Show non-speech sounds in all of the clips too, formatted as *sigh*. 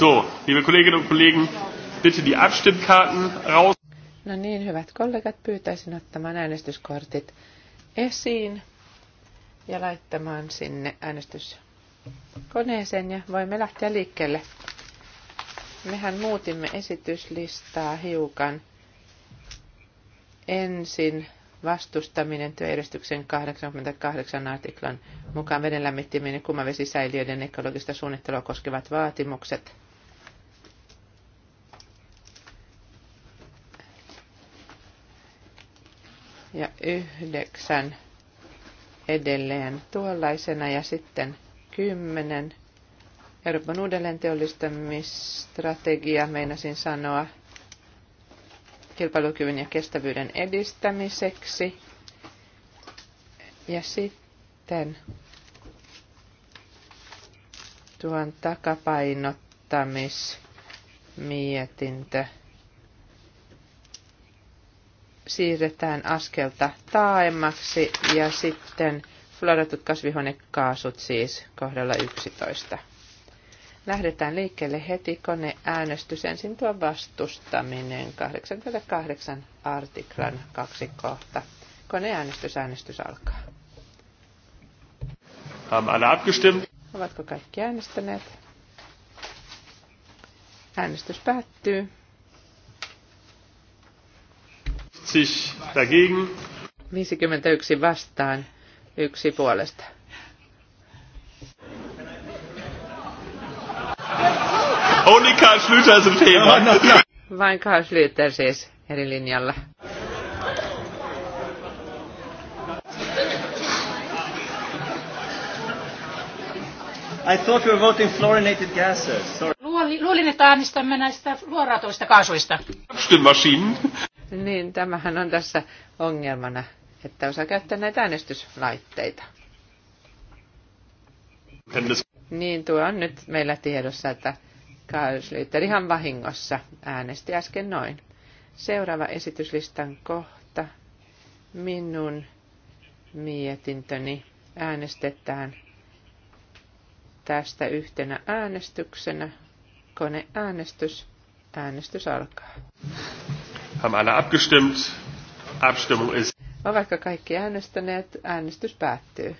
So, liebe Kolleginnen und Kollegen, bitte die Abstimmkarten raus. No niin, hyvät kollegat, pyytäisin ottamaan äänestyskortit esiin ja laittamaan sinne äänestyskoneeseen ja voimme lähteä liikkeelle. Mehän muutimme esityslistaa hiukan. Ensin vastustaminen työjärjestyksen 88 artiklan mukaan vedenlämmittimien ja kuumavesisäiliöiden ekologista suunnittelua koskevat vaatimukset – ja yhdeksän edelleen tuollaisena ja sitten kymmenen Euroopan teollistamistrategia, meinasin sanoa, kilpailukyvyn ja kestävyyden edistämiseksi. Ja sitten tuon takapainottamismietintö siirretään askelta taaemmaksi ja sitten fluoratut kasvihuonekaasut siis kohdalla 11. Lähdetään liikkeelle heti koneäänestys. Ensin tuo vastustaminen 88 artiklan kaksi kohta. Koneäänestys, äänestys alkaa. Ovatko kaikki äänestäneet? Äänestys päättyy. 50 dagegen. 51 vastaan, yksi puolesta. Only Karl Schlüter is in favor. Vain Karl Schlüter siis eri linjalla. I thought we were voting fluorinated gases. Sorry. Luulin, että äänestämme näistä fluoraatuista kaasuista. Stimmaschinen. Niin, tämähän on tässä ongelmana, että osaa käyttää näitä äänestyslaitteita. Niin, tuo on nyt meillä tiedossa, että Kausliitter ihan vahingossa äänesti äsken noin. Seuraava esityslistan kohta. Minun mietintöni äänestetään tästä yhtenä äänestyksenä. Koneäänestys. Äänestys alkaa. Haben alle abgestimmt? Abstimmung ist. Vaikka kaikki äänestäneet? Äänestys päättyy.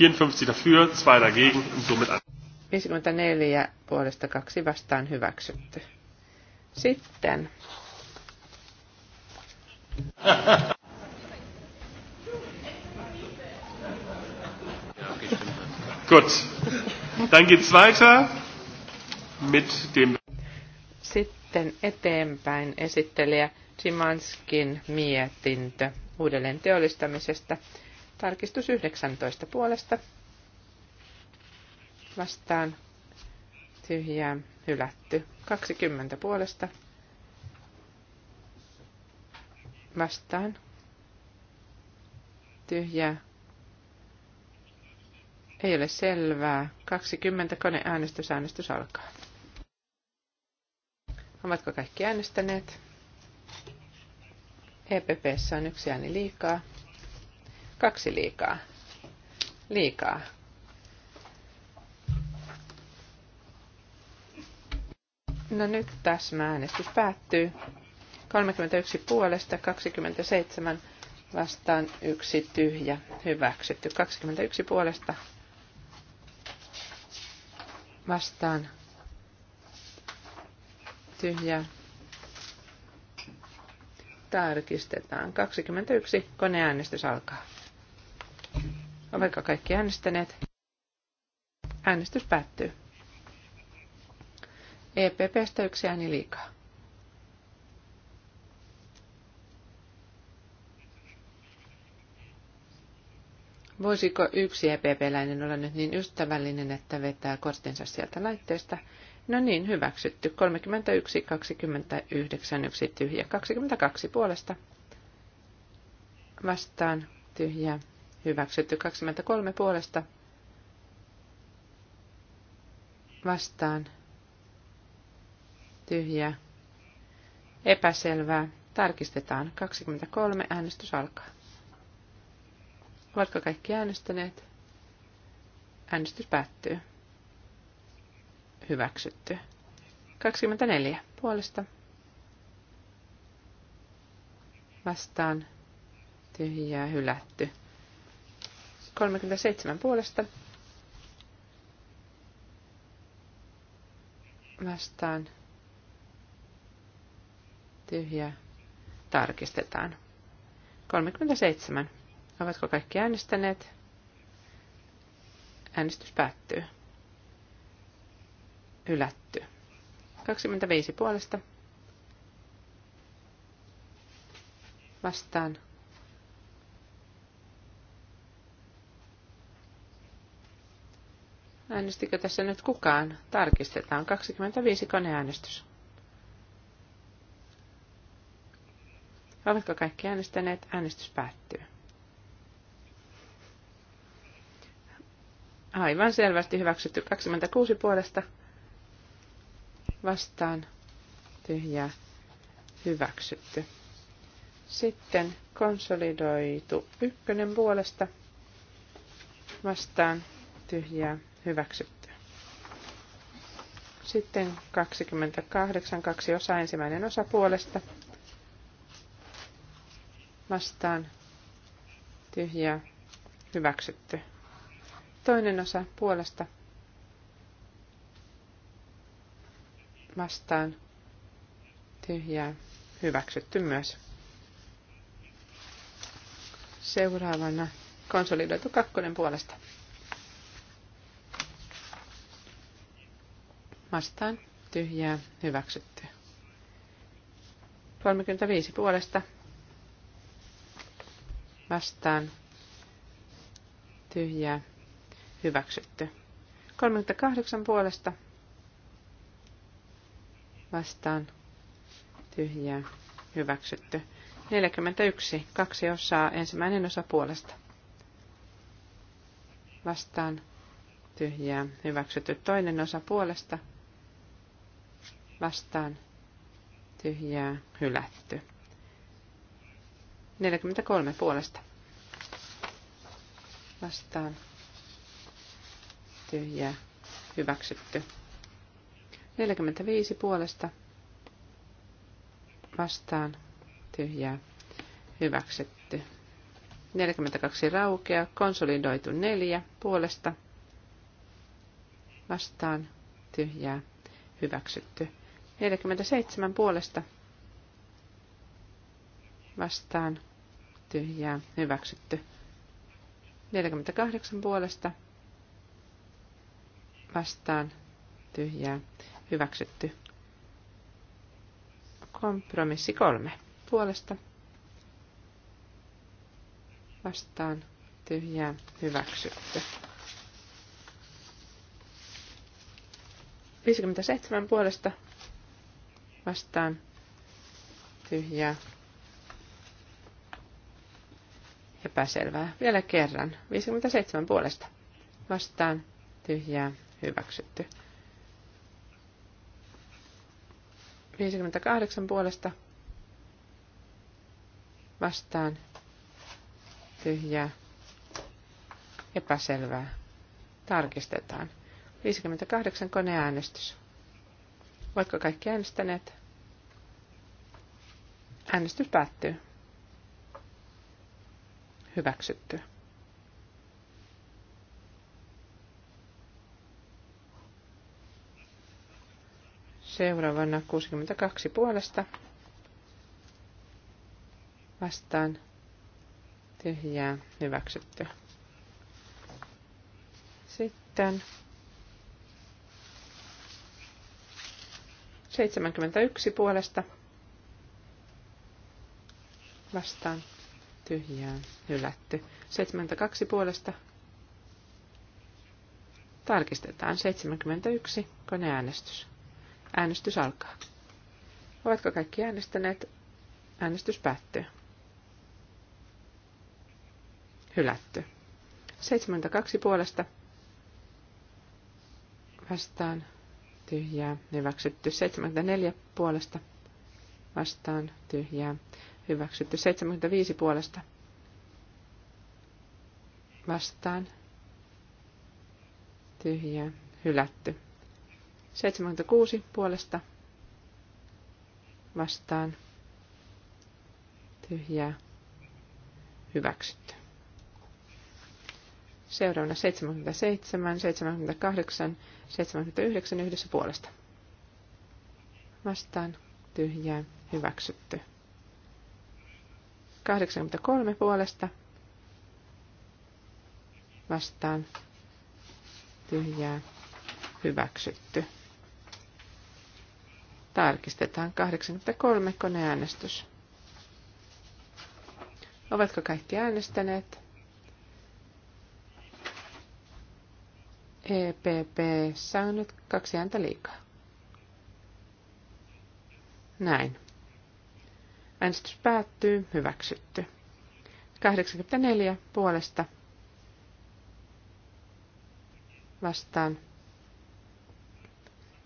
54 dafür, 2 dagegen und somit 54 puolesta kaksi vastaan hyväksytty. Sitten. Gut. Dann geht's weiter mit dem sitten eteenpäin esittelijä Simanskin mietintö uudelleen teollistamisesta. Tarkistus 19 puolesta. Vastaan tyhjää hylätty. 20 puolesta. Vastaan tyhjää. Ei ole selvää. 20 koneäänestysäänestys alkaa. Ovatko kaikki äänestäneet? EPPssä on yksi ääni liikaa. Kaksi liikaa. Liikaa. No nyt tässä äänestys päättyy. 31 puolesta, 27 vastaan, yksi tyhjä, hyväksytty. 21 puolesta vastaan, tyhjää. Tarkistetaan. 21. Koneäänestys alkaa. Ovatko kaikki äänestäneet? Äänestys päättyy. EPPstä yksi ääni liikaa. Voisiko yksi EPP-läinen olla nyt niin ystävällinen, että vetää kortinsa sieltä laitteesta? No niin, hyväksytty. 31, 29, 1 tyhjä. 22 puolesta vastaan tyhjä. Hyväksytty. 23 puolesta vastaan tyhjä. Epäselvää. Tarkistetaan. 23. Äänestys alkaa. Ovatko kaikki äänestäneet? Äänestys päättyy hyväksytty. 24 puolesta vastaan tyhjää hylätty. 37 puolesta vastaan tyhjää tarkistetaan. 37. Ovatko kaikki äänestäneet? Äänestys päättyy. Hylätty. 25 puolesta. Vastaan. Äänestikö tässä nyt kukaan? Tarkistetaan. 25 koneäänestys. Oletko kaikki äänestäneet? Äänestys päättyy. Aivan selvästi hyväksytty 26 puolesta vastaan tyhjää hyväksytty. Sitten konsolidoitu ykkönen puolesta vastaan tyhjää hyväksytty. Sitten 28, kaksi osa, ensimmäinen osa puolesta vastaan tyhjää hyväksytty. Toinen osa puolesta vastaan tyhjää hyväksytty myös. Seuraavana konsolidoitu kakkonen puolesta. Vastaan tyhjää hyväksytty. 35 puolesta vastaan tyhjää hyväksytty. 38 puolesta vastaan tyhjää hyväksytty. 41. Kaksi osaa. Ensimmäinen osa puolesta. Vastaan tyhjää hyväksytty. Toinen osa puolesta. Vastaan tyhjää hylätty. 43 puolesta. Vastaan tyhjää hyväksytty. 45 puolesta vastaan tyhjää hyväksytty. 42 raukea, konsolidoitu 4 puolesta vastaan tyhjää hyväksytty. 47 puolesta vastaan tyhjää hyväksytty. 48 puolesta vastaan tyhjää hyväksytty. Kompromissi kolme puolesta vastaan tyhjää hyväksytty. 57 puolesta vastaan tyhjää epäselvää. Vielä kerran. 57 puolesta vastaan tyhjää hyväksytty. 58 puolesta vastaan tyhjää epäselvää. Tarkistetaan. 58 koneäänestys. Oletko kaikki äänestäneet? Äänestys päättyy. Hyväksytty. Seuraavana 62 puolesta vastaan tyhjää hyväksytty. Sitten 71 puolesta vastaan tyhjää hylätty. 72 puolesta tarkistetaan 71 koneäänestys. Äänestys alkaa. Ovatko kaikki äänestäneet? Äänestys päättyy. Hylätty. 72 puolesta vastaan tyhjää. Hyväksytty 74 puolesta vastaan tyhjää. Hyväksytty 75 puolesta vastaan tyhjää. Hylätty 76 puolesta vastaan tyhjää hyväksytty. Seuraavana 77, 78, 79 yhdessä puolesta. Vastaan tyhjää hyväksytty. 83 puolesta vastaan tyhjää hyväksytty. Tarkistetaan 83 koneäänestys. Ovatko kaikki äänestäneet? EPP on nyt kaksi ääntä liikaa. Näin. Äänestys päättyy. Hyväksytty. 84 puolesta vastaan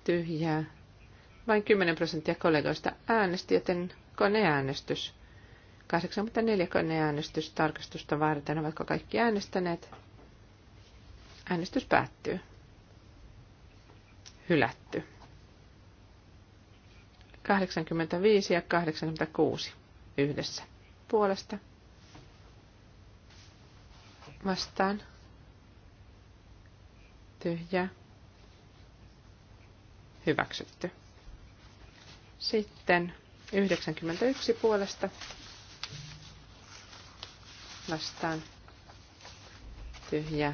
tyhjää vain 10 prosenttia kollegoista äänesti, joten koneäänestys. 84 koneäänestys tarkastusta varten. Ovatko kaikki äänestäneet? Äänestys päättyy. Hylätty. 85 ja 86 yhdessä puolesta. Vastaan. Tyhjä. Hyväksytty. Sitten 91 puolesta vastaan tyhjä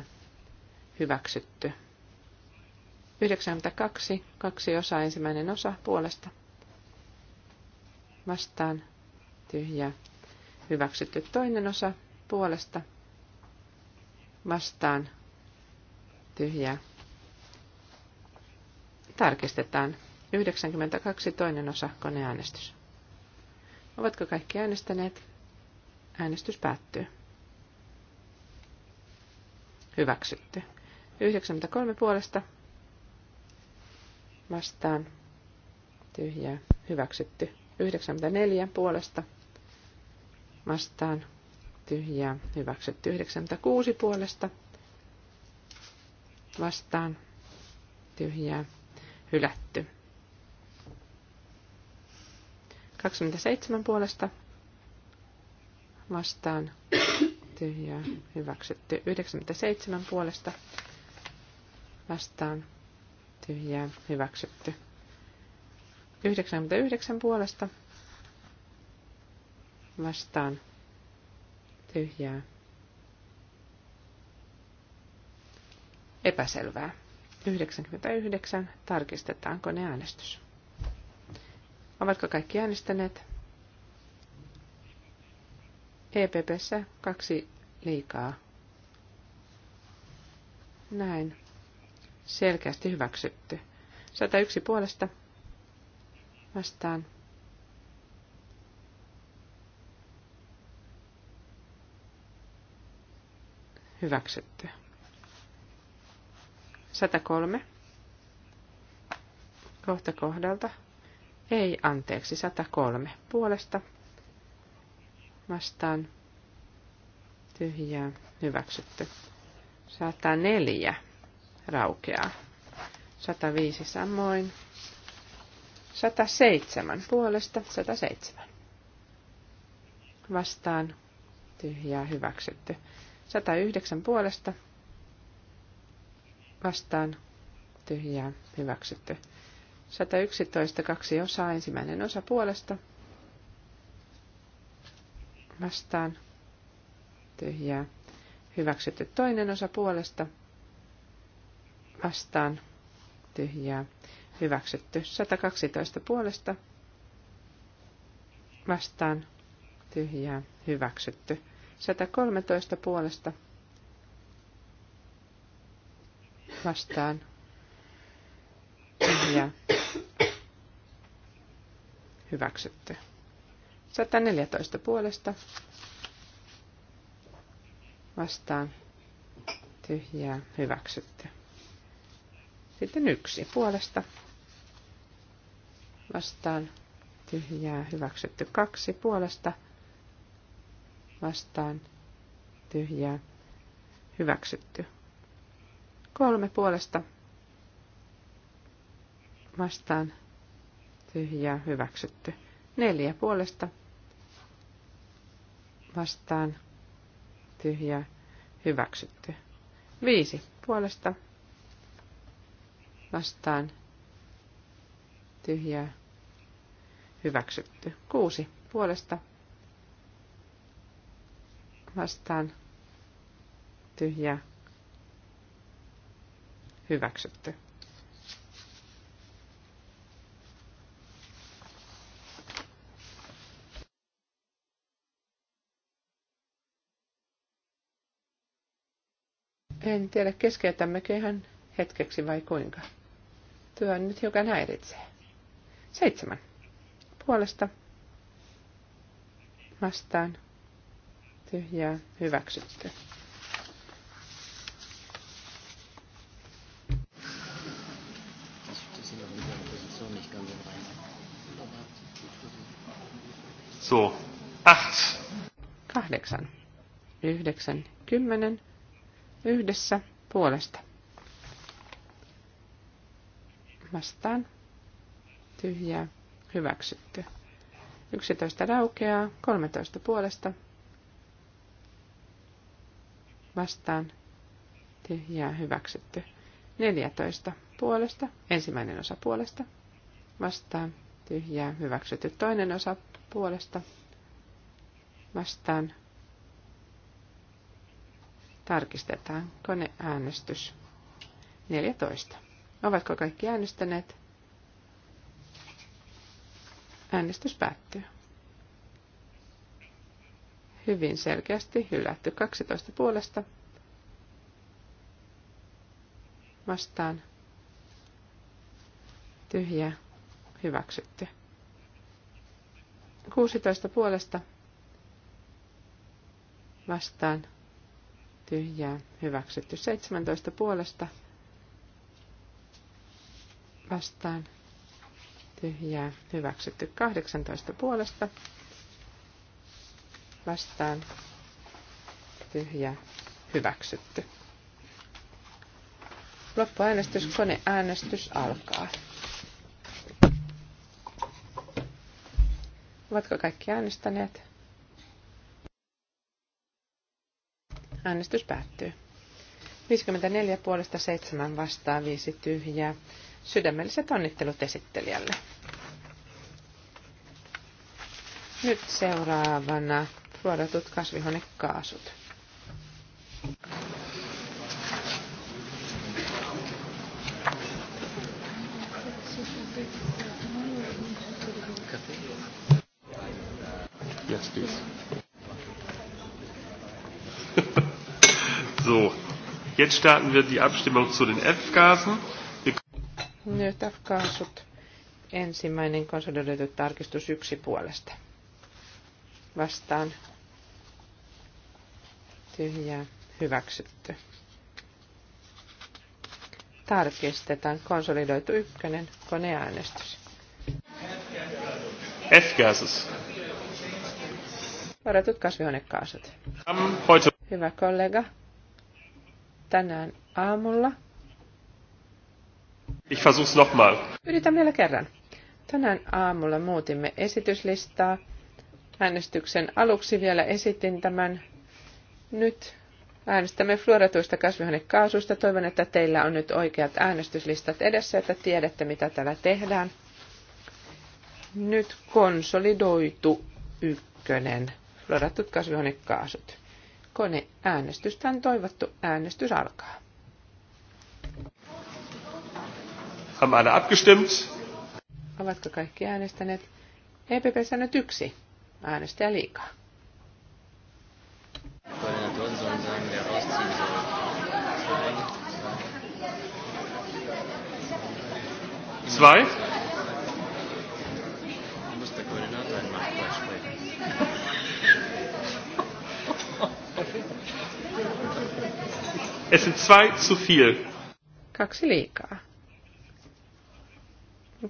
hyväksytty. 92, kaksi osaa, ensimmäinen osa puolesta. Vastaan, tyhjä, hyväksytty toinen osa puolesta. Vastaan, tyhjä. Tarkistetaan 92 toinen osa koneäänestys. Ovatko kaikki äänestäneet? Äänestys päättyy. Hyväksytty. 93 puolesta vastaan tyhjää. Hyväksytty. 94 puolesta vastaan tyhjää. Hyväksytty. 96 puolesta vastaan tyhjää. Hylätty. 27 puolesta vastaan tyhjää hyväksytty. 97 puolesta vastaan tyhjää hyväksytty. 99 puolesta vastaan tyhjää epäselvää. 99 tarkistetaan äänestys. Ovatko kaikki äänestäneet? EPPssä kaksi liikaa. Näin. Selkeästi hyväksytty. 101 puolesta vastaan. Hyväksytty. 103. Kohta kohdalta ei, anteeksi, 103 puolesta vastaan tyhjää hyväksytty. 104 raukeaa. 105 samoin. 107 puolesta 107. Vastaan tyhjää hyväksytty. 109 puolesta vastaan tyhjää hyväksytty. 111, kaksi osaa, ensimmäinen osa puolesta. Vastaan. Tyhjää. Hyväksytty toinen osa puolesta. Vastaan. Tyhjää. Hyväksytty 112 puolesta. Vastaan. Tyhjää. Hyväksytty 113 puolesta. Vastaan. Tyhjää Hyväksytty. 114 puolesta. Vastaan. Tyhjää. Hyväksytty. Sitten yksi puolesta. Vastaan. Tyhjää. Hyväksytty. Kaksi puolesta. Vastaan. Tyhjää. Hyväksytty. Kolme puolesta. Vastaan tyhjää hyväksytty. Neljä puolesta vastaan tyhjää hyväksytty. Viisi puolesta vastaan tyhjää hyväksytty. Kuusi puolesta vastaan tyhjää hyväksytty. En tiedä, keskeytämmekö ihan hetkeksi vai kuinka. Työ nyt hiukan häiritsee. Seitsemän. Puolesta. Vastaan. Tyhjää. Hyväksytty. So, acht. Kahdeksan. Yhdeksän. Kymmenen yhdessä puolesta. Vastaan. Tyhjää. Hyväksytty. 11 raukeaa. 13 puolesta. Vastaan. Tyhjää. Hyväksytty. 14 puolesta. Ensimmäinen osa puolesta. Vastaan. Tyhjää. Hyväksytty. Toinen osa puolesta. Vastaan Tarkistetaan. Koneäänestys. 14. Ovatko kaikki äänestäneet? Äänestys päättyy. Hyvin selkeästi hylätty 12 puolesta. Vastaan. Tyhjä. Hyväksytty. 16 puolesta. Vastaan tyhjää hyväksytty. 17 puolesta vastaan tyhjää hyväksytty. 18 puolesta vastaan tyhjää hyväksytty. Loppuäänestys, koneäänestys alkaa. Ovatko kaikki äänestäneet? Äänestys päättyy. 54 puolesta 7 vastaa 5 tyhjää. Sydämelliset onnittelut esittelijälle. Nyt seuraavana vuodatut kasvihuonekaasut. Jetzt starten wir die Abstimmung zu den F-Gasen. Nyt f Ensimmäinen konsolidoitu tarkistus yksi puolesta. Vastaan. Tyhjää. Hyväksytty. Tarkistetaan konsolidoitu ykkönen koneäänestys. F-gases. Varatut kasvihuonekaasut. Hyvä kollega tänään aamulla. Ich versuch's nochmal. Yritän vielä kerran. Tänään aamulla muutimme esityslistaa. Äänestyksen aluksi vielä esitin tämän. Nyt äänestämme fluoratuista kasvihuonekaasuista. Toivon, että teillä on nyt oikeat äänestyslistat edessä, että tiedätte, mitä täällä tehdään. Nyt konsolidoitu ykkönen. Fluoratut kasvihuonekaasut äänestystä on toivottu. Äänestys alkaa. Haben alle abgestimmt? Ovatko kaikki äänestäneet? EPP sanot yksi. Äänestäjä liikaa. Zwei. Es sind zwei zu viel. Kaksi liikaa.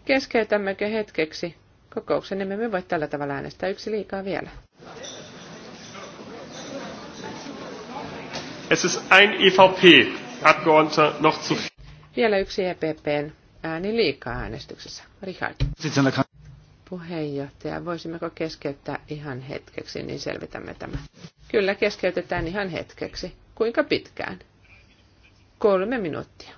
Keskeytämmekö hetkeksi kokouksen, niin me voi tällä tavalla äänestää yksi liikaa vielä. Es ist ein EVP-Abgeordneter noch zu viel. Vielä yksi EPPn ääni liikaa äänestyksessä. Richard. Puheenjohtaja, voisimmeko keskeyttää ihan hetkeksi, niin selvitämme tämän. Kyllä keskeytetään ihan hetkeksi. Kuinka pitkään? Kolme minuuttia.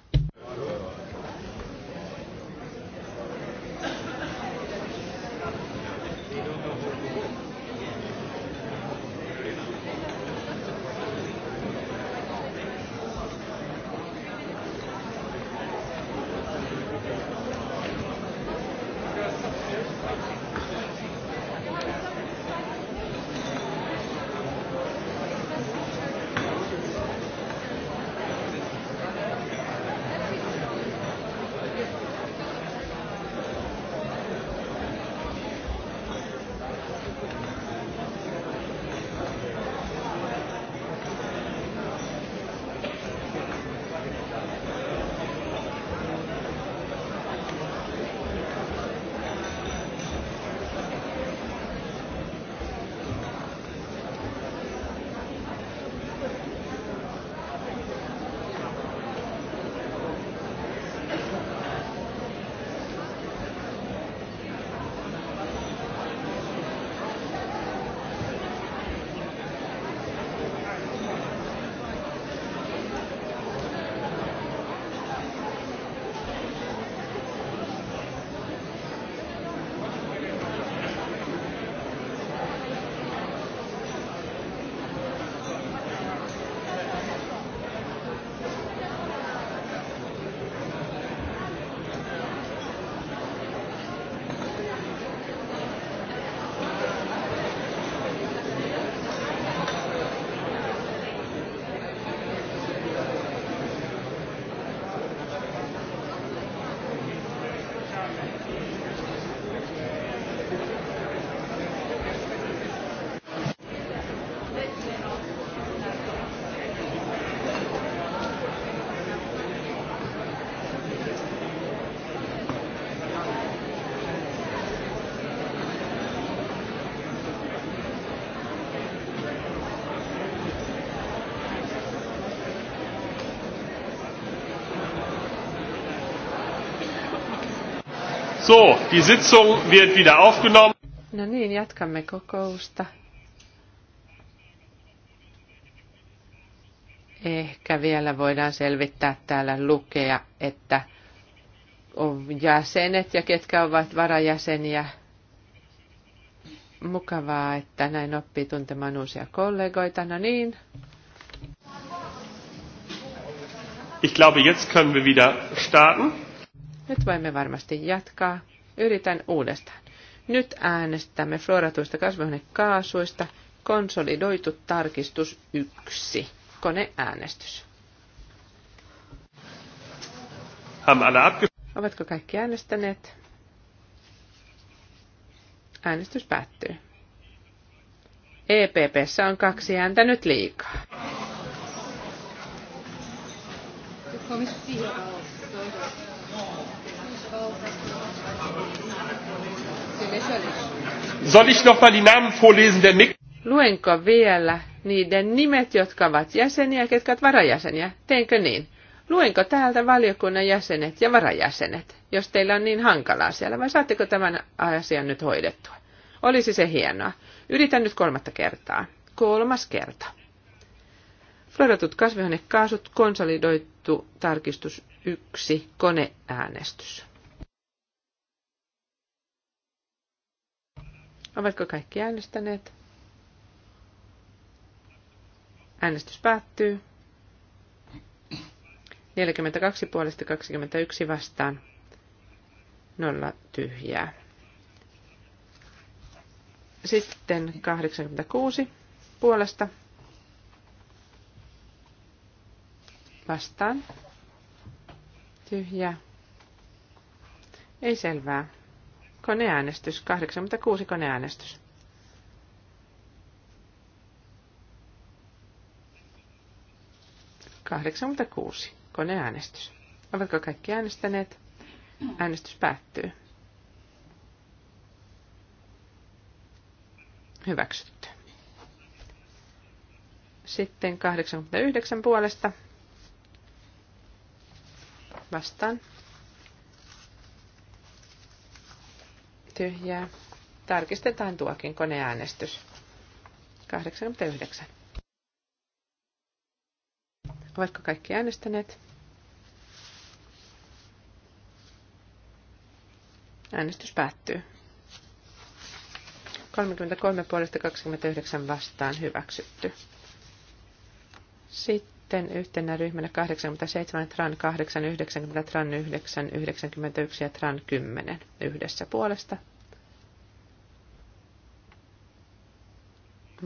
So, die Sitzung wird wieder aufgenommen. No niin, jatkamme kokousta. Ehkä vielä voidaan selvittää täällä lukea, että on jäsenet ja ketkä ovat varajäseniä. Mukavaa, että näin oppii tuntemaan uusia kollegoita. No niin. Ich glaube, jetzt können wir wieder starten. Nyt voimme varmasti jatkaa. Yritän uudestaan. Nyt äänestämme fluoratuista kasvihuonekaasuista. Konsolidoitu tarkistus 1. Koneäänestys. Ovatko kaikki äänestäneet? Äänestys päättyy. EPPssä on kaksi ääntä nyt liikaa. Komissio. Soll ich noch mal die Namen vorlesen der Mik Luenko vielä niiden nimet, jotka ovat jäseniä, ketkä ovat varajäseniä. Teenkö niin? Luenko täältä valiokunnan jäsenet ja varajäsenet, jos teillä on niin hankalaa siellä, vai saatteko tämän asian nyt hoidettua? Olisi se hienoa. Yritän nyt kolmatta kertaa. Kolmas kerta. Floratut kasvihuonekaasut, konsolidoitu tarkistus 1, koneäänestys. Ovatko kaikki äänestäneet? Äänestys päättyy. 42 puolesta 21 vastaan. Nolla tyhjää. Sitten 86 puolesta vastaan. Tyhjää. Ei selvää. Koneäänestys, 86 koneäänestys. kuusi Koneäänestys. Ovatko kaikki äänestäneet? Äänestys päättyy. Hyväksytty. Sitten 89 puolesta. Vastaan. tyhjää. Tarkistetaan tuokin koneäänestys. 89. Ovatko kaikki äänestäneet? Äänestys päättyy. 33 puolesta 29 vastaan hyväksytty. Sitten sitten yhtenä ryhmänä 87, TRAN 8, 90, TRAN 9, 91 ja TRAN 10 yhdessä puolesta.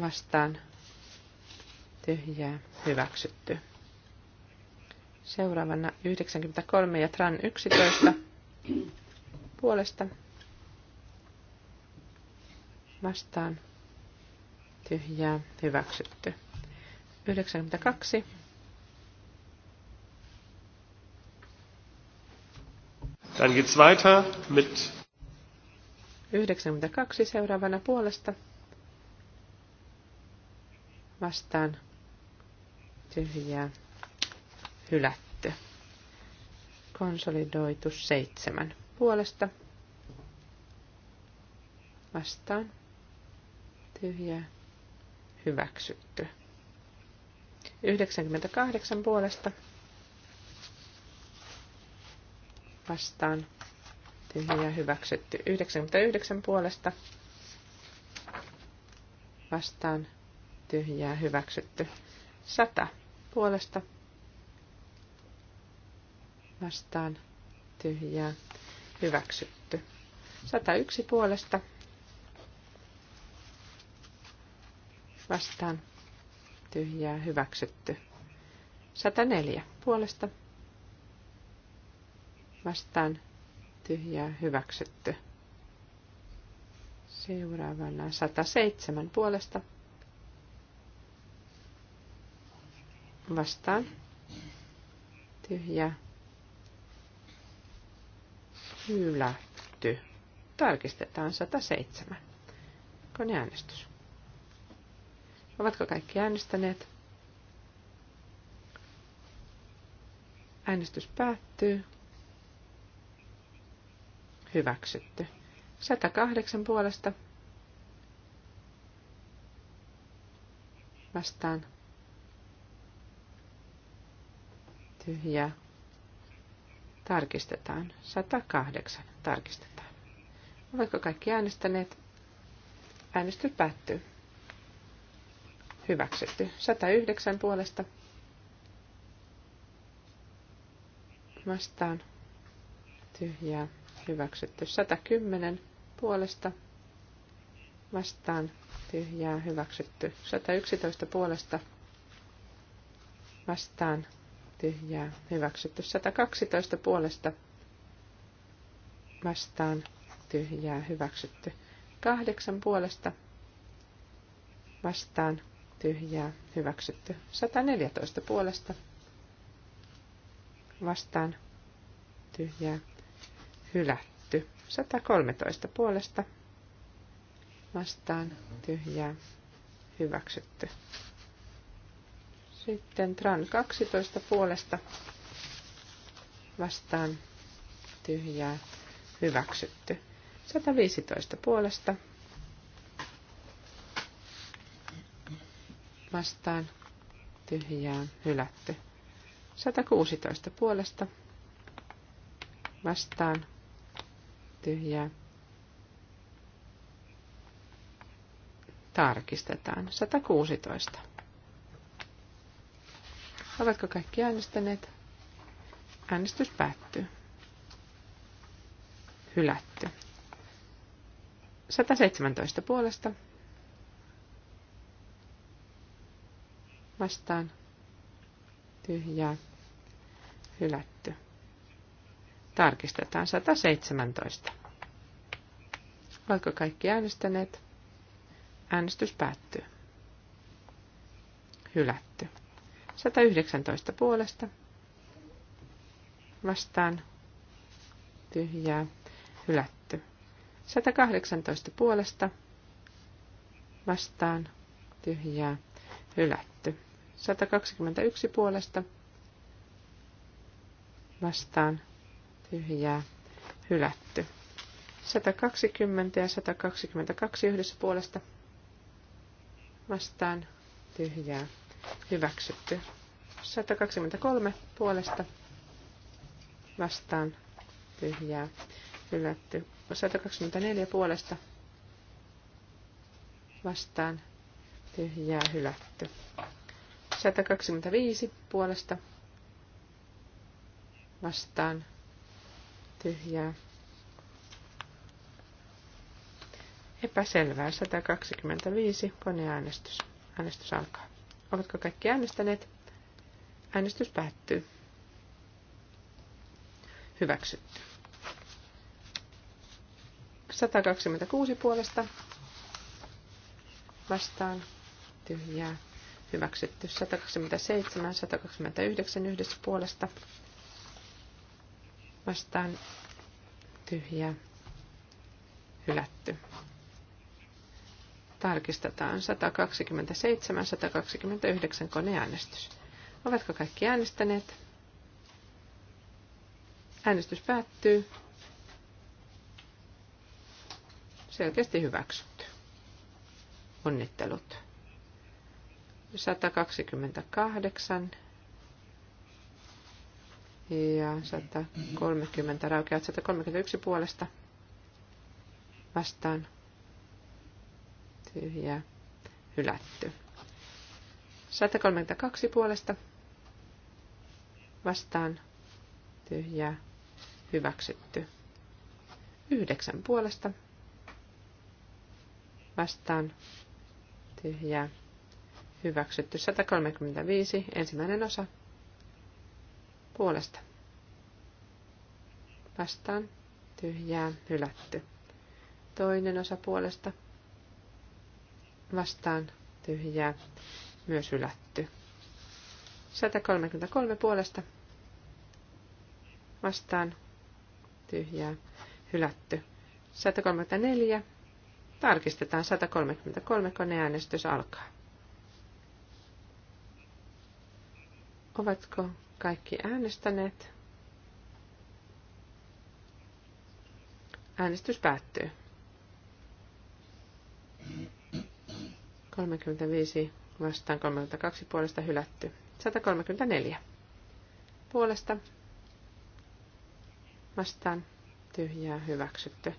Vastaan tyhjää hyväksytty. Seuraavana 93 ja TRAN 11 puolesta. Vastaan tyhjää hyväksytty. 92 Dann geht's weiter mit 92 seuraavana puolesta vastaan tyhjää hylätty. Konsolidoitu 7 puolesta vastaan tyhjää hyväksytty. 98 puolesta vastaan tyhjää hyväksytty. 99 puolesta vastaan tyhjää hyväksytty. 100 puolesta vastaan tyhjää hyväksytty. 101 puolesta vastaan tyhjää hyväksytty. 104 puolesta vastaan tyhjää hyväksytty. Seuraavana 107 puolesta vastaan tyhjä hylätty. Tarkistetaan 107. Koneäänestys. Ovatko kaikki äänestäneet? Äänestys päättyy. Hyväksytty. 108 puolesta vastaan. Tyhjää. Tarkistetaan. 108. Tarkistetaan. Ovatko kaikki äänestäneet? Äänestys päättyy. Hyväksytty. 109 puolesta. Vastaan. Tyhjää hyväksytty. 110 puolesta vastaan tyhjää hyväksytty. 111 puolesta vastaan tyhjää hyväksytty. 112 puolesta vastaan tyhjää hyväksytty. 8 puolesta vastaan tyhjää hyväksytty. 114 puolesta vastaan tyhjää hylätty. 113 puolesta vastaan tyhjää hyväksytty. Sitten tran 12 puolesta vastaan tyhjää hyväksytty. 115 puolesta vastaan tyhjää hylätty. 116 puolesta vastaan tyhjää. Tarkistetaan. 116. Oletko kaikki äänestäneet? Äänestys päättyy. Hylätty. 117 puolesta. Vastaan. Tyhjää. Hylätty. Tarkistetaan 117. Oletko kaikki äänestäneet? Äänestys päättyy. Hylätty. 119 puolesta. Vastaan. Tyhjää. Hylätty. 118 puolesta. Vastaan. Tyhjää. Hylätty. 121 puolesta. Vastaan tyhjää hylätty. 120 ja 122 yhdessä puolesta vastaan tyhjää hyväksytty. 123 puolesta vastaan tyhjää hylätty. 124 puolesta vastaan tyhjää hylätty. 125 puolesta vastaan tyhjää. Epäselvää 125 koneäänestys. Äänestys alkaa. Ovatko kaikki äänestäneet? Äänestys päättyy. Hyväksytty. 126 puolesta vastaan tyhjää. Hyväksytty 127, 129 yhdessä puolesta vastaan tyhjä hylätty. Tarkistetaan 127-129 koneäänestys. Ovatko kaikki äänestäneet? Äänestys päättyy. Selkeästi hyväksytty. Onnittelut. 128 ja 130 raukeat 131 puolesta vastaan tyhjä hylätty. 132 puolesta vastaan tyhjä hyväksytty. 9 puolesta vastaan tyhjä hyväksytty. 135 ensimmäinen osa puolesta. Vastaan tyhjää hylätty. Toinen osa puolesta. Vastaan tyhjää myös hylätty. 133 puolesta. Vastaan tyhjää hylätty. 134. Tarkistetaan 133, koneäänestys alkaa. Ovatko kaikki äänestäneet? Äänestys päättyy. 35 vastaan 32 puolesta hylätty. 134 puolesta vastaan tyhjää hyväksytty.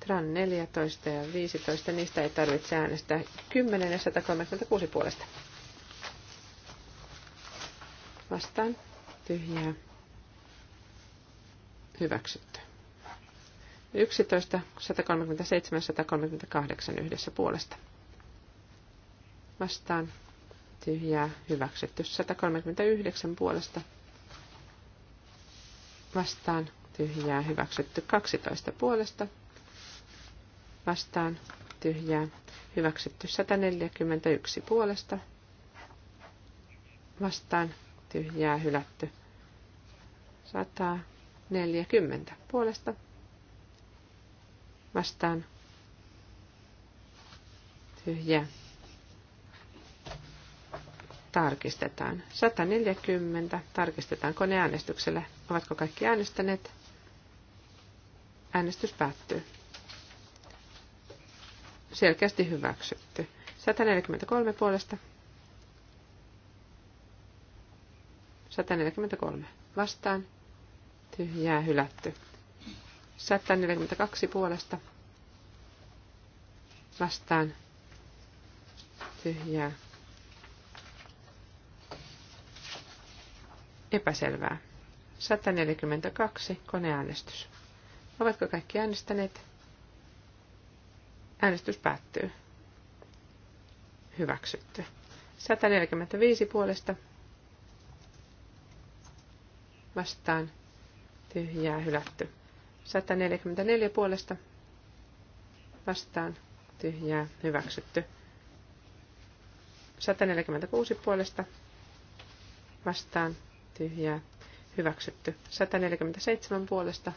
Tran 14 ja 15, niistä ei tarvitse äänestää 10 ja 136 puolesta. Vastaan tyhjää hyväksytty. 11, 137, 138 yhdessä puolesta. Vastaan tyhjää hyväksytty. 139 puolesta. Vastaan tyhjää hyväksytty. 12 puolesta. Vastaan tyhjää hyväksytty. 141 puolesta. Vastaan tyhjää hylätty. 140 puolesta vastaan tyhjää. Tarkistetaan. 140. Tarkistetaan koneäänestyksellä. Ovatko kaikki äänestäneet? Äänestys päättyy. Selkeästi hyväksytty. 143 puolesta 143 vastaan. Tyhjää hylätty. 142 puolesta vastaan. Tyhjää. Epäselvää. 142 koneäänestys. Ovatko kaikki äänestäneet? Äänestys päättyy. Hyväksytty. 145 puolesta vastaan tyhjää hylätty. 144 puolesta vastaan tyhjää hyväksytty. 146 puolesta vastaan tyhjää hyväksytty. 147 puolesta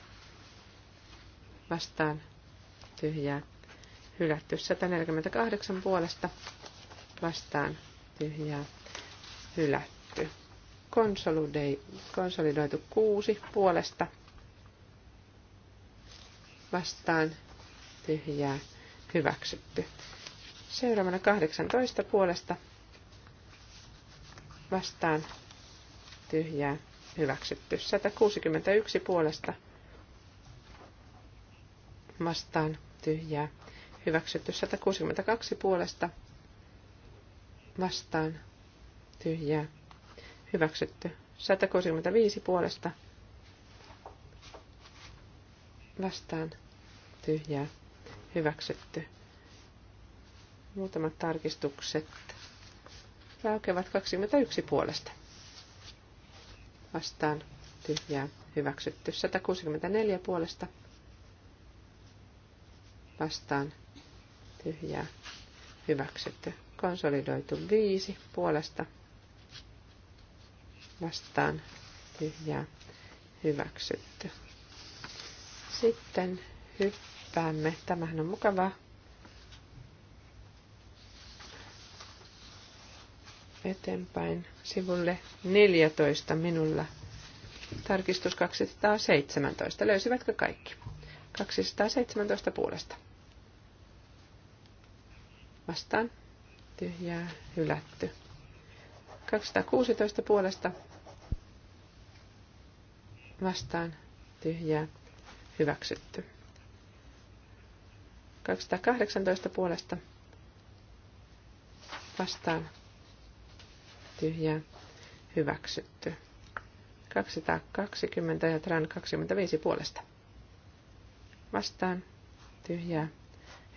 vastaan tyhjää hylätty. 148 puolesta vastaan tyhjää hylätty konsolidoitu kuusi puolesta vastaan tyhjää hyväksytty. Seuraavana 18 puolesta vastaan tyhjää hyväksytty. 161 puolesta vastaan tyhjää hyväksytty. 162 puolesta vastaan tyhjää Hyväksytty. 165 puolesta. Vastaan. Tyhjää. Hyväksytty. Muutamat tarkistukset raukeavat 21 puolesta. Vastaan. Tyhjää. Hyväksytty. 164 puolesta. Vastaan. Tyhjää. Hyväksytty. Konsolidoitu 5 puolesta vastaan tyhjää hyväksytty. Sitten hyppäämme. Tämähän on mukavaa. Eteenpäin sivulle 14 minulla. Tarkistus 217. Löysivätkö kaikki? 217 puolesta. Vastaan. Tyhjää hylätty. 216 puolesta vastaan tyhjää hyväksytty. 218 puolesta vastaan tyhjää hyväksytty. 220 ja tran 25 puolesta. Vastaan tyhjää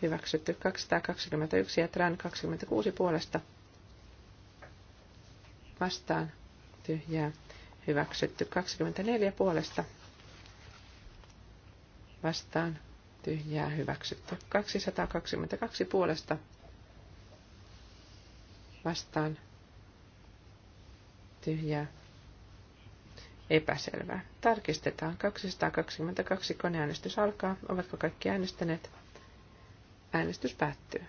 hyväksytty 221 ja tran 26 puolesta. Vastaan tyhjää hyväksytty 24 puolesta vastaan tyhjää hyväksytty 222 puolesta vastaan tyhjää epäselvää. Tarkistetaan. 222 koneäänestys alkaa. Ovatko kaikki äänestäneet? Äänestys päättyy.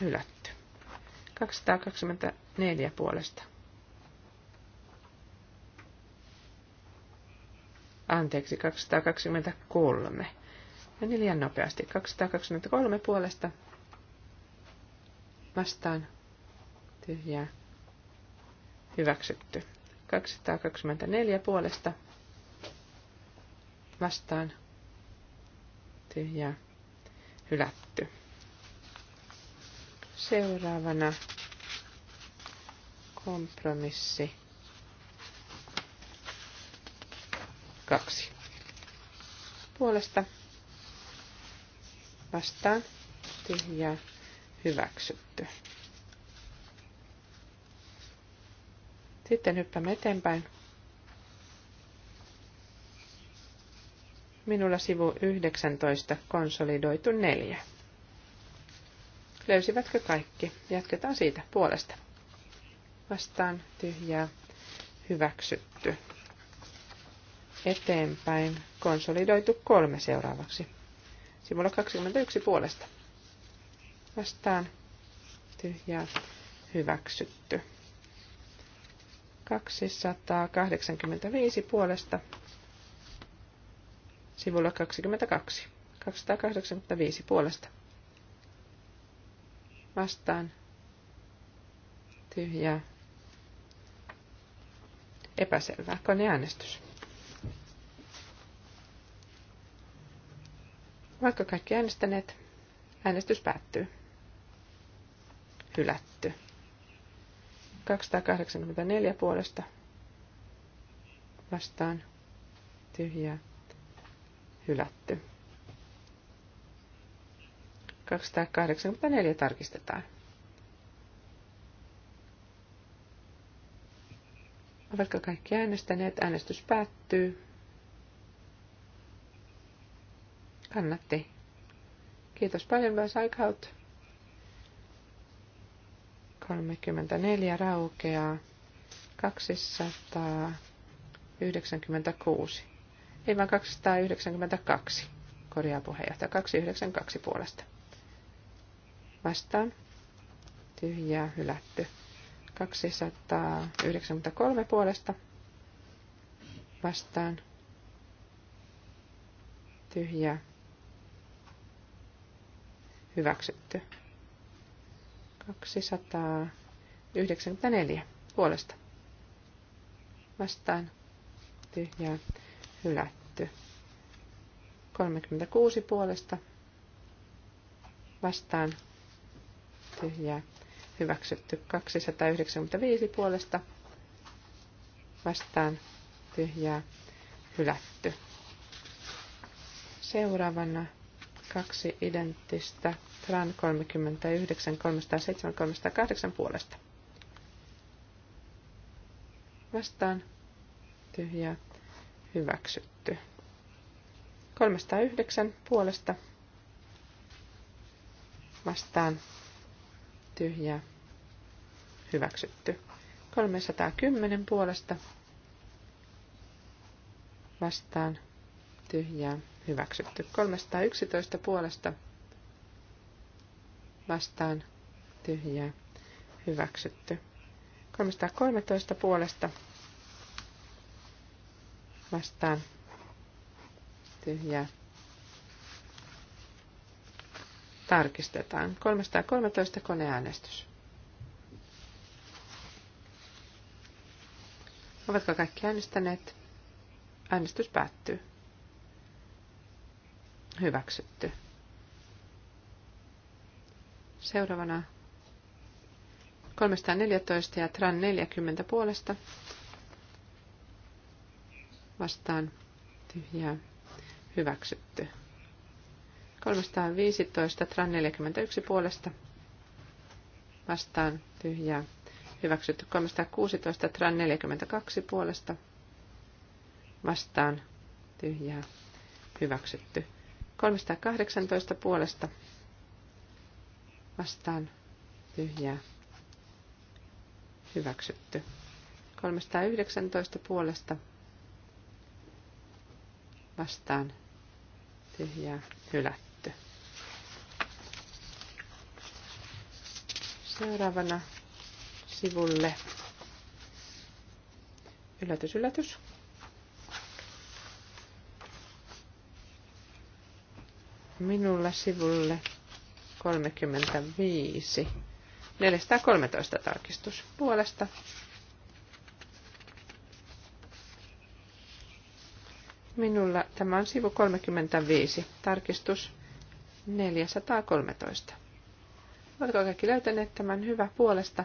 Hylätty. 224 puolesta anteeksi, 223. Meni liian nopeasti. 223 puolesta vastaan tyhjää hyväksytty. 224 puolesta vastaan tyhjää hylätty. Seuraavana kompromissi 2. Puolesta vastaan ja hyväksytty. Sitten hyppäämme eteenpäin. Minulla sivu 19 konsolidoitu 4. Löysivätkö kaikki? Jatketaan siitä puolesta. Vastaan tyhjää hyväksytty eteenpäin. Konsolidoitu kolme seuraavaksi. Sivulla 21 puolesta. Vastaan tyhjä hyväksytty. 285 puolesta. Sivulla 22. 285 puolesta. Vastaan tyhjä epäselvää koneäänestys. Vaikka kaikki äänestäneet, äänestys päättyy. Hylätty. 284 puolesta vastaan tyhjää hylätty. 284 tarkistetaan. Vaikka kaikki äänestäneet? Äänestys päättyy. kannatti. Kiitos paljon, myös Aikaut. 34 raukeaa 296. Ei vaan 292, korjaa puheenjohtaja, 292 puolesta. Vastaan. Tyhjää hylätty. 293 puolesta. Vastaan. Tyhjää hyväksytty. 294 puolesta. Vastaan tyhjää hylätty. 36 puolesta. Vastaan tyhjää hyväksytty. 295 puolesta. Vastaan tyhjää hylätty. Seuraavana kaksi identtistä Tran 39, 307, 308 puolesta. Vastaan tyhjää hyväksytty. 309 puolesta vastaan tyhjää hyväksytty. 310 puolesta vastaan tyhjää hyväksytty. 311 puolesta vastaan tyhjää hyväksytty. 313 puolesta vastaan tyhjää tarkistetaan. 313 koneäänestys. Ovatko kaikki äänestäneet? Äänestys päättyy. Hyväksytty. Seuraavana 314 ja Tran 40 puolesta. Vastaan tyhjää. Hyväksytty. 315 Tran 41 puolesta. Vastaan tyhjää. Hyväksytty 316 Tran 42 puolesta. Vastaan tyhjää. Hyväksytty 318 puolesta vastaan tyhjää hyväksytty. 319 puolesta vastaan tyhjää hylätty. Seuraavana sivulle yllätys, yllätys. minulla sivulle 35. 413 tarkistus puolesta. Minulla tämä on sivu 35, tarkistus 413. Oletko kaikki löytäneet tämän hyvä puolesta?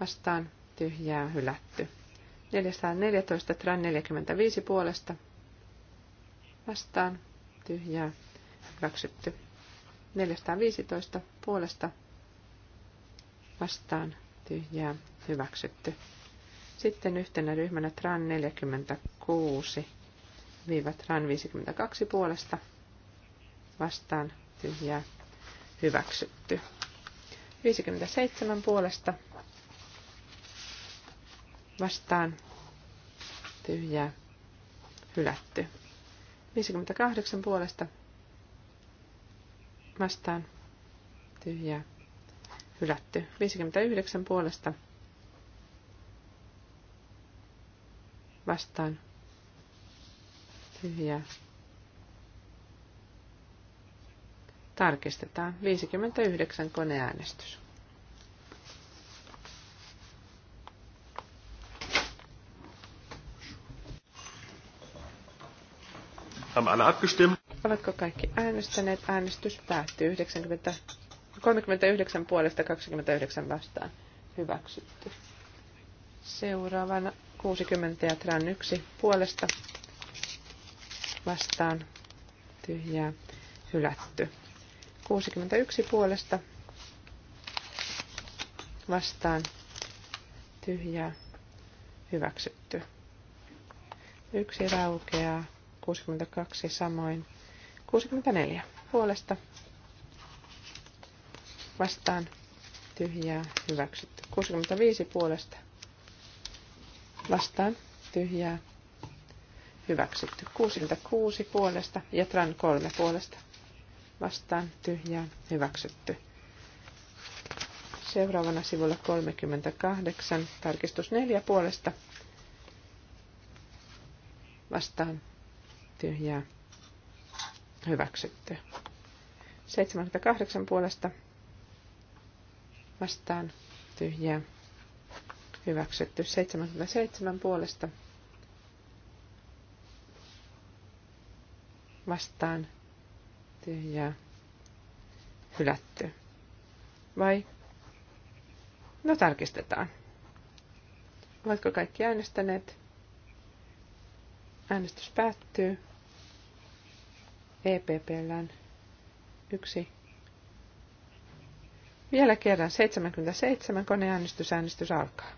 Vastaan tyhjää hylätty. 414 tran 45 puolesta vastaan tyhjää hyväksytty. 415 puolesta vastaan tyhjää hyväksytty. Sitten yhtenä ryhmänä TRAN 46 viiva TRAN 52 puolesta vastaan tyhjää hyväksytty. 57 puolesta vastaan tyhjää hylätty. 58 puolesta vastaan tyhjää hylätty. 59 puolesta vastaan tyhjää. Tarkistetaan. 59 koneäänestys. Haben alle abgestimmt? Oletko kaikki äänestäneet? Äänestys päättyy 90, 39 puolesta 29 vastaan. Hyväksytty. Seuraavana 60 ja trän 1 puolesta vastaan tyhjää hylätty. 61 puolesta vastaan tyhjää hyväksytty. Yksi raukeaa. 62 samoin. 64 puolesta vastaan tyhjää hyväksytty. 65 puolesta vastaan tyhjää hyväksytty. 66 puolesta ja tran 3 puolesta vastaan tyhjää hyväksytty. Seuraavana sivulla 38, tarkistus 4 puolesta vastaan tyhjää hyväksytty. 78 puolesta vastaan tyhjää hyväksytty. 77 puolesta vastaan tyhjää hylätty. Vai? No tarkistetaan. Oletko kaikki äänestäneet? Äänestys päättyy. EPPllä yksi. Vielä kerran 77 koneäänestys, äänestys alkaa.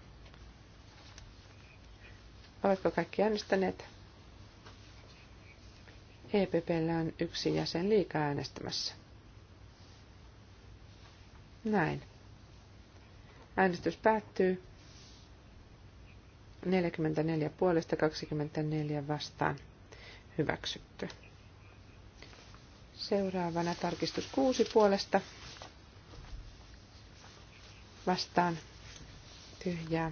Oletko kaikki äänestäneet? EPPllä on yksi jäsen liikaa äänestämässä. Näin. Äänestys päättyy. 44 puolesta 24 vastaan. Hyväksytty. Seuraavana tarkistus kuusi puolesta. Vastaan tyhjää.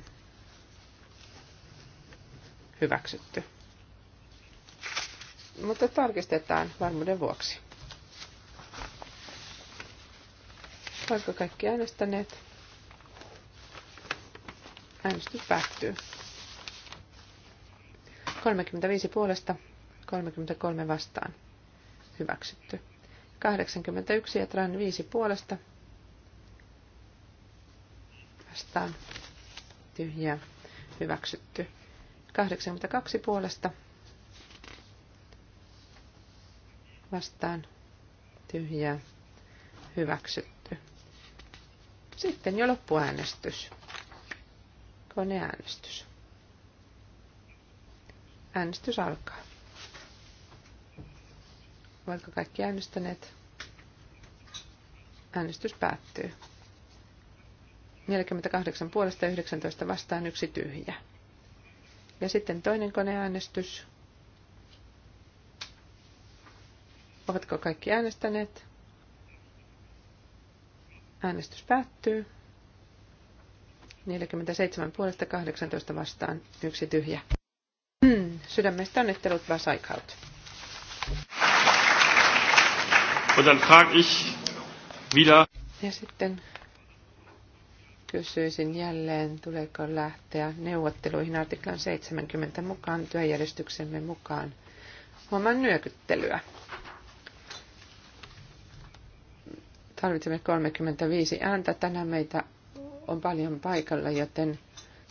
Hyväksytty. Mutta tarkistetaan varmuuden vuoksi. Oletko kaikki äänestäneet? Äänestys päättyy. 35 puolesta, 33 vastaan hyväksytty. 81 ja Tran 5 puolesta vastaan tyhjää hyväksytty. 82 puolesta vastaan tyhjää hyväksytty. Sitten jo loppuäänestys. Koneäänestys. Äänestys alkaa. Oletko kaikki äänestäneet? Äänestys päättyy. 48 puolesta 19 vastaan yksi tyhjä. Ja sitten toinen koneäänestys. Ovatko kaikki äänestäneet? Äänestys päättyy. 47 puolesta 18 vastaan yksi tyhjä. *clears throat* Sydämestä onnittelut Vasaikaut. Und dann frage ich wieder. Ja sitten kysyisin jälleen, tuleeko lähteä neuvotteluihin artiklan 70 mukaan työjärjestyksemme mukaan. Huomaan nyökyttelyä. Tarvitsemme 35 ääntä. Tänään meitä on paljon paikalla, joten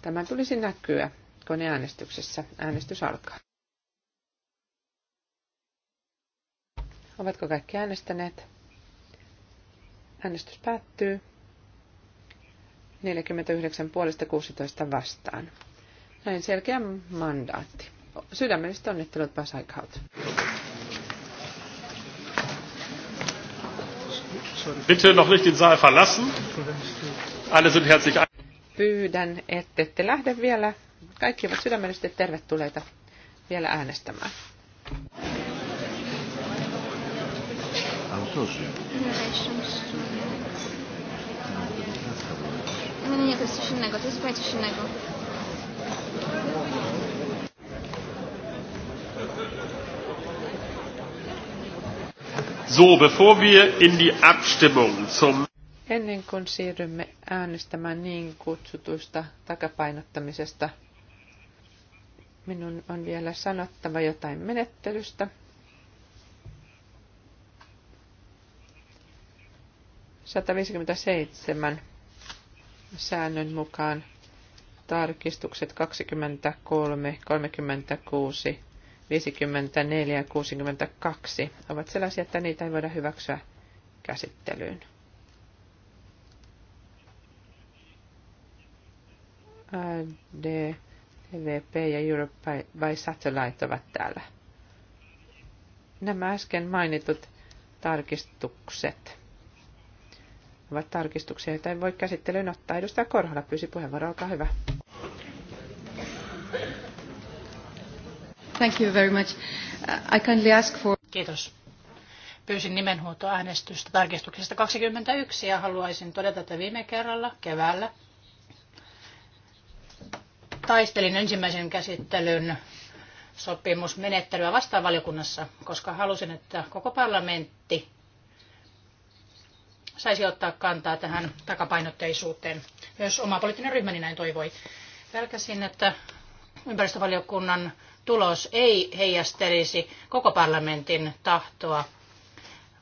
tämän tulisi näkyä koneäänestyksessä. Äänestys alkaa. Ovatko kaikki äänestäneet? Äänestys päättyy. 49 puolesta 16 vastaan. Näin selkeä mandaatti. Sydämelliset onnittelut Bas Bitte noch nicht den Saal verlassen. Alle sind herzlich Pyydän, ette lähde vielä. Kaikki ovat sydämellisesti tervetulleita vielä äänestämään. тоже. Nie, nie, nie, to jest coś innego, to jest zupełnie coś innego. So, bevor wir in die Abstimmung zum Ennen kuin siirrymme äänestämään niin kutsutusta takapainottamisesta, minun on vielä sanottava jotain menettelystä. 157 säännön mukaan tarkistukset 23, 36, 54 ja 62 ovat sellaisia, että niitä ei voida hyväksyä käsittelyyn. AD, TVP ja Europe by Satellite ovat täällä. Nämä äsken mainitut tarkistukset ovat tarkistuksia, joita ei voi käsittelyyn ottaa. Edustaja Korhola pyysi puheenvuoro, olkaa hyvä. Thank you very much. Uh, I kindly ask for... Kiitos. Pyysin nimenhuutoäänestystä tarkistuksesta 21 ja haluaisin todeta, että viime kerralla keväällä taistelin ensimmäisen käsittelyn sopimusmenettelyä vastaan valiokunnassa, koska halusin, että koko parlamentti saisi ottaa kantaa tähän takapainotteisuuteen. Myös oma poliittinen ryhmäni näin toivoi. Pelkäsin, että ympäristövaliokunnan tulos ei heijastelisi koko parlamentin tahtoa.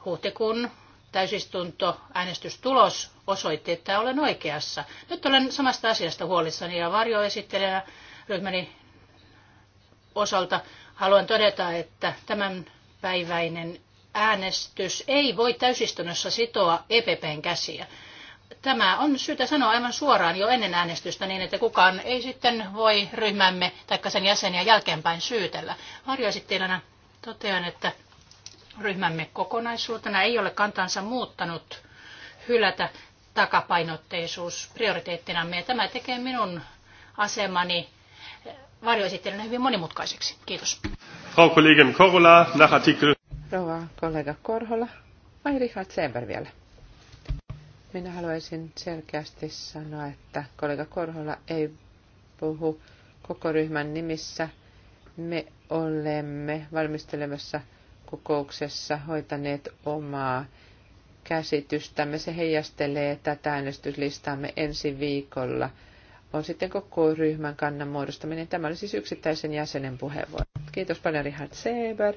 Huhtikuun täysistunto äänestystulos osoitti, että olen oikeassa. Nyt olen samasta asiasta huolissani ja varjoesittelijänä ryhmäni osalta haluan todeta, että tämän päiväinen äänestys ei voi täysistunnossa sitoa EPPn käsiä. Tämä on syytä sanoa aivan suoraan jo ennen äänestystä niin, että kukaan ei sitten voi ryhmämme tai sen jäseniä jälkeenpäin syytellä. Varjoesittelijänä totean, että ryhmämme kokonaisuutena ei ole kantansa muuttanut hylätä takapainotteisuus prioriteettinamme. Ja tämä tekee minun asemani varjoesittelijänä hyvin monimutkaiseksi. Kiitos. Frau Kollegin Korola, nach artikel... Rouva kollega Korhola. Vai Richard Sember vielä? Minä haluaisin selkeästi sanoa, että kollega Korhola ei puhu koko ryhmän nimissä. Me olemme valmistelemassa kokouksessa hoitaneet omaa käsitystämme. Se heijastelee tätä äänestyslistaamme ensi viikolla. On sitten koko ryhmän kannan muodostaminen. Tämä oli siis yksittäisen jäsenen puheenvuoro. Kiitos paljon Richard Seber.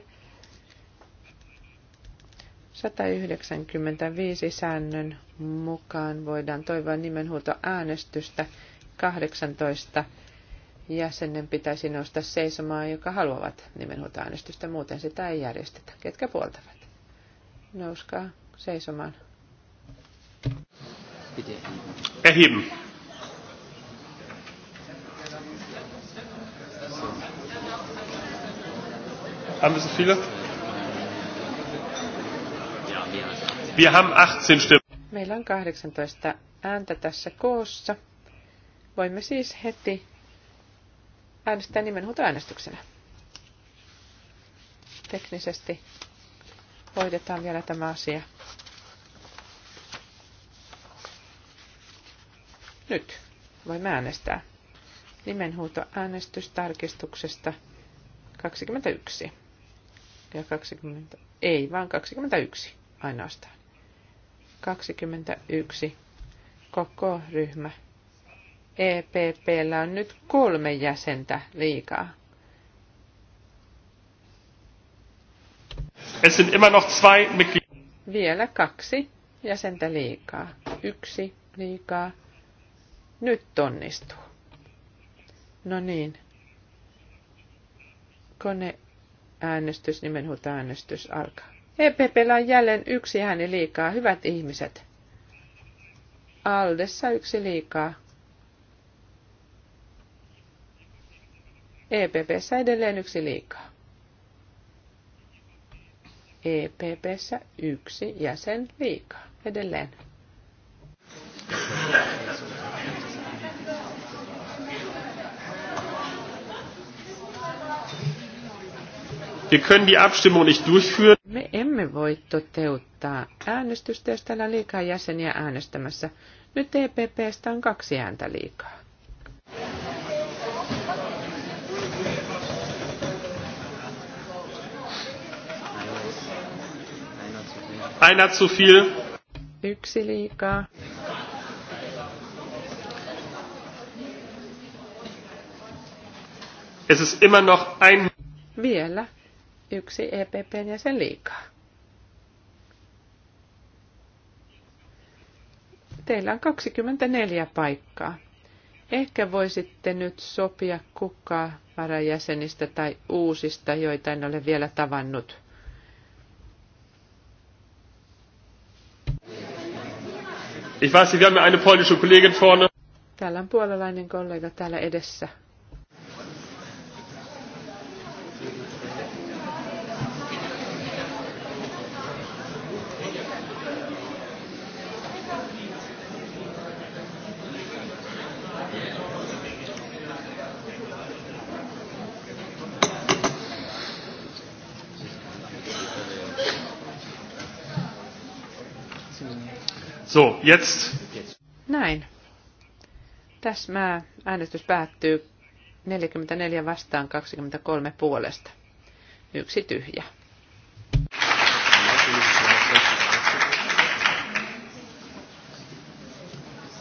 195 säännön mukaan voidaan toivoa nimenhuuto äänestystä 18 jäsenen pitäisi nousta seisomaan, joka haluavat äänestystä. muuten sitä ei järjestetä. Ketkä puoltavat? Nouskaa seisomaan. Ehim. Haben Sie viele? Wir haben 18 Meillä on 18 ääntä tässä koossa. Voimme siis heti äänestää nimenhuutoäänestyksenä. Teknisesti hoidetaan vielä tämä asia. Nyt voimme äänestää nimenhuutoäänestystarkistuksesta 21. Ja 20, ei vaan 21 ainoastaan. 21. Koko ryhmä. EPPllä on nyt kolme jäsentä liikaa. Es sind immer noch zwei Vielä kaksi jäsentä liikaa. Yksi liikaa. Nyt onnistuu. No niin. Kone äänestys, nimenhuuta äänestys alkaa. EPP- on jälleen yksi ääni liikaa, hyvät ihmiset. Aldessa yksi liikaa. EPPssä edelleen yksi liikaa. EPPssä yksi jäsen liikaa. Edelleen. Wir können die Abstimmung nicht durchführen. Me emme voi toteuttaa äänestystä, jos täällä on liikaa jäseniä äänestämässä. Nyt EPPstä on kaksi ääntä liikaa. Einer zu viel. Yksi liikaa. Es ist immer noch ein... Vielä yksi EPPn jäsen liikaa. Teillä on 24 paikkaa. Ehkä voisitte nyt sopia kuka varajäsenistä tai uusista, joita en ole vielä tavannut. Ich weiß, wir haben eine polnische Kollegin vorne. Täällä on puolalainen kollega täällä edessä. jetzt. Näin. mä äänestys päättyy 44 vastaan 23 puolesta. Yksi tyhjä.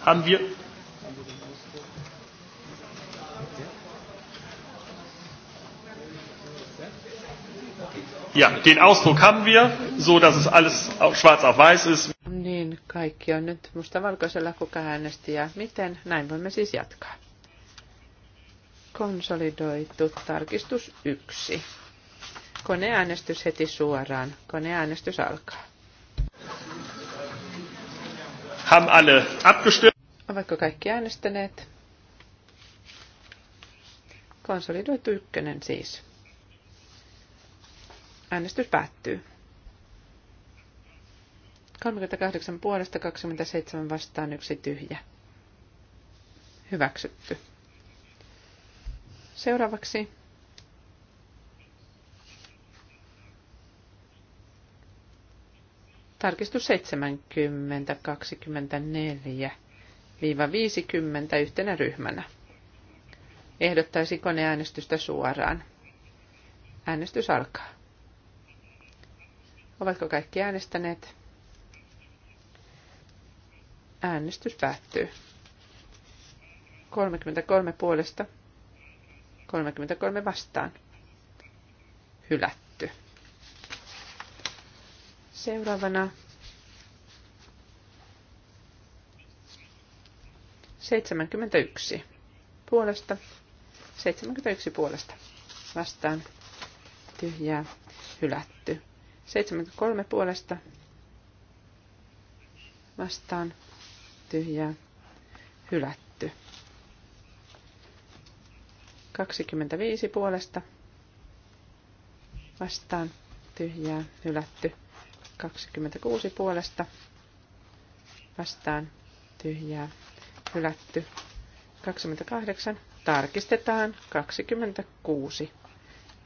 Haben wir Ja, den Ausdruck haben wir, so dass es alles auf schwarz auf weiß ist. Kaikki on nyt mustavalkoisella, kuka äänesti ja miten. Näin voimme siis jatkaa. Konsolidoitu tarkistus 1. Koneäänestys heti suoraan. Koneäänestys alkaa. Haben alle Ovatko kaikki äänestäneet? Konsolidoitu ykkönen siis. Äänestys päättyy. 38 puolesta 27 vastaan yksi tyhjä. Hyväksytty. Seuraavaksi tarkistus 70, 24, viiva 50 yhtenä ryhmänä. Ehdottaisi koneäänestystä suoraan. Äänestys alkaa. Ovatko kaikki äänestäneet? Äänestys päättyy. 33 puolesta, 33 vastaan. Hylätty. Seuraavana 71 puolesta, 71 puolesta vastaan tyhjää, hylätty. 73 puolesta vastaan tyhjää hylätty. 25 puolesta vastaan tyhjää hylätty. 26 puolesta vastaan tyhjää hylätty. 28 tarkistetaan 26.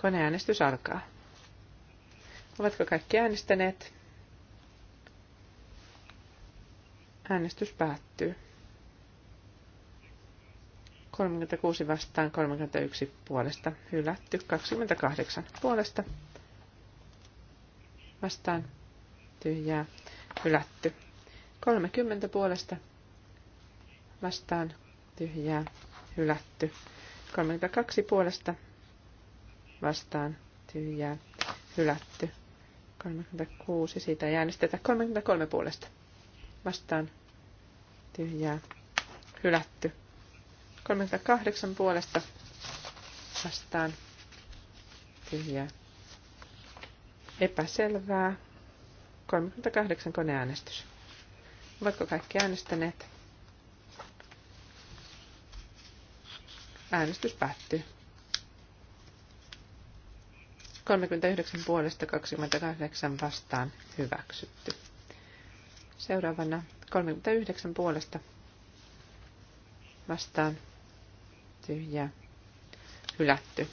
Koneäänestys alkaa. Ovatko kaikki äänestäneet? Äänestys päättyy. 36 vastaan, 31 puolesta. Hylätty 28 puolesta. Vastaan tyhjää. Hylätty 30 puolesta. Vastaan tyhjää. Hylätty 32 puolesta. Vastaan tyhjää. Hylätty 36. Siitä ei äänestetä 33 puolesta vastaan tyhjää hylätty. 38 puolesta vastaan tyhjää epäselvää. 38 koneäänestys. Ovatko kaikki äänestäneet? Äänestys päättyy. 39 puolesta 28 vastaan hyväksytty. Seuraavana 39 puolesta vastaan tyhjä hylätty.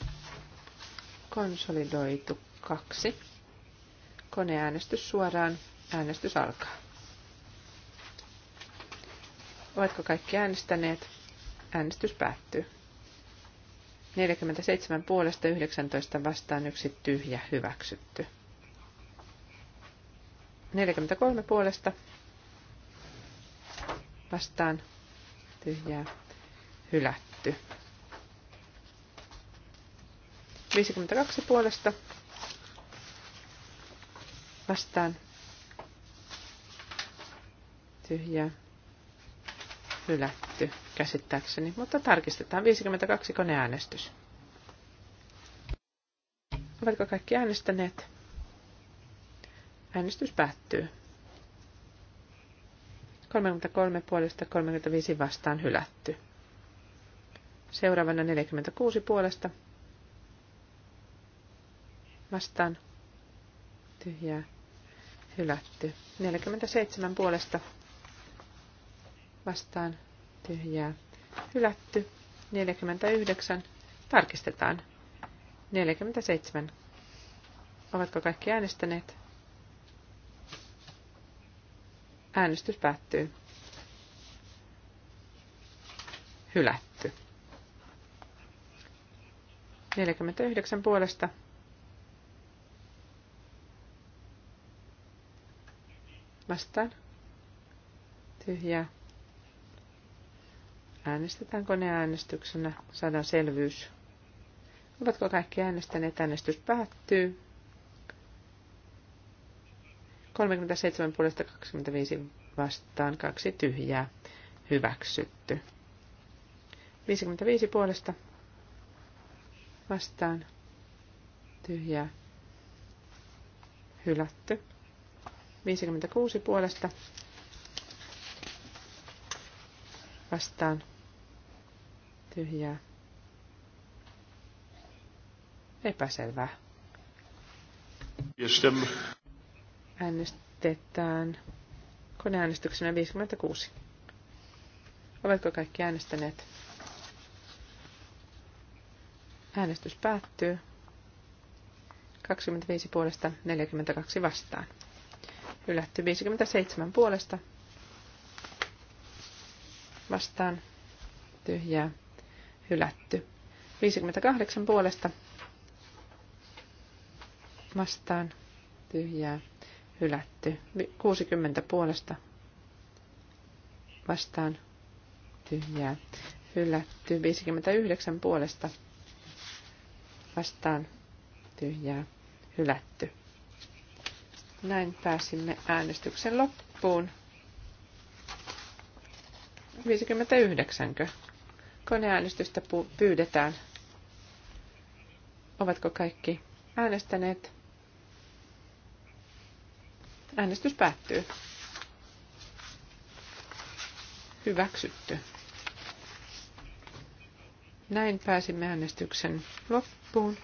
Konsolidoitu kaksi. Koneäänestys suoraan. Äänestys alkaa. Ovatko kaikki äänestäneet? Äänestys päättyy. 47 puolesta 19 vastaan yksi tyhjä hyväksytty. 43 puolesta vastaan tyhjää hylätty. 52 puolesta vastaan tyhjää hylätty käsittääkseni, mutta tarkistetaan 52 koneäänestys. Ovatko kaikki äänestäneet? Äänestys päättyy. 33 puolesta 35 vastaan hylätty. Seuraavana 46 puolesta vastaan tyhjää hylätty. 47 puolesta vastaan tyhjää hylätty. 49 tarkistetaan. 47. Ovatko kaikki äänestäneet? Äänestys päättyy. Hylätty. 49 puolesta vastaan. Tyhjää. Äänestetään koneäänestyksenä. Saadaan selvyys. Ovatko kaikki äänestäneet? Äänestys päättyy. 37 puolesta 25 vastaan, kaksi tyhjää, hyväksytty. 55 puolesta vastaan, tyhjää, hylätty. 56 puolesta vastaan, tyhjää, epäselvää. Äänestetään koneäänestyksenä 56. Oletko kaikki äänestäneet? Äänestys päättyy. 25 puolesta 42 vastaan. Ylätty 57 puolesta. Vastaan tyhjää. Hylätty. 58 puolesta. Vastaan tyhjää hylätty. 60 puolesta vastaan tyhjää hylätty. 59 puolesta vastaan tyhjää hylätty. Näin pääsimme äänestyksen loppuun. 59. Koneäänestystä pyydetään. Ovatko kaikki äänestäneet? Äänestys päättyy. Hyväksytty. Näin pääsimme äänestyksen loppuun.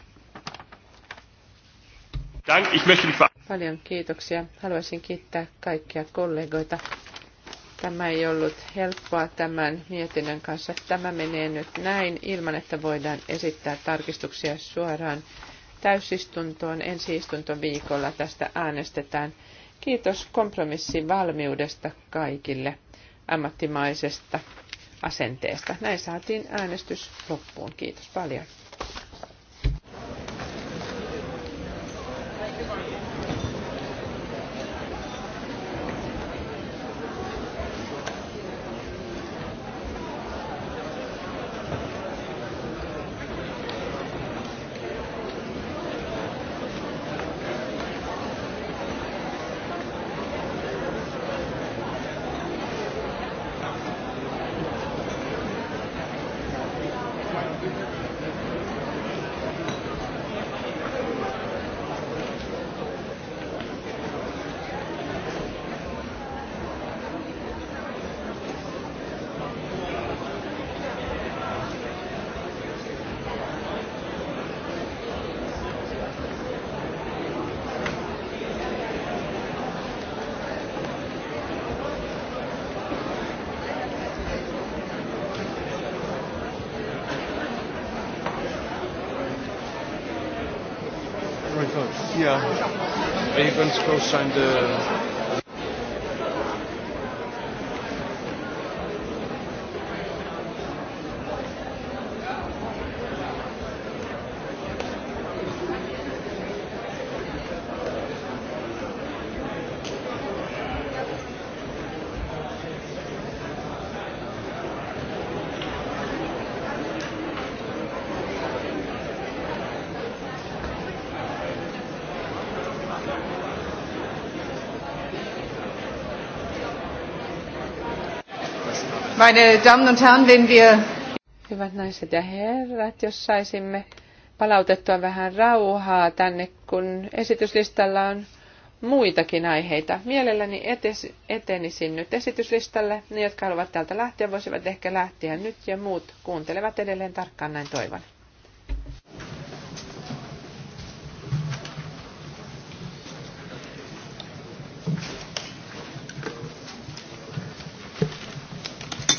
Paljon kiitoksia. Haluaisin kiittää kaikkia kollegoita. Tämä ei ollut helppoa tämän mietinnön kanssa. Tämä menee nyt näin ilman, että voidaan esittää tarkistuksia suoraan täysistuntoon ensi istuntoviikolla. Tästä äänestetään. Kiitos kompromissi-valmiudesta kaikille ammattimaisesta asenteesta. Näin saatiin äänestys loppuun. Kiitos paljon. time Meine Damen und Herren, wenn wir... Hyvät naiset ja herrat, jos saisimme palautettua vähän rauhaa tänne, kun esityslistalla on muitakin aiheita. Mielelläni etes, etenisin nyt esityslistalle. Ne, jotka haluavat täältä lähteä, voisivat ehkä lähteä nyt ja muut kuuntelevat edelleen tarkkaan, näin toivon.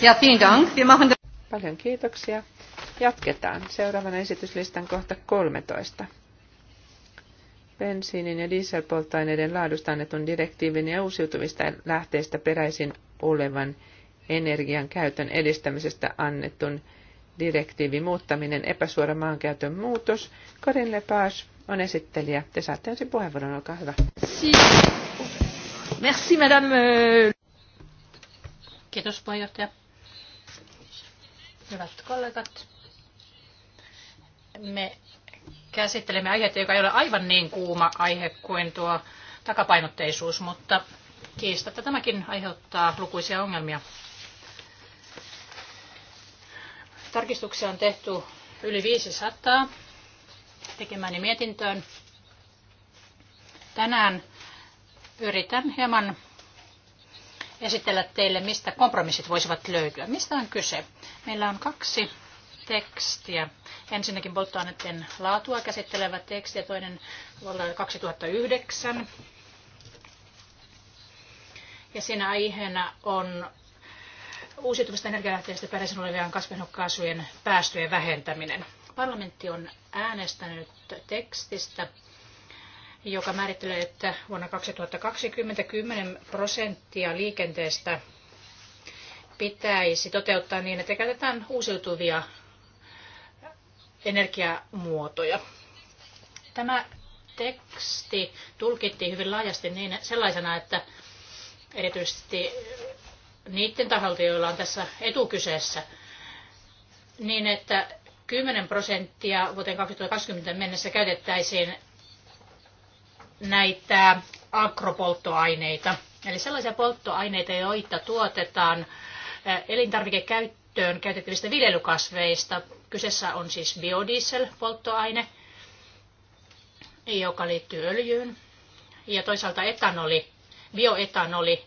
Ja, Dank. Wir machen Paljon kiitoksia. Jatketaan. Seuraavana esityslistan kohta 13. Bensiinin ja dieselpolttoaineiden laadusta annetun direktiivin ja uusiutuvista lähteistä peräisin olevan energian käytön edistämisestä annetun direktiivin muuttaminen, epäsuora maankäytön muutos. Karin Lepas on esittelijä. Te saatte ensin puheenvuoron, olkaa hyvä. Merci, madame. Kiitos puheenjohtaja. Hyvät kollegat, me käsittelemme aihetta, joka ei ole aivan niin kuuma aihe kuin tuo takapainotteisuus, mutta kiistatta tämäkin aiheuttaa lukuisia ongelmia. Tarkistuksia on tehty yli 500 tekemäni mietintöön. Tänään yritän hieman esitellä teille, mistä kompromissit voisivat löytyä. Mistä on kyse? Meillä on kaksi tekstiä. Ensinnäkin polttoaineiden laatua käsittelevä teksti ja toinen vuonna 2009. Ja siinä aiheena on uusiutuvista energialähteistä peräisin olevien kasvihuonekaasujen päästöjen vähentäminen. Parlamentti on äänestänyt tekstistä joka määrittelee, että vuonna 2020 10 prosenttia liikenteestä pitäisi toteuttaa niin, että käytetään uusiutuvia energiamuotoja. Tämä teksti tulkittiin hyvin laajasti niin, sellaisena, että erityisesti niiden taholta, joilla on tässä etukyseessä, niin että 10 prosenttia vuoteen 2020 mennessä käytettäisiin näitä agropolttoaineita, eli sellaisia polttoaineita, joita tuotetaan eh, elintarvikekäyttöön käytettävistä viljelykasveista. Kyseessä on siis biodiesel-polttoaine, joka liittyy öljyyn, ja toisaalta etanoli, bioetanoli,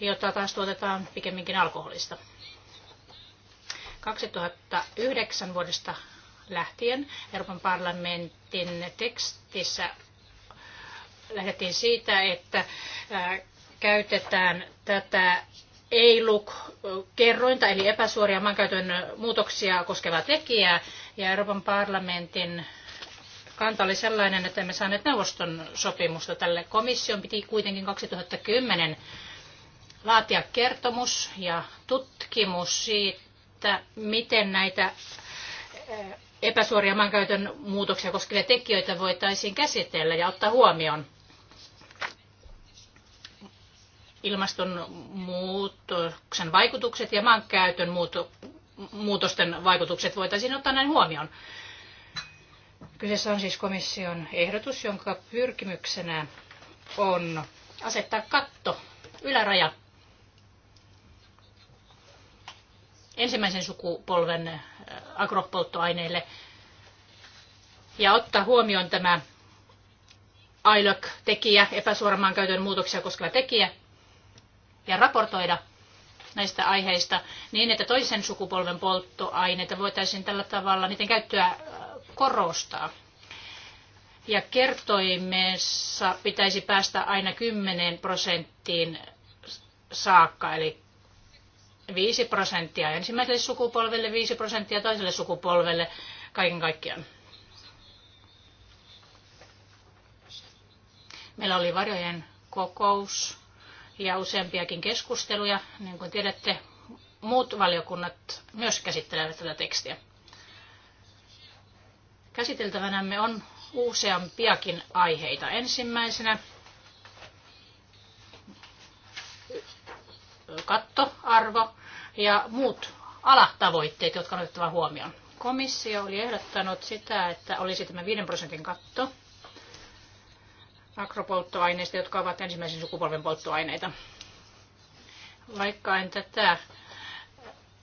jota taas tuotetaan pikemminkin alkoholista. 2009 vuodesta lähtien Euroopan parlamentin tekstissä lähdettiin siitä, että käytetään tätä EILUK-kerrointa, eli epäsuoria maankäytön muutoksia koskevaa tekijää, ja Euroopan parlamentin kanta oli sellainen, että emme saaneet neuvoston sopimusta tälle. Komission piti kuitenkin 2010 laatia kertomus ja tutkimus siitä, miten näitä epäsuoria maankäytön muutoksia koskevia tekijöitä voitaisiin käsitellä ja ottaa huomioon. ilmastonmuutoksen vaikutukset ja maankäytön muutosten vaikutukset voitaisiin ottaa näin huomioon. Kyseessä on siis komission ehdotus, jonka pyrkimyksenä on asettaa katto, yläraja, ensimmäisen sukupolven äh, agropolttoaineille ja ottaa huomioon tämä ILOC-tekijä, epäsuoramaan käytön muutoksia koskeva tekijä ja raportoida näistä aiheista niin, että toisen sukupolven polttoaineita voitaisiin tällä tavalla niiden käyttöä äh, korostaa. Ja kertoimessa pitäisi päästä aina 10 prosenttiin saakka, eli 5 prosenttia ensimmäiselle sukupolvelle, 5 prosenttia toiselle sukupolvelle kaiken kaikkiaan. Meillä oli varjojen kokous ja useampiakin keskusteluja. Niin kuin tiedätte, muut valiokunnat myös käsittelevät tätä tekstiä. Käsiteltävänämme on useampiakin aiheita. Ensimmäisenä kattoarvo ja muut alatavoitteet, jotka on otettava huomioon. Komissio oli ehdottanut sitä, että olisi tämä 5 prosentin katto agropolttoaineista, jotka ovat ensimmäisen sukupolven polttoaineita. Vaikka en tätä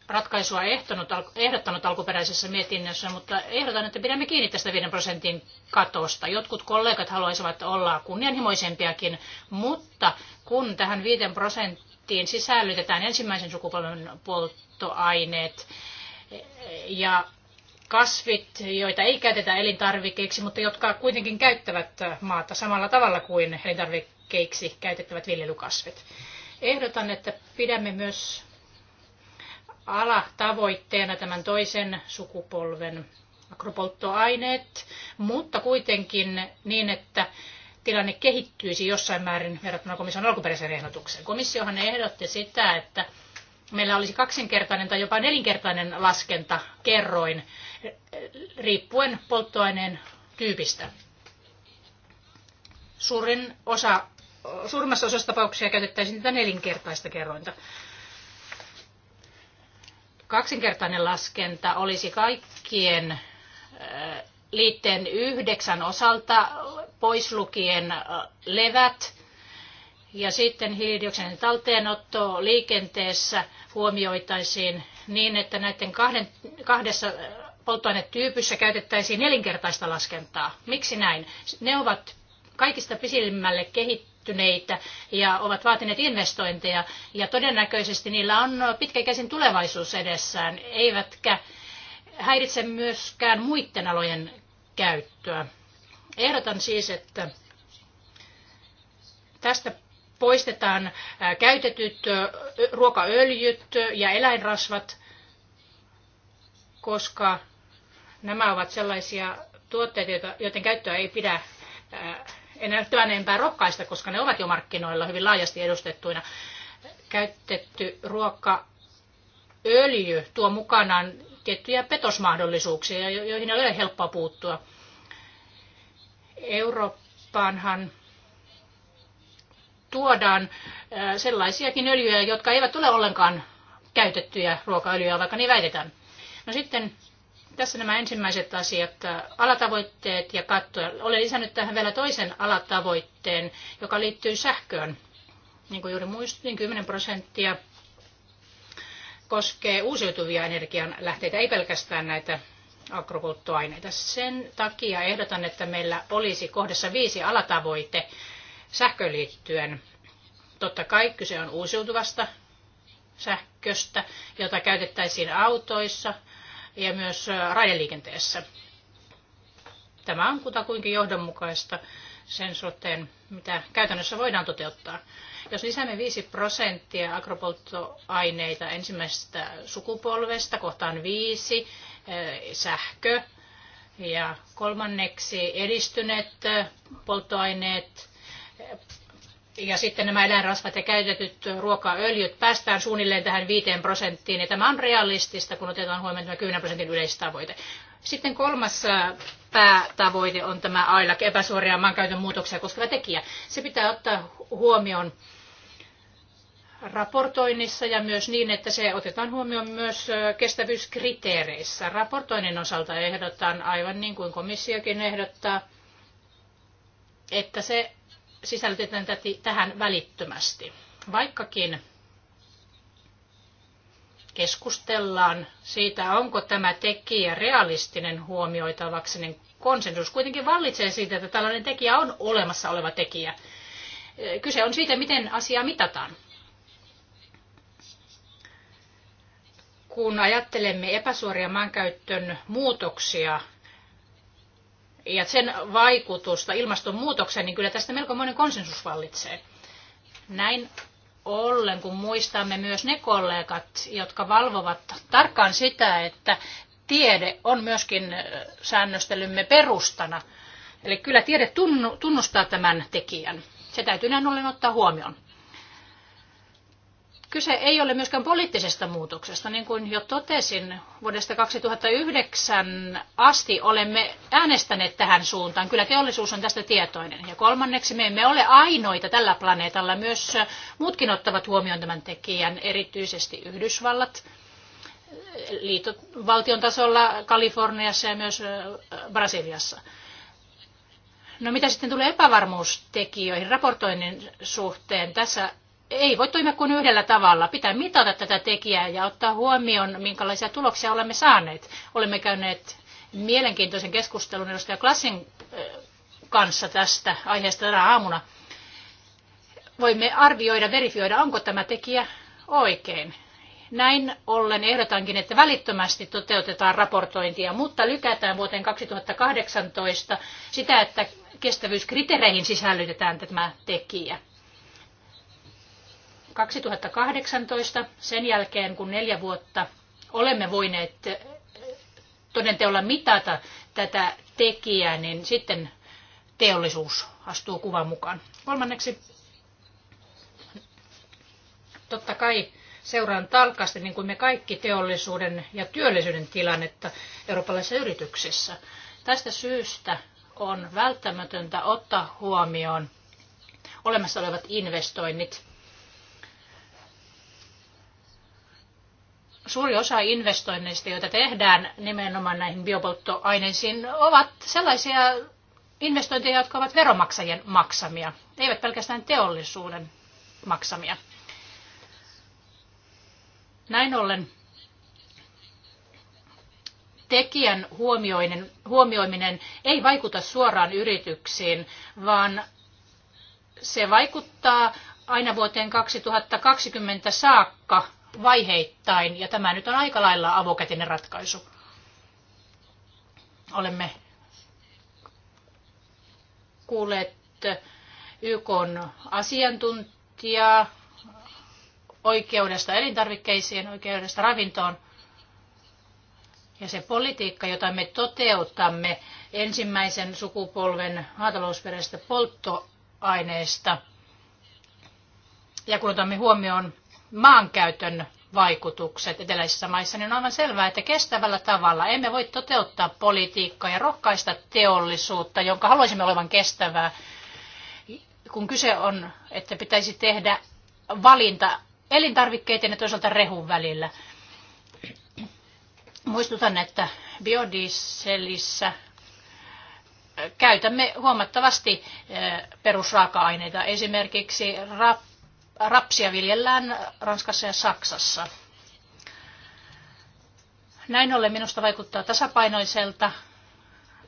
ratkaisua ehtonut, ehdottanut alkuperäisessä mietinnössä, mutta ehdotan, että pidämme kiinni tästä 5 prosentin katosta. Jotkut kollegat haluaisivat olla kunnianhimoisempiakin, mutta kun tähän 5 prosenttiin sisällytetään ensimmäisen sukupolven polttoaineet ja kasvit, joita ei käytetä elintarvikkeiksi, mutta jotka kuitenkin käyttävät maata samalla tavalla kuin elintarvikkeiksi käytettävät viljelykasvit. Ehdotan, että pidämme myös ala tavoitteena tämän toisen sukupolven agropolttoaineet, mutta kuitenkin niin, että tilanne kehittyisi jossain määrin verrattuna komission alkuperäiseen ehdotukseen. Komissiohan ehdotti sitä, että meillä olisi kaksinkertainen tai jopa nelinkertainen laskenta kerroin riippuen polttoaineen tyypistä. Suurin osa, suurimmassa osassa tapauksia käytettäisiin tätä nelinkertaista kerrointa. Kaksinkertainen laskenta olisi kaikkien liitteen yhdeksän osalta poislukien levät ja sitten hiilidioksidin talteenotto liikenteessä huomioitaisiin niin, että näiden kahden, kahdessa polttoainetyypissä käytettäisiin nelinkertaista laskentaa. Miksi näin? Ne ovat kaikista pisimmälle kehittyneitä ja ovat vaatineet investointeja ja todennäköisesti niillä on pitkäikäisin tulevaisuus edessään, eivätkä häiritse myöskään muiden alojen käyttöä. Ehdotan siis, että tästä poistetaan käytetyt ruokaöljyt ja eläinrasvat, koska Nämä ovat sellaisia tuotteita, joiden käyttöä ei pidä enää tämän enempää rohkaista, koska ne ovat jo markkinoilla hyvin laajasti edustettuina. Käytetty ruokaöljy tuo mukanaan tiettyjä petosmahdollisuuksia, joihin ei ole helppoa puuttua. Eurooppaanhan tuodaan sellaisiakin öljyjä, jotka eivät ole ollenkaan käytettyjä ruokaöljyjä, vaikka niin väitetään. No sitten tässä nämä ensimmäiset asiat, äh, alatavoitteet ja katto. Olen lisännyt tähän vielä toisen alatavoitteen, joka liittyy sähköön. Niin kuin juuri muistin, niin 10 prosenttia koskee uusiutuvia energianlähteitä, ei pelkästään näitä agropolttoaineita. Sen takia ehdotan, että meillä olisi kohdassa viisi alatavoite sähköön liittyen. Totta kai kyse on uusiutuvasta sähköstä, jota käytettäisiin autoissa, ja myös raideliikenteessä. Tämä on kutakuinkin johdonmukaista sen suhteen, mitä käytännössä voidaan toteuttaa. Jos lisäämme 5 prosenttia agropolttoaineita ensimmäisestä sukupolvesta kohtaan 5, sähkö ja kolmanneksi edistyneet polttoaineet, ja sitten nämä eläinrasvat ja käytetyt ruokaöljyt päästään suunnilleen tähän 5 prosenttiin. Ja tämä on realistista, kun otetaan huomioon tämä 10 prosentin yleistavoite. Sitten kolmas päätavoite on tämä AILAC, epäsuoria maankäytön muutoksia koskeva tekijä. Se pitää ottaa huomioon raportoinnissa ja myös niin, että se otetaan huomioon myös kestävyyskriteereissä. Raportoinnin osalta ehdotan, aivan niin kuin komissiokin ehdottaa, että se sisällytetään tähän välittömästi. Vaikkakin keskustellaan siitä, onko tämä tekijä realistinen huomioitavaksi, niin konsensus kuitenkin vallitsee siitä, että tällainen tekijä on olemassa oleva tekijä. Kyse on siitä, miten asiaa mitataan. Kun ajattelemme epäsuoria maankäyttön muutoksia, ja sen vaikutusta ilmastonmuutokseen, niin kyllä tästä melko monen konsensus vallitsee. Näin ollen, kun muistamme myös ne kollegat, jotka valvovat tarkkaan sitä, että tiede on myöskin säännöstelymme perustana. Eli kyllä tiede tunnustaa tämän tekijän. Se täytyy näin ollen ottaa huomioon. Kyse ei ole myöskään poliittisesta muutoksesta. Niin kuin jo totesin, vuodesta 2009 asti olemme äänestäneet tähän suuntaan. Kyllä teollisuus on tästä tietoinen. Ja kolmanneksi me emme ole ainoita tällä planeetalla. Myös muutkin ottavat huomioon tämän tekijän, erityisesti Yhdysvallat liitovaltion tasolla Kaliforniassa ja myös äh, Brasiliassa. No mitä sitten tulee epävarmuustekijöihin raportoinnin suhteen? Tässä ei voi toimia kuin yhdellä tavalla. Pitää mitata tätä tekijää ja ottaa huomioon, minkälaisia tuloksia olemme saaneet. Olemme käyneet mielenkiintoisen keskustelun edustaja Klassin kanssa tästä aiheesta tänä aamuna. Voimme arvioida, verifioida, onko tämä tekijä oikein. Näin ollen ehdotankin, että välittömästi toteutetaan raportointia, mutta lykätään vuoteen 2018 sitä, että kestävyyskriteereihin sisällytetään tämä tekijä. 2018, sen jälkeen kun neljä vuotta olemme voineet eh, todenteolla mitata tätä tekijää, niin sitten teollisuus astuu kuvan mukaan. Kolmanneksi, totta kai seuraan tarkasti, niin kuin me kaikki teollisuuden ja työllisyyden tilannetta eurooppalaisissa yrityksissä. Tästä syystä on välttämätöntä ottaa huomioon olemassa olevat investoinnit suuri osa investoinneista, joita tehdään nimenomaan näihin biopolttoaineisiin, ovat sellaisia investointeja, jotka ovat veromaksajien maksamia, eivät pelkästään teollisuuden maksamia. Näin ollen tekijän huomioinen, huomioiminen ei vaikuta suoraan yrityksiin, vaan se vaikuttaa aina vuoteen 2020 saakka vaiheittain, ja tämä nyt on aika lailla avokätinen ratkaisu. Olemme kuulleet YK asiantuntijaa oikeudesta elintarvikkeisiin, oikeudesta ravintoon. Ja se politiikka, jota me toteutamme ensimmäisen sukupolven maatalousperäistä polttoaineesta, ja kun otamme huomioon maankäytön vaikutukset eteläisissä maissa, niin on aivan selvää, että kestävällä tavalla emme voi toteuttaa politiikkaa ja rohkaista teollisuutta, jonka haluaisimme olevan kestävää, kun kyse on, että pitäisi tehdä valinta elintarvikkeiden ja toisaalta rehun välillä. Muistutan, että biodieselissä käytämme huomattavasti eh, perusraaka-aineita, esimerkiksi rap rapsia viljellään Ranskassa ja Saksassa. Näin ollen minusta vaikuttaa tasapainoiselta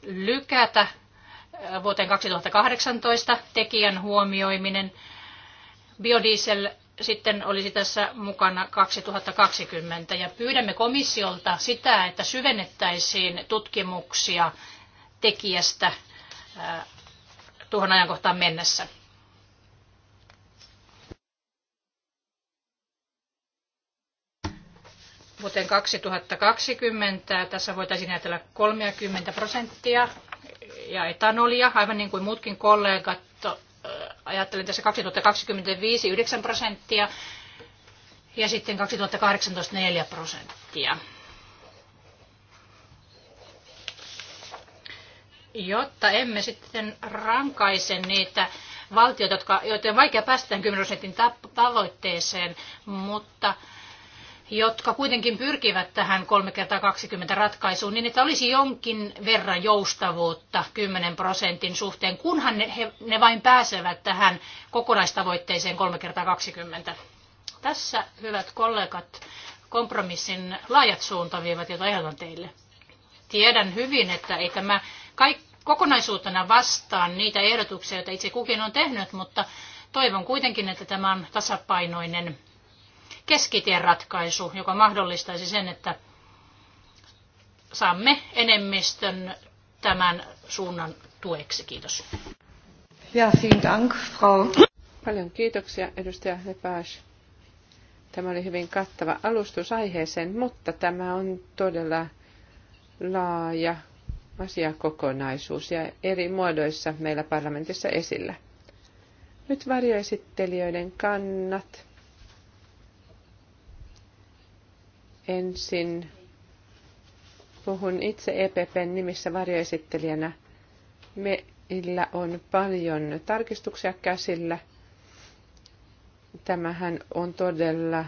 lykätä vuoteen 2018 tekijän huomioiminen. Biodiesel sitten olisi tässä mukana 2020 ja pyydämme komissiolta sitä, että syvennettäisiin tutkimuksia tekijästä äh, tuohon ajankohtaan mennessä. vuoteen 2020 tässä voitaisiin ajatella 30 prosenttia ja etanolia, aivan niin kuin muutkin kollegat. Äh, ajattelin tässä 2025 9 prosenttia ja sitten 2018 4 prosenttia. Jotta emme sitten rankaise niitä valtioita, jotka, joiden on vaikea päästä 10 prosentin tavoitteeseen, mutta jotka kuitenkin pyrkivät tähän 3 x 20 ratkaisuun, niin että olisi jonkin verran joustavuutta 10 prosentin suhteen, kunhan ne, he, ne vain pääsevät tähän kokonaistavoitteeseen 3 x 20. Tässä, hyvät kollegat, kompromissin laajat suuntaviivat, joita ehdotan teille. Tiedän hyvin, että ei tämä kaik- kokonaisuutena vastaan niitä ehdotuksia, joita itse kukin on tehnyt, mutta toivon kuitenkin, että tämä on tasapainoinen keskitien ratkaisu, joka mahdollistaisi sen, että saamme enemmistön tämän suunnan tueksi. Kiitos. Ja, vielen Dank, Frau. Paljon kiitoksia, edustaja Lepage. Tämä oli hyvin kattava alustus aiheeseen, mutta tämä on todella laaja asiakokonaisuus ja eri muodoissa meillä parlamentissa esillä. Nyt varjoesittelijöiden kannat. Ensin puhun itse EPPn nimissä varjoesittelijänä. Meillä on paljon tarkistuksia käsillä. Tämähän on todella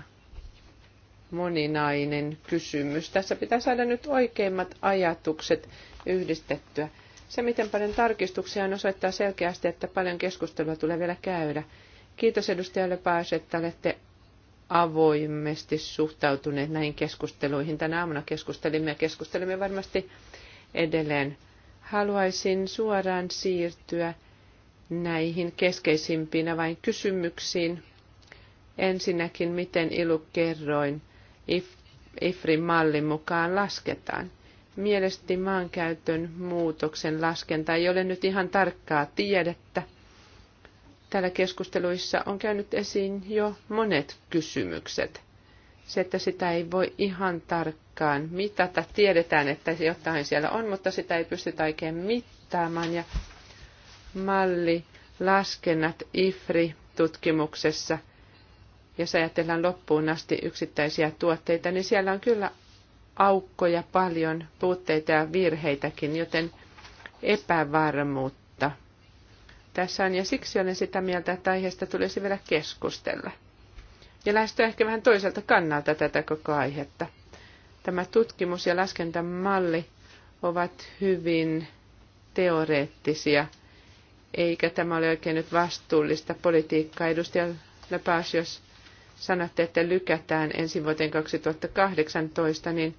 moninainen kysymys. Tässä pitää saada nyt oikeimmat ajatukset yhdistettyä. Se, miten paljon tarkistuksia on, osoittaa selkeästi, että paljon keskustelua tulee vielä käydä. Kiitos edustajalle Paas, että olette avoimesti suhtautuneet näihin keskusteluihin. Tänä aamuna keskustelimme ja keskustelemme varmasti edelleen. Haluaisin suoraan siirtyä näihin keskeisimpiin avainkysymyksiin. Ensinnäkin, miten ilu kerroin if, IFRin mallin mukaan lasketaan. Mielestäni maankäytön muutoksen laskenta ei ole nyt ihan tarkkaa tiedettä – täällä keskusteluissa on käynyt esiin jo monet kysymykset. Se, että sitä ei voi ihan tarkkaan mitata. Tiedetään, että jotain siellä on, mutta sitä ei pystytä oikein mittaamaan. Ja malli laskennat IFRI-tutkimuksessa, jos ajatellaan loppuun asti yksittäisiä tuotteita, niin siellä on kyllä aukkoja paljon, puutteita ja virheitäkin, joten epävarmuutta tässä on, ja siksi olen sitä mieltä, että aiheesta tulisi vielä keskustella. Ja lähestyä ehkä vähän toiselta kannalta tätä koko aihetta. Tämä tutkimus ja laskentamalli ovat hyvin teoreettisia, eikä tämä ole oikein nyt vastuullista politiikkaa. Edustaja Lepas, jos sanotte, että lykätään ensi vuoteen 2018, niin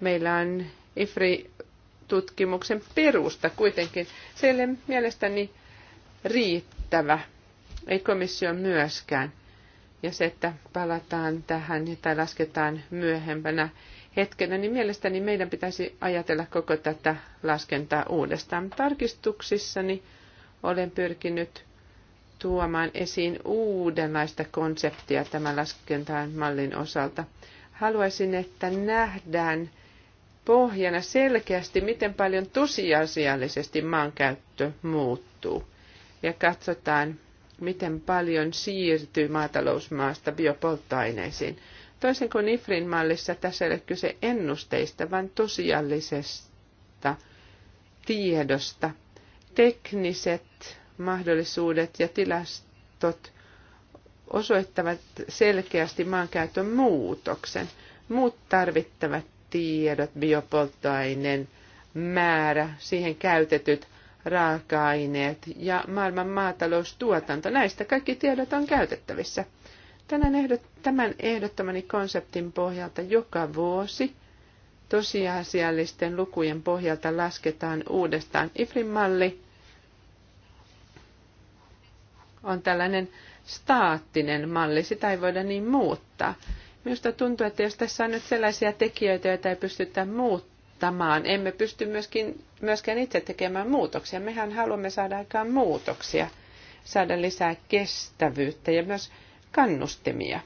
meillä on IFRI-tutkimuksen perusta kuitenkin. Se ei ole mielestäni riittävä. Ei komissio myöskään. Ja se, että palataan tähän tai lasketaan myöhempänä hetkenä, niin mielestäni meidän pitäisi ajatella koko tätä laskentaa uudestaan. Tarkistuksissani olen pyrkinyt tuomaan esiin uudenlaista konseptia tämän laskentaan mallin osalta. Haluaisin, että nähdään pohjana selkeästi, miten paljon tosiasiallisesti maankäyttö muuttuu ja katsotaan, miten paljon siirtyy maatalousmaasta biopolttoaineisiin. Toisin kuin IFRin mallissa tässä ei ole kyse ennusteista, vaan tosiallisesta tiedosta. Tekniset mahdollisuudet ja tilastot osoittavat selkeästi maankäytön muutoksen. Muut tarvittavat tiedot, biopolttoaineen määrä, siihen käytetyt raaka-aineet ja maailman maataloustuotanto. Näistä kaikki tiedot on käytettävissä. Tänään ehdot, tämän ehdottamani konseptin pohjalta joka vuosi tosiasiallisten lukujen pohjalta lasketaan uudestaan. IFRin malli on tällainen staattinen malli, sitä ei voida niin muuttaa. Minusta tuntuu, että jos tässä on nyt sellaisia tekijöitä, joita ei pystytä muuttamaan, muuttamaan. Emme pysty myöskin, myöskään itse tekemään muutoksia. Mehän haluamme saada aikaan muutoksia, saada lisää kestävyyttä ja myös kannustimia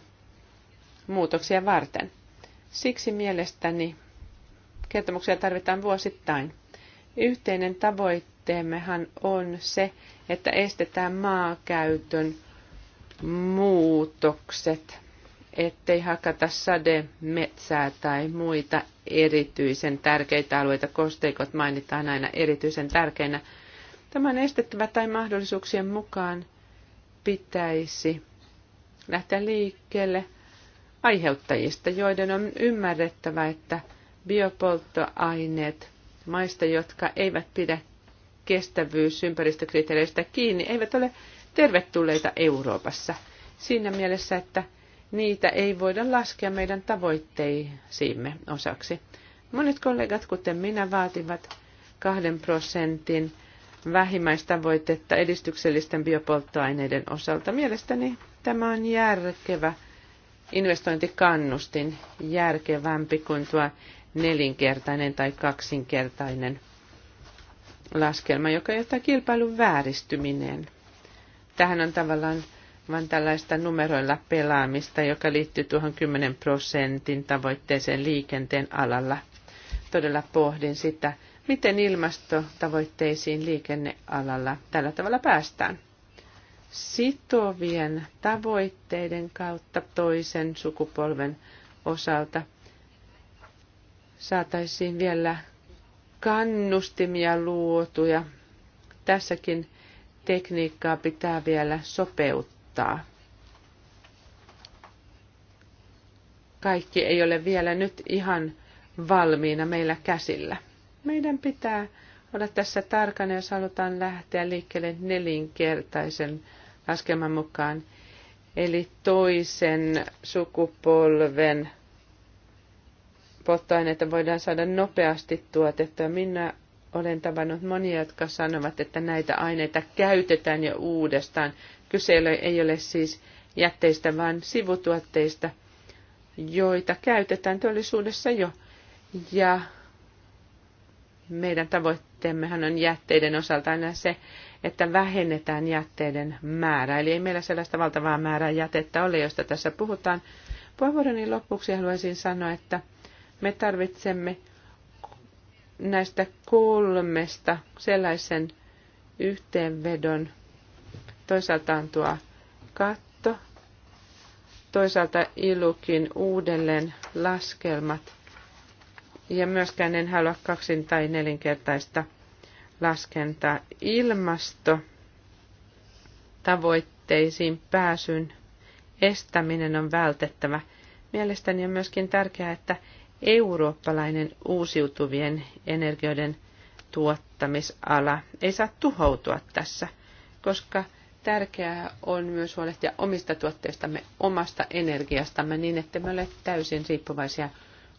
muutoksia varten. Siksi mielestäni kertomuksia tarvitaan vuosittain. Yhteinen tavoitteemmehan on se, että estetään maakäytön muutokset ettei hakata sade, metsää tai muita erityisen tärkeitä alueita. Kosteikot mainitaan aina erityisen tärkeinä. Tämä on estettävä tai mahdollisuuksien mukaan pitäisi lähteä liikkeelle aiheuttajista, joiden on ymmärrettävä, että biopolttoaineet maista, jotka eivät pidä kestävyysympäristökriteereistä kiinni, eivät ole tervetulleita Euroopassa. Siinä mielessä, että niitä ei voida laskea meidän tavoitteisiimme osaksi. Monet kollegat, kuten minä, vaativat kahden prosentin vähimmäistavoitetta edistyksellisten biopolttoaineiden osalta. Mielestäni tämä on järkevä investointikannustin, järkevämpi kuin tuo nelinkertainen tai kaksinkertainen laskelma, joka johtaa kilpailun vääristyminen. Tähän on tavallaan vaan tällaista numeroilla pelaamista, joka liittyy tuohon 10 prosentin tavoitteeseen liikenteen alalla. Todella pohdin sitä, miten ilmastotavoitteisiin liikennealalla tällä tavalla päästään. Sitovien tavoitteiden kautta toisen sukupolven osalta saataisiin vielä kannustimia luotuja. Tässäkin tekniikkaa pitää vielä sopeuttaa kohtaa. Kaikki ei ole vielä nyt ihan valmiina meillä käsillä. Meidän pitää olla tässä tarkana, jos halutaan lähteä liikkeelle nelinkertaisen laskeman mukaan, eli toisen sukupolven polttoaineita voidaan saada nopeasti tuotettua. Minä olen tavannut monia, jotka sanovat, että näitä aineita käytetään jo uudestaan Kyse ei ole siis jätteistä, vaan sivutuotteista, joita käytetään teollisuudessa jo. Ja meidän tavoitteemmehan on jätteiden osalta aina se, että vähennetään jätteiden määrää. Eli ei meillä sellaista valtavaa määrää jätettä ole, josta tässä puhutaan. Puheenvuoroni lopuksi haluaisin sanoa, että me tarvitsemme näistä kolmesta sellaisen yhteenvedon, Toisaalta on tuo katto, toisaalta ilukin uudelleen laskelmat. Ja myöskään en halua kaksin tai nelinkertaista laskentaa ilmasto tavoitteisiin pääsyn estäminen on vältettävä. Mielestäni on myöskin tärkeää, että eurooppalainen uusiutuvien energioiden tuottamisala ei saa tuhoutua tässä, koska Tärkeää on myös huolehtia omista tuotteistamme, omasta energiastamme niin, että me ole täysin riippuvaisia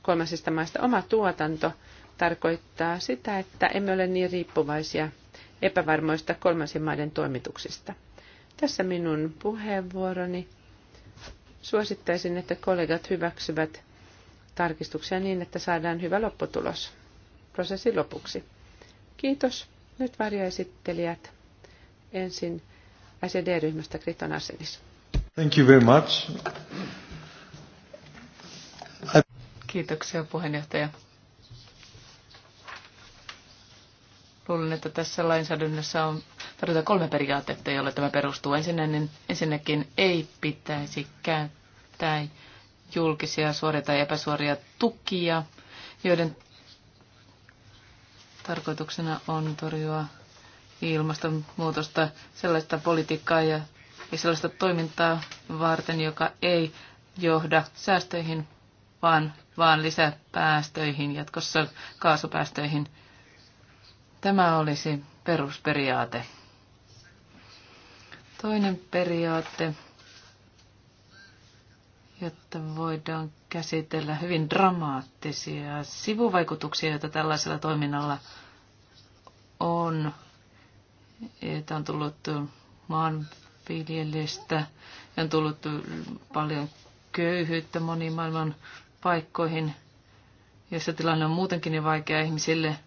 kolmansista maista. Oma tuotanto tarkoittaa sitä, että emme ole niin riippuvaisia epävarmoista kolmansien maiden toimituksista. Tässä minun puheenvuoroni. Suosittaisin, että kollegat hyväksyvät tarkistuksia niin, että saadaan hyvä lopputulos prosessin lopuksi. Kiitos. Nyt varjoesittelijät. Ensin SED-ryhmästä Kriton Asenis. Thank you very much. I... Kiitoksia puheenjohtaja. Luulen, että tässä lainsäädännössä on tarvitaan kolme periaatetta, jolle tämä perustuu. Ensinnäkin, ensinnäkin ei pitäisi käyttää julkisia suoria tai epäsuoria tukia, joiden tarkoituksena on torjua ilmastonmuutosta, sellaista politiikkaa ja, ja sellaista toimintaa varten, joka ei johda säästöihin, vaan, vaan lisäpäästöihin, jatkossa kaasupäästöihin. Tämä olisi perusperiaate. Toinen periaate, jotta voidaan käsitellä hyvin dramaattisia sivuvaikutuksia, joita tällaisella toiminnalla on että on tullut maanviljelijästä, on tullut paljon köyhyyttä moniin maailman paikkoihin, jossa tilanne on muutenkin niin vaikea ihmisille.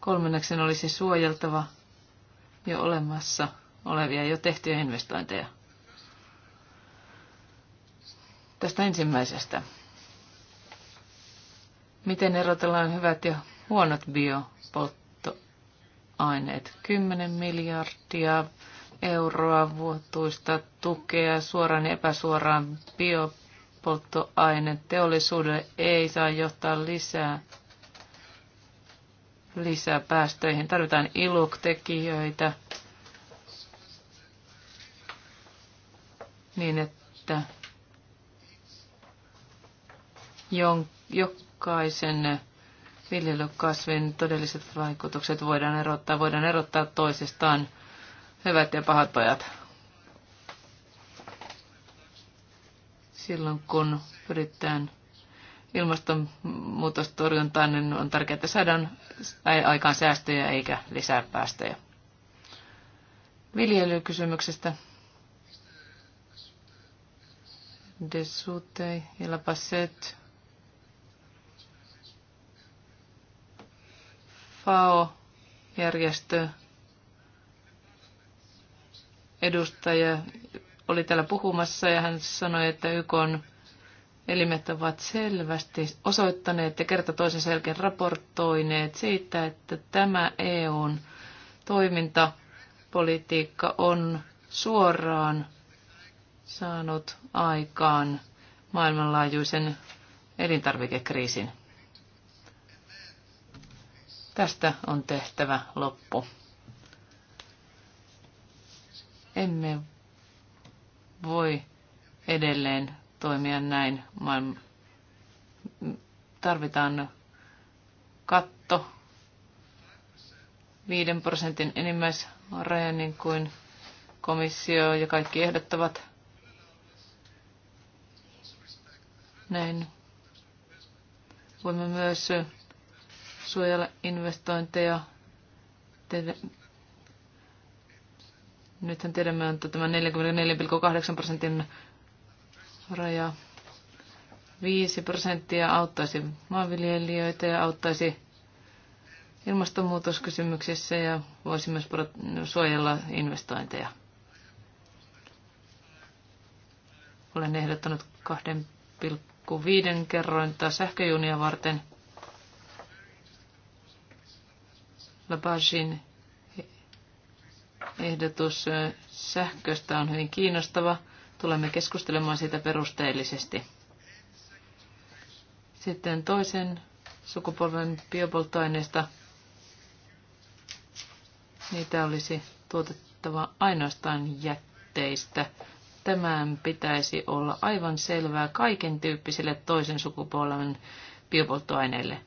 Kolmenneksen olisi suojeltava jo olemassa olevia jo tehtyjä investointeja. Tästä ensimmäisestä. Miten erotellaan hyvät ja Huonot biopolttoaineet 10 miljardia euroa vuotuista tukea suoraan ja epäsuoraan biopolttoaine teollisuudelle ei saa johtaa lisää lisää päästöihin. Tarvitaan iluktekijöitä niin, että jokaisen viljelykasvin todelliset vaikutukset voidaan erottaa, voidaan erottaa toisistaan hyvät ja pahat pojat. Silloin kun pyritään ilmastonmuutostorjuntaan, niin on tärkeää, että saadaan aikaan säästöjä eikä lisää päästöjä. Viljelykysymyksestä. Desute ja Lapasset FAO-järjestö edustaja oli täällä puhumassa ja hän sanoi, että YK on elimet ovat selvästi osoittaneet ja kerta toisen selkeän raportoineet siitä, että tämä EUn toimintapolitiikka on suoraan saanut aikaan maailmanlaajuisen elintarvikekriisin. Tästä on tehtävä loppu. Emme voi edelleen toimia näin. Tarvitaan katto 5 prosentin enimmäisraja, niin kuin komissio ja kaikki ehdottavat. Näin voimme myös suojella investointeja. Teille... Nythän tiedämme, että tämä 44,8 prosentin raja 5 prosenttia auttaisi maanviljelijöitä ja auttaisi ilmastonmuutoskysymyksissä ja voisi myös suojella investointeja. Olen ehdottanut 2,5 kerrointa sähköjunia varten – Labashin ehdotus sähköstä on hyvin kiinnostava. Tulemme keskustelemaan siitä perusteellisesti. Sitten toisen sukupolven biopolttoaineista. Niitä olisi tuotettava ainoastaan jätteistä. Tämän pitäisi olla aivan selvää kaiken tyyppisille toisen sukupolven biopolttoaineille –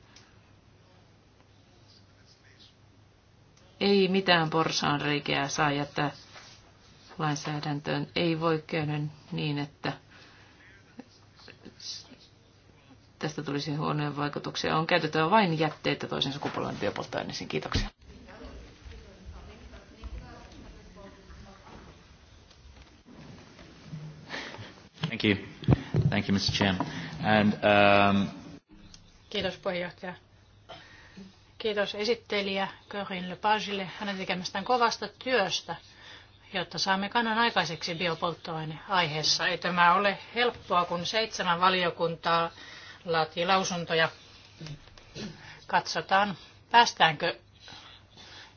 Ei mitään porsaan reikää saa jättää lainsäädäntöön. Ei voi käydä niin, että tästä tulisi huonoja vaikutuksia. On käytettävä vain jätteitä toisen sukupolven biopolttoaineisiin. Kiitoksia. Thank you. Thank you, Mr. Chairman. And, um... Kiitos puheenjohtaja. Kiitos esittelijä Corinne Lepagelle hänen tekemästään kovasta työstä, jotta saamme kannan aikaiseksi biopolttoaineaiheessa. Ei tämä ole helppoa, kun seitsemän valiokuntaa laatii lausuntoja. Katsotaan, päästäänkö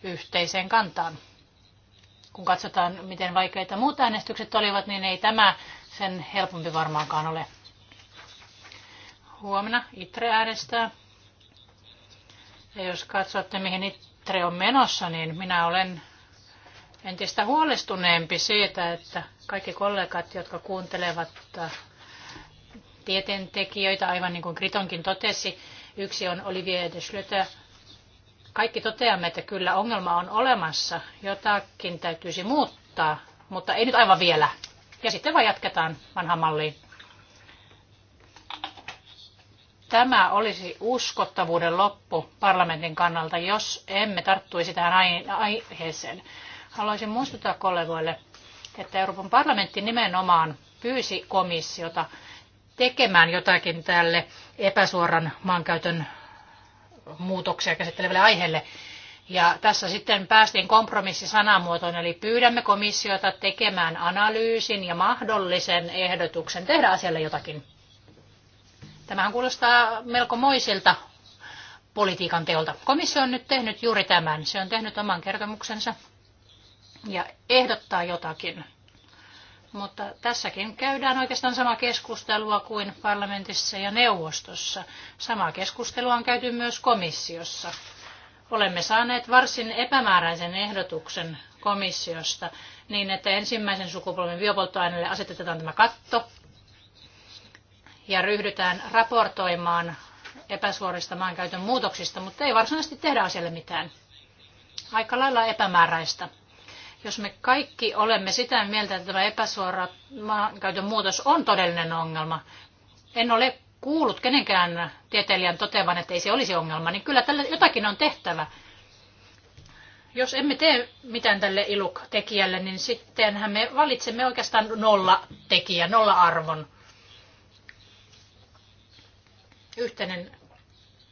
yhteiseen kantaan. Kun katsotaan, miten vaikeita muut äänestykset olivat, niin ei tämä sen helpompi varmaankaan ole. Huomenna Itre äänestää ja jos katsotte, mihin Itre on menossa, niin minä olen entistä huolestuneempi siitä, että kaikki kollegat, jotka kuuntelevat äh, tieteentekijöitä, aivan niin kuin Kritonkin totesi, yksi on Olivier de Schlöter, kaikki toteamme, että kyllä ongelma on olemassa, jotakin täytyisi muuttaa, mutta ei nyt aivan vielä. Ja sitten vaan jatketaan vanhaan malliin. Tämä olisi uskottavuuden loppu parlamentin kannalta, jos emme tarttuisi tähän aiheeseen. Haluaisin muistuttaa kollegoille, että Euroopan parlamentti nimenomaan pyysi komissiota tekemään jotakin tälle epäsuoran maankäytön muutoksia käsittelevälle aiheelle. Ja tässä sitten päästiin kompromissi sanamuotoon, eli pyydämme komissiota tekemään analyysin ja mahdollisen ehdotuksen tehdä asialle jotakin. Tämähän kuulostaa melko moisilta politiikan teolta. Komissio on nyt tehnyt juuri tämän. Se on tehnyt oman kertomuksensa ja ehdottaa jotakin. Mutta tässäkin käydään oikeastaan sama keskustelua kuin parlamentissa ja neuvostossa. Samaa keskustelua on käyty myös komissiossa. Olemme saaneet varsin epämääräisen ehdotuksen komissiosta niin, että ensimmäisen sukupolven biopolttoaineille asetetaan tämä katto ja ryhdytään raportoimaan epäsuorista maankäytön muutoksista, mutta ei varsinaisesti tehdä asialle mitään. Aika lailla epämääräistä. Jos me kaikki olemme sitä mieltä, että tämä epäsuora maankäytön muutos on todellinen ongelma, en ole kuullut kenenkään tieteilijän toteavan, että ei se olisi ongelma, niin kyllä tälle jotakin on tehtävä. Jos emme tee mitään tälle iluk-tekijälle, niin sittenhän me valitsemme oikeastaan nolla tekijä, nolla arvon yhteinen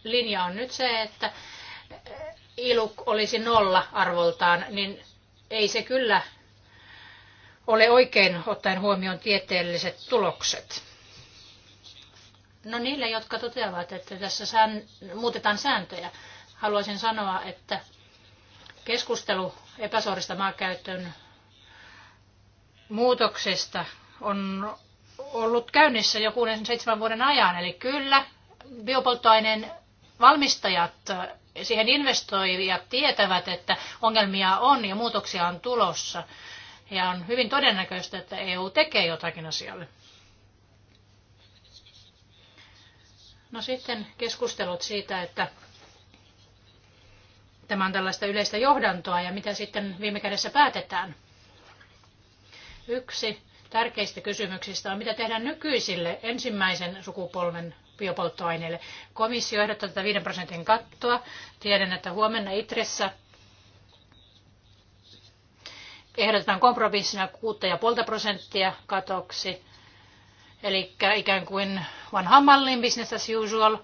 linja on nyt se, että iluk olisi nolla arvoltaan, niin ei se kyllä ole oikein ottaen huomioon tieteelliset tulokset. No niille, jotka toteavat, että tässä sään, muutetaan sääntöjä, haluaisin sanoa, että keskustelu epäsuorista maakäytön muutoksesta on ollut käynnissä kuuden seitsemän vuoden ajan. Eli kyllä, biopolttoaineen valmistajat, siihen investoivat tietävät, että ongelmia on ja muutoksia on tulossa. Ja on hyvin todennäköistä, että EU tekee jotakin asialle. No sitten keskustelut siitä, että tämä on tällaista yleistä johdantoa ja mitä sitten viime kädessä päätetään. Yksi tärkeistä kysymyksistä on, mitä tehdään nykyisille ensimmäisen sukupolven biopolttoaineille. Komissio ehdottaa tätä 5 prosentin kattoa. Tiedän, että huomenna Itressä ehdotetaan kompromissina 6,5 prosenttia katoksi. Eli ikään kuin vanha mallin business as usual.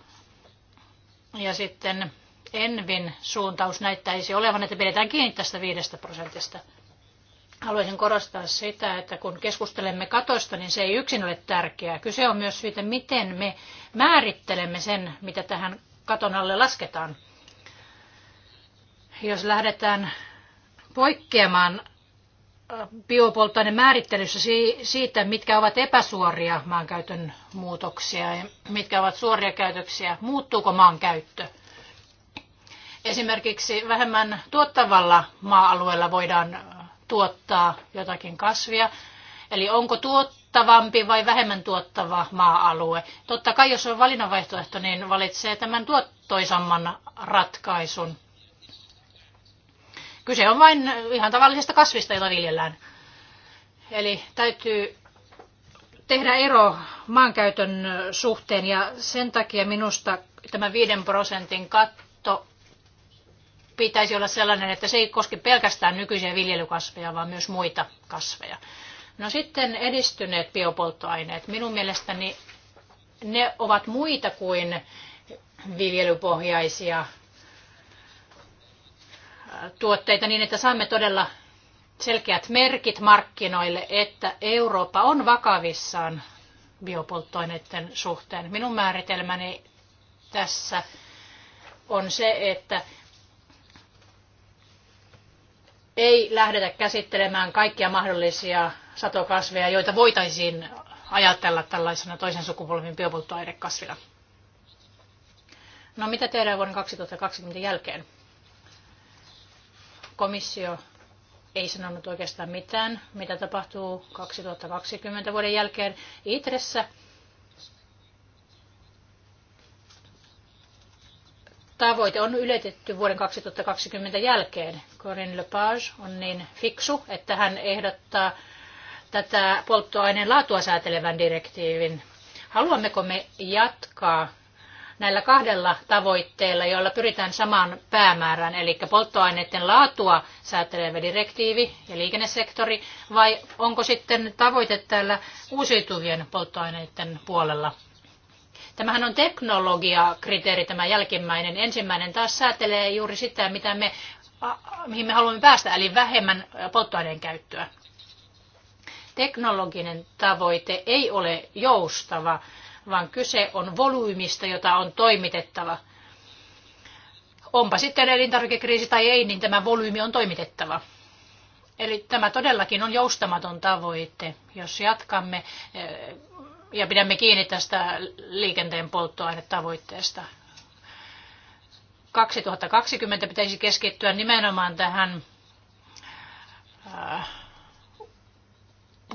Ja sitten Envin suuntaus näyttäisi olevan, että pidetään kiinni tästä 5 prosentista haluaisin korostaa sitä, että kun keskustelemme katosta, niin se ei yksin ole tärkeää. Kyse on myös siitä, miten me määrittelemme sen, mitä tähän katon alle lasketaan. Jos lähdetään poikkeamaan äh, biopolttoaineen määrittelyssä siitä, mitkä ovat epäsuoria maankäytön muutoksia ja mitkä ovat suoria käytöksiä, muuttuuko maankäyttö? Esimerkiksi vähemmän tuottavalla maa-alueella voidaan tuottaa jotakin kasvia. Eli onko tuottavampi vai vähemmän tuottava maa-alue? Totta kai, jos on valinnanvaihtoehto, niin valitsee tämän tuottoisamman ratkaisun. Kyse on vain ihan tavallisesta kasvista, jota viljellään. Eli täytyy tehdä ero maankäytön suhteen ja sen takia minusta tämä 5 prosentin katto pitäisi olla sellainen, että se ei koske pelkästään nykyisiä viljelykasveja, vaan myös muita kasveja. No sitten edistyneet biopolttoaineet. Minun mielestäni ne ovat muita kuin viljelypohjaisia äh, tuotteita niin, että saamme todella selkeät merkit markkinoille, että Eurooppa on vakavissaan biopolttoaineiden suhteen. Minun määritelmäni tässä on se, että ei lähdetä käsittelemään kaikkia mahdollisia satokasveja, joita voitaisiin ajatella tällaisena toisen sukupolven biopolttoainekasvina. No mitä tehdään vuoden 2020 jälkeen? Komissio ei sanonut oikeastaan mitään, mitä tapahtuu 2020 vuoden jälkeen. Itressä tavoite on yletetty vuoden 2020 jälkeen. Corinne Lepage on niin fiksu, että hän ehdottaa tätä polttoaineen laatua säätelevän direktiivin. Haluammeko me jatkaa näillä kahdella tavoitteella, joilla pyritään samaan päämäärään, eli polttoaineiden laatua säätelevä direktiivi ja liikennesektori, vai onko sitten tavoite täällä uusiutuvien polttoaineiden puolella? Tämähän on teknologiakriteeri tämä jälkimmäinen. Ensimmäinen taas säätelee juuri sitä, mitä me, mihin me haluamme päästä, eli vähemmän polttoaineen käyttöä. Teknologinen tavoite ei ole joustava, vaan kyse on volyymista, jota on toimitettava. Onpa sitten elintarvikekriisi tai ei, niin tämä volyymi on toimitettava. Eli tämä todellakin on joustamaton tavoite. Jos jatkamme eh, ja pidämme kiinni tästä liikenteen polttoainetavoitteesta. 2020 pitäisi keskittyä nimenomaan tähän äh,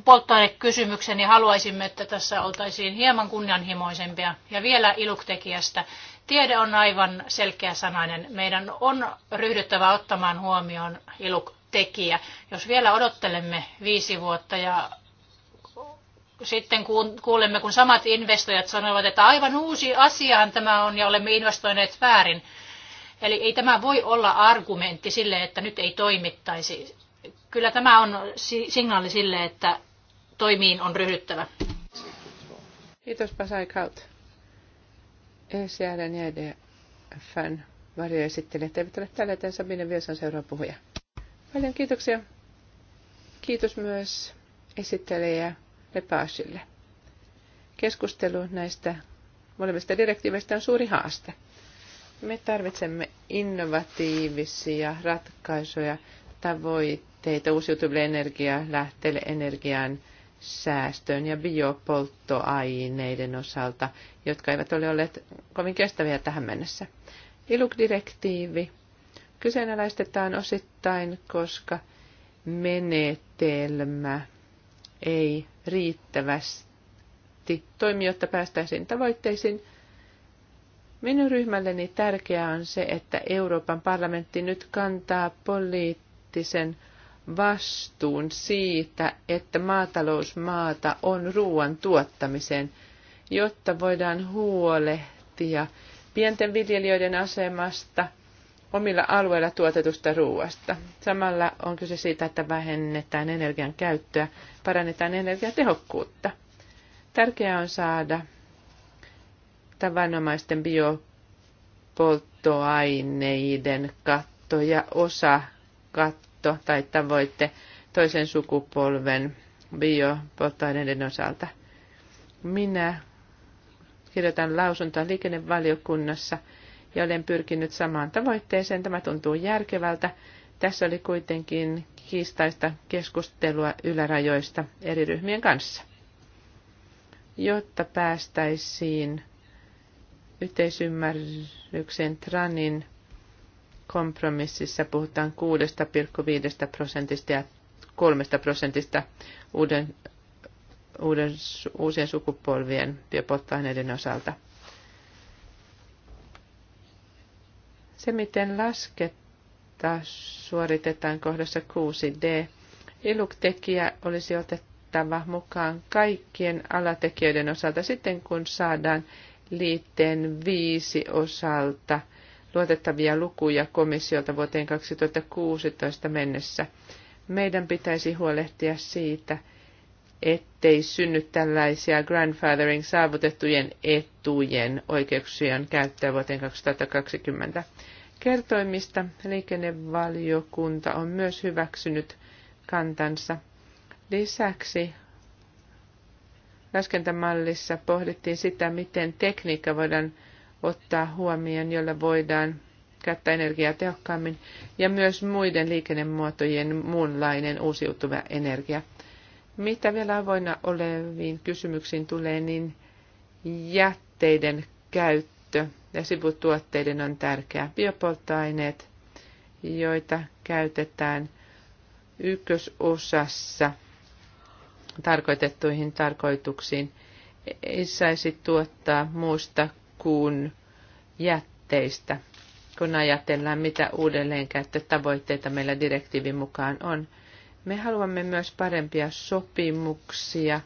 polttoainekysymykseen ja haluaisimme, että tässä oltaisiin hieman kunnianhimoisempia. Ja vielä iluktekijästä. Tiede on aivan selkeä sanainen. Meidän on ryhdyttävä ottamaan huomioon iluktekijä. Jos vielä odottelemme viisi vuotta ja sitten kuulemme, kun samat investoijat sanovat, että aivan uusi asiahan tämä on ja olemme investoineet väärin. Eli ei tämä voi olla argumentti sille, että nyt ei toimittaisi. Kyllä tämä on signaali sille, että toimiin on ryhdyttävä. Kiitos Pasai Kaut. ECRn ja EDFn varjoesittelijät eivät ole täällä, joten Sabine Vilsan seuraava puhuja. Paljon kiitoksia. Kiitos myös esittelijä Lepaasille. Keskustelu näistä molemmista direktiiveistä on suuri haaste. Me tarvitsemme innovatiivisia ratkaisuja, tavoitteita uusiutuville energialähteille, energian säästöön ja biopolttoaineiden osalta, jotka eivät ole olleet kovin kestäviä tähän mennessä. ILUK-direktiivi kyseenalaistetaan osittain, koska menetelmä ei riittävästi toimi, jotta päästäisiin tavoitteisiin. Minun ryhmälleni tärkeää on se, että Euroopan parlamentti nyt kantaa poliittisen vastuun siitä, että maatalousmaata on ruoan tuottamiseen, jotta voidaan huolehtia pienten viljelijöiden asemasta – omilla alueilla tuotetusta ruoasta. Samalla on kyse siitä, että vähennetään energian käyttöä, parannetaan energiatehokkuutta. Tärkeää on saada tavanomaisten biopolttoaineiden katto ja osa katto tai tavoitte toisen sukupolven biopolttoaineiden osalta. Minä kirjoitan lausuntoa liikennevaliokunnassa – ja olen pyrkinyt samaan tavoitteeseen. Tämä tuntuu järkevältä. Tässä oli kuitenkin kiistaista keskustelua ylärajoista eri ryhmien kanssa, jotta päästäisiin yhteisymmärryksen TRANin kompromississa puhutaan 6,5 prosentista ja 3 prosentista uuden, uuden, uusien sukupolvien biopolttoaineiden osalta – Se, miten lasketta suoritetaan kohdassa 6d, iluktekijä olisi otettava mukaan kaikkien alatekijöiden osalta sitten, kun saadaan liitteen viisi osalta luotettavia lukuja komissiolta vuoteen 2016 mennessä. Meidän pitäisi huolehtia siitä, että ettei synny tällaisia grandfathering saavutettujen etujen oikeuksien käyttöä vuoteen 2020. Kertoimista liikennevaliokunta on myös hyväksynyt kantansa. Lisäksi laskentamallissa pohdittiin sitä, miten tekniikka voidaan ottaa huomioon, jolla voidaan käyttää energiaa tehokkaammin, ja myös muiden liikennemuotojen muunlainen uusiutuva energia. Mitä vielä avoinna oleviin kysymyksiin tulee, niin jätteiden käyttö ja sivutuotteiden on tärkeää. Biopolttoaineet, joita käytetään ykkösosassa tarkoitettuihin tarkoituksiin, ei saisi tuottaa muusta kuin jätteistä, kun ajatellaan, mitä uudelleenkäyttötavoitteita meillä direktiivin mukaan on – me haluamme myös parempia sopimuksia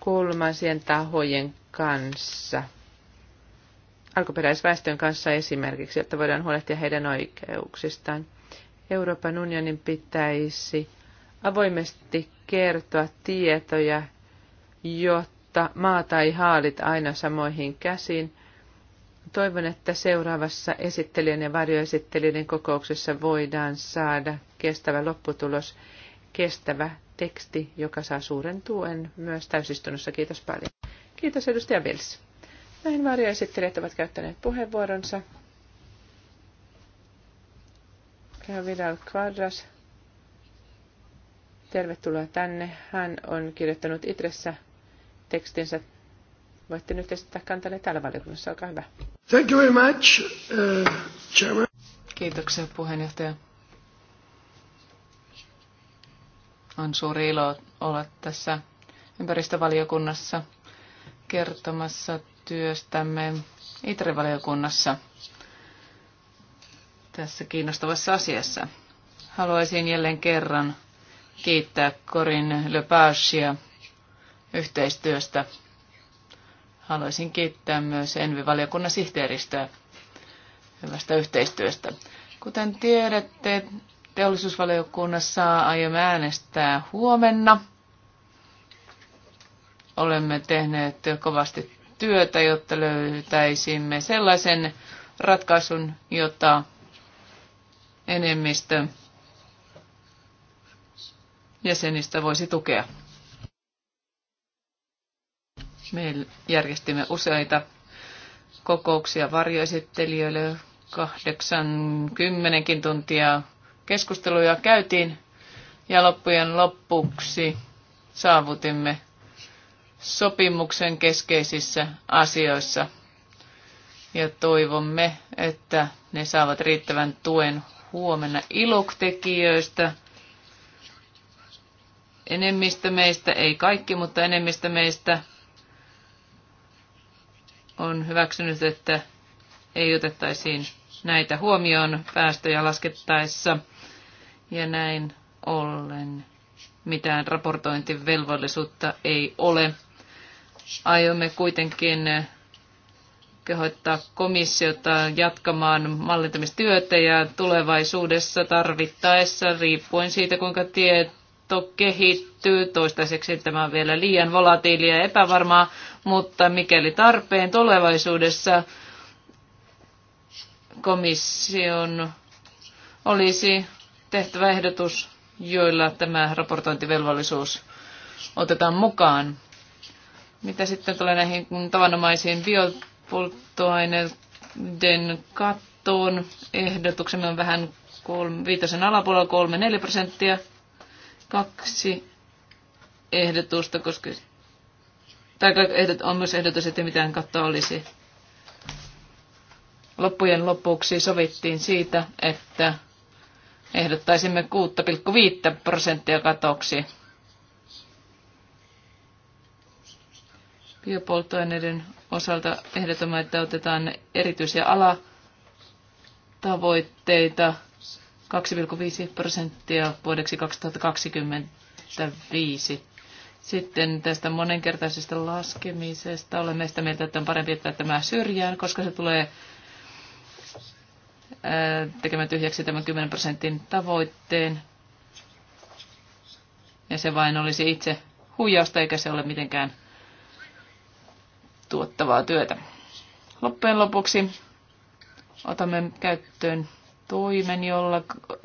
kolmansien tahojen kanssa, alkuperäisväestön kanssa esimerkiksi, jotta voidaan huolehtia heidän oikeuksistaan. Euroopan unionin pitäisi avoimesti kertoa tietoja, jotta maata ei haalit aina samoihin käsiin. Toivon, että seuraavassa esittelijän ja varjoesittelijän kokouksessa voidaan saada kestävä lopputulos, kestävä teksti, joka saa suuren tuen myös täysistunnossa. Kiitos paljon. Kiitos edustaja Vils. Näin varjoesittelijät ovat käyttäneet puheenvuoronsa. Vidal Quadras, tervetuloa tänne. Hän on kirjoittanut Itressä tekstinsä voitte nyt esittää kantanne täällä valiokunnassa. Olkaa hyvä. Thank you very much, uh, chairman. Kiitoksia puheenjohtaja. On suuri ilo olla tässä ympäristövaliokunnassa kertomassa työstämme ITRE-valiokunnassa tässä kiinnostavassa asiassa. Haluaisin jälleen kerran kiittää Corin Lepagea yhteistyöstä Haluaisin kiittää myös Envi-valiokunnan sihteeristöä hyvästä yhteistyöstä. Kuten tiedätte, teollisuusvaliokunnassa aiomme äänestää huomenna. Olemme tehneet kovasti työtä, jotta löytäisimme sellaisen ratkaisun, jota enemmistö jäsenistä voisi tukea. Me järjestimme useita kokouksia varjoesittelijöille, kahdeksan, kymmenenkin tuntia keskusteluja käytiin ja loppujen lopuksi saavutimme sopimuksen keskeisissä asioissa ja toivomme, että ne saavat riittävän tuen huomenna iloktekijöistä. Enemmistö meistä, ei kaikki, mutta enemmistö meistä on hyväksynyt, että ei otettaisiin näitä huomioon päästöjä laskettaessa. Ja näin ollen mitään raportointivelvollisuutta ei ole. Aiomme kuitenkin kehottaa komissiota jatkamaan mallintamistyötä ja tulevaisuudessa tarvittaessa, riippuen siitä kuinka tieto kehittyy, toistaiseksi tämä on vielä liian volatiilia ja epävarmaa, mutta mikäli tarpeen tulevaisuudessa komission olisi tehtävä ehdotus, joilla tämä raportointivelvollisuus otetaan mukaan. Mitä sitten tulee näihin tavanomaisiin biopolttoaineiden kattoon? Ehdotuksemme on vähän kolme, viitosen alapuolella 3-4 prosenttia. Kaksi ehdotusta koskee tai on myös ehdotus, että mitään kattoa olisi. Loppujen lopuksi sovittiin siitä, että ehdottaisimme 6,5 prosenttia katoksi. Biopolttoaineiden osalta ehdotamme, että otetaan erityisiä alatavoitteita 2,5 prosenttia vuodeksi 2025 sitten tästä monenkertaisesta laskemisesta olemme sitä mieltä, että on parempi jättää tämä syrjään, koska se tulee äh, tekemään tyhjäksi tämän 10 prosentin tavoitteen. Ja se vain olisi itse huijausta, eikä se ole mitenkään tuottavaa työtä. Loppujen lopuksi otamme käyttöön toimen, jolla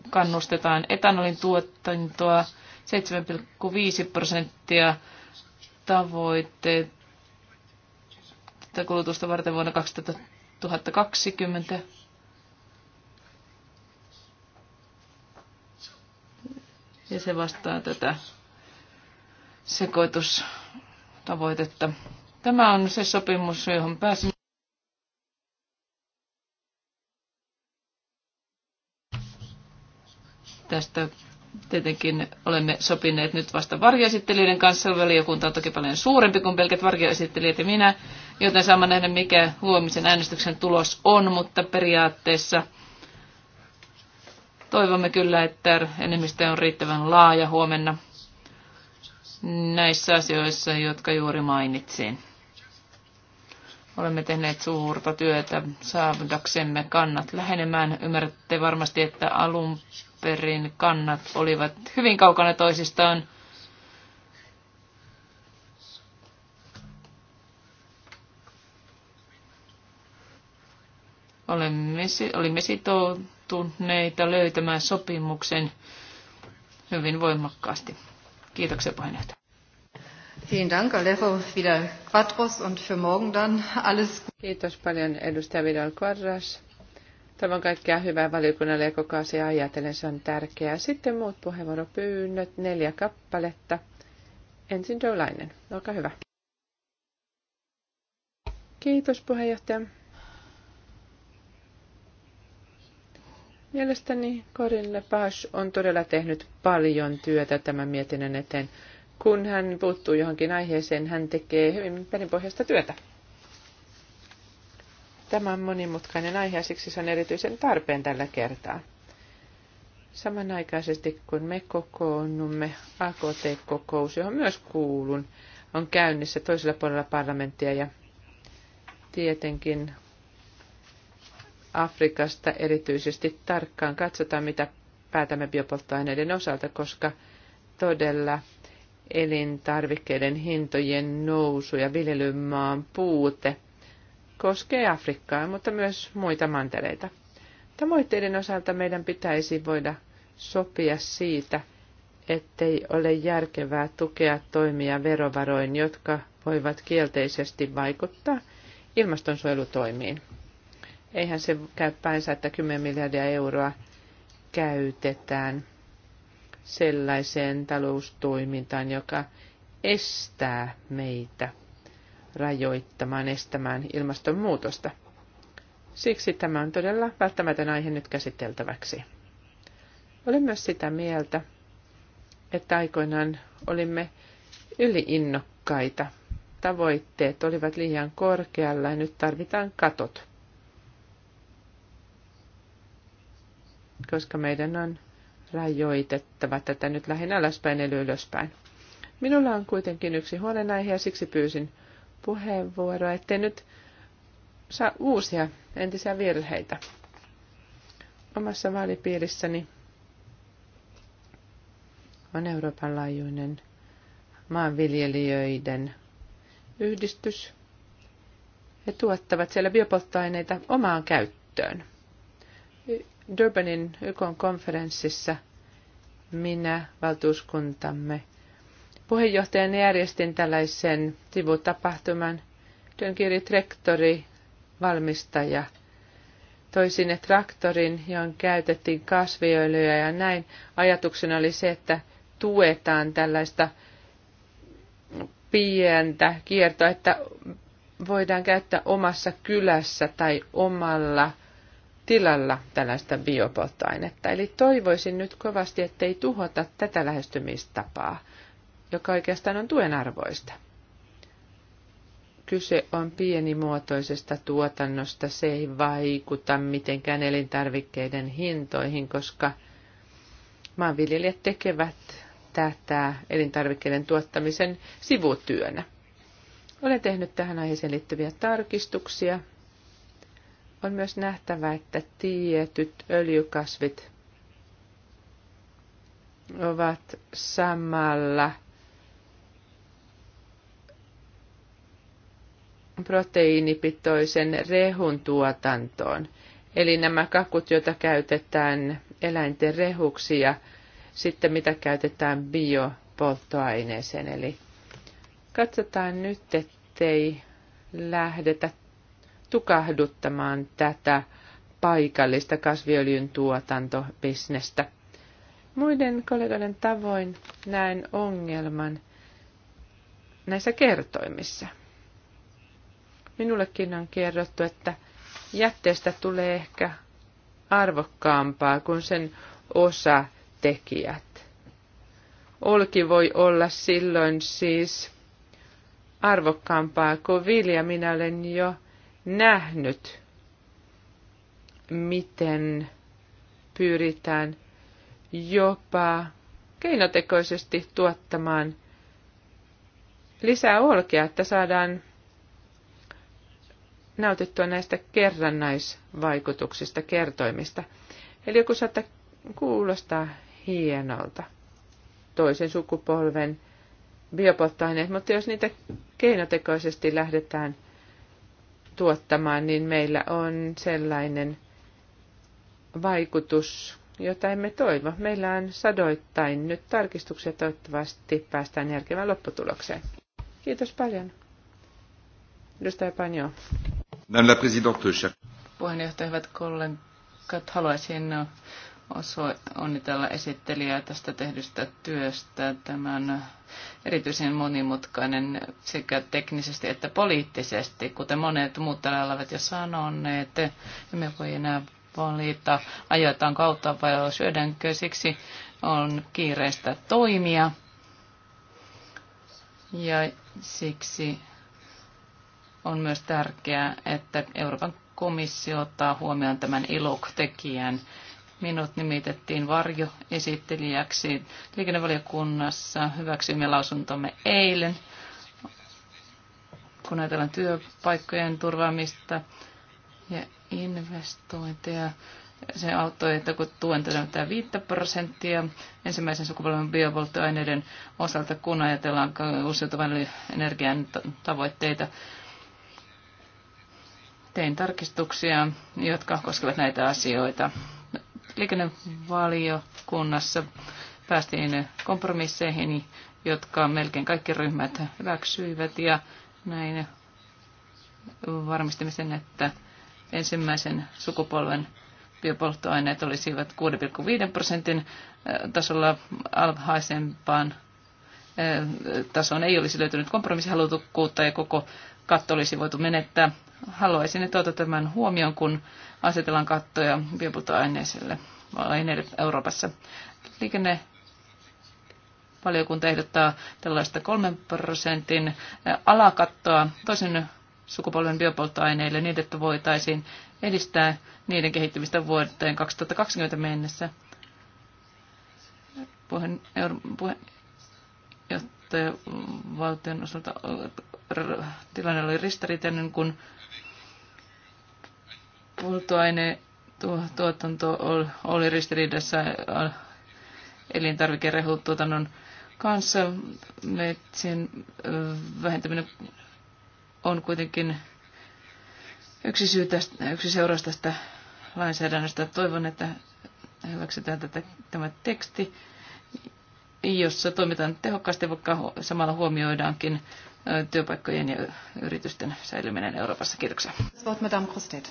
kannustetaan etanolin tuotantoa 7,5 prosenttia tavoitteet kulutusta varten vuonna 2020. Ja se vastaa tätä sekoitustavoitetta. Tämä on se sopimus, johon pääsimme. Tästä Tietenkin olemme sopineet nyt vasta varjoesittelijöiden kanssa. Valiokunta on toki paljon suurempi kuin pelkät varjoesittelijät ja minä, joten saamme nähdä, mikä huomisen äänestyksen tulos on, mutta periaatteessa toivomme kyllä, että enemmistö on riittävän laaja huomenna näissä asioissa, jotka juuri mainitsin. Olemme tehneet suurta työtä saavutaksemme kannat lähenemään. Ymmärrätte varmasti, että alun Weberin kannat olivat hyvin kaukana toisistaan. Olemme, olimme sitoutuneita löytämään sopimuksen hyvin voimakkaasti. Kiitoksia puheenjohtaja. Vielen Dank, Alejo Vidal Quadros und für morgen dann alles. Kiitos paljon edustaja Vidal Quadras. Toivon kaikkea hyvää valiokunnalle ja koko asiaa ajatellen, se on tärkeää. Sitten muut puheenvuoropyynnöt, neljä kappaletta. Ensin Joe Lainen, olkaa hyvä. Kiitos puheenjohtaja. Mielestäni Corinne Lepage on todella tehnyt paljon työtä tämän mietinnön eteen. Kun hän puuttuu johonkin aiheeseen, hän tekee hyvin perinpohjaista työtä. Tämä on monimutkainen aihe ja siksi se on erityisen tarpeen tällä kertaa. Samanaikaisesti kun me kokoonnumme, AKT-kokous, johon myös kuulun, on käynnissä toisella puolella parlamenttia ja tietenkin Afrikasta erityisesti tarkkaan katsotaan, mitä päätämme biopolttoaineiden osalta, koska todella elintarvikkeiden hintojen nousu ja viljelymaan puute – koskee Afrikkaa, mutta myös muita mantereita. Tavoitteiden osalta meidän pitäisi voida sopia siitä, ettei ole järkevää tukea toimia verovaroin, jotka voivat kielteisesti vaikuttaa ilmastonsuojelutoimiin. Eihän se käy päinsä, että 10 miljardia euroa käytetään sellaiseen taloustoimintaan, joka estää meitä rajoittamaan, estämään ilmastonmuutosta. Siksi tämä on todella välttämätön aihe nyt käsiteltäväksi. Olen myös sitä mieltä, että aikoinaan olimme yliinnokkaita. Tavoitteet olivat liian korkealla ja nyt tarvitaan katot. Koska meidän on rajoitettava tätä nyt lähinnä alaspäin eli ylöspäin. Minulla on kuitenkin yksi huolenaihe ja siksi pyysin puheenvuoroa, ettei nyt saa uusia entisiä virheitä. Omassa vaalipiirissäni on Euroopan laajuinen maanviljelijöiden yhdistys. He tuottavat siellä biopolttoaineita omaan käyttöön. Durbanin YK konferenssissa minä valtuuskuntamme Puheenjohtajana järjestin tällaisen sivutapahtuman. Tönkiri traktori valmistaja toi sinne traktorin, johon käytettiin kasviöljyä ja näin. Ajatuksena oli se, että tuetaan tällaista pientä kiertoa, että voidaan käyttää omassa kylässä tai omalla tilalla tällaista biopolttoainetta. Eli toivoisin nyt kovasti, ettei tuhota tätä lähestymistapaa joka oikeastaan on tuen arvoista. Kyse on pienimuotoisesta tuotannosta. Se ei vaikuta mitenkään elintarvikkeiden hintoihin, koska maanviljelijät tekevät tätä elintarvikkeiden tuottamisen sivutyönä. Olen tehnyt tähän aiheeseen liittyviä tarkistuksia. On myös nähtävä, että tietyt öljykasvit ovat samalla – proteiinipitoisen rehun tuotantoon. Eli nämä kakut, joita käytetään eläinten rehuksi ja sitten mitä käytetään biopolttoaineeseen. Eli katsotaan nyt, ettei lähdetä tukahduttamaan tätä paikallista kasviöljyn tuotantobisnestä. Muiden kollegoiden tavoin näen ongelman näissä kertoimissa. Minullekin on kerrottu, että jätteestä tulee ehkä arvokkaampaa kuin sen osatekijät. Olki voi olla silloin siis arvokkaampaa kuin vilja. Minä olen jo nähnyt, miten pyritään jopa keinotekoisesti tuottamaan lisää olkea, että saadaan nautittua näistä kerrannaisvaikutuksista, kertoimista. Eli joku saattaa kuulostaa hienolta toisen sukupolven biopolttoaineet, mutta jos niitä keinotekoisesti lähdetään tuottamaan, niin meillä on sellainen vaikutus, jota emme toivo. Meillä on sadoittain nyt tarkistuksia, toivottavasti päästään järkevään lopputulokseen. Kiitos paljon. Edustaja Panjo. Madame Puheenjohtaja, hyvät kollegat, haluaisin onnitella esittelijää tästä tehdystä työstä. Tämä on erityisen monimutkainen sekä teknisesti että poliittisesti, kuten monet muut täällä olevat jo sanoneet. Emme voi enää valita, ajetaan kautta vai syödäänkö. Siksi on kiireistä toimia. Ja siksi on myös tärkeää, että Euroopan komissio ottaa huomioon tämän ILOC-tekijän. Minut nimitettiin varjoesittelijäksi liikennevaliokunnassa. Hyväksyimme lausuntomme eilen, kun ajatellaan työpaikkojen turvaamista ja investointeja se auttoi, että kun tuen tätä 5 prosenttia ensimmäisen sukupolven biopolttoaineiden osalta, kun ajatellaan uusiutuvan energian tavoitteita, tein tarkistuksia, jotka koskevat näitä asioita. Liikennevaliokunnassa päästiin kompromisseihin, jotka melkein kaikki ryhmät hyväksyivät ja näin varmistimme sen, että ensimmäisen sukupolven biopolttoaineet olisivat 6,5 prosentin tasolla alhaisempaan tasoon ei olisi löytynyt kompromissihalutukkuutta ja koko katto olisi voitu menettää haluaisin että ottaa tämän huomioon, kun asetellaan kattoja biopolttoaineisille aineille Euroopassa. Liikenne Valiokunta ehdottaa tällaista 3 prosentin alakattoa toisen sukupolven biopolttoaineille niin, että voitaisiin edistää niiden kehittymistä vuoteen 2020 mennessä. Puheen, puheenjohtajan valtion osalta tilanne oli ristiriitainen, kun Polttoaine tuotanto oli ristiriidassa äh, elintarvikerehutuotannon kanssa. Metsien äh, vähentäminen on kuitenkin yksi, syy tästä, yksi seuraus tästä lainsäädännöstä. Toivon, että hyväksytään tätä, tämä teksti, jossa toimitaan tehokkaasti, vaikka samalla huomioidaankin äh, työpaikkojen ja yritysten säilyminen Euroopassa. Kiitoksia. Madame Grosstedt.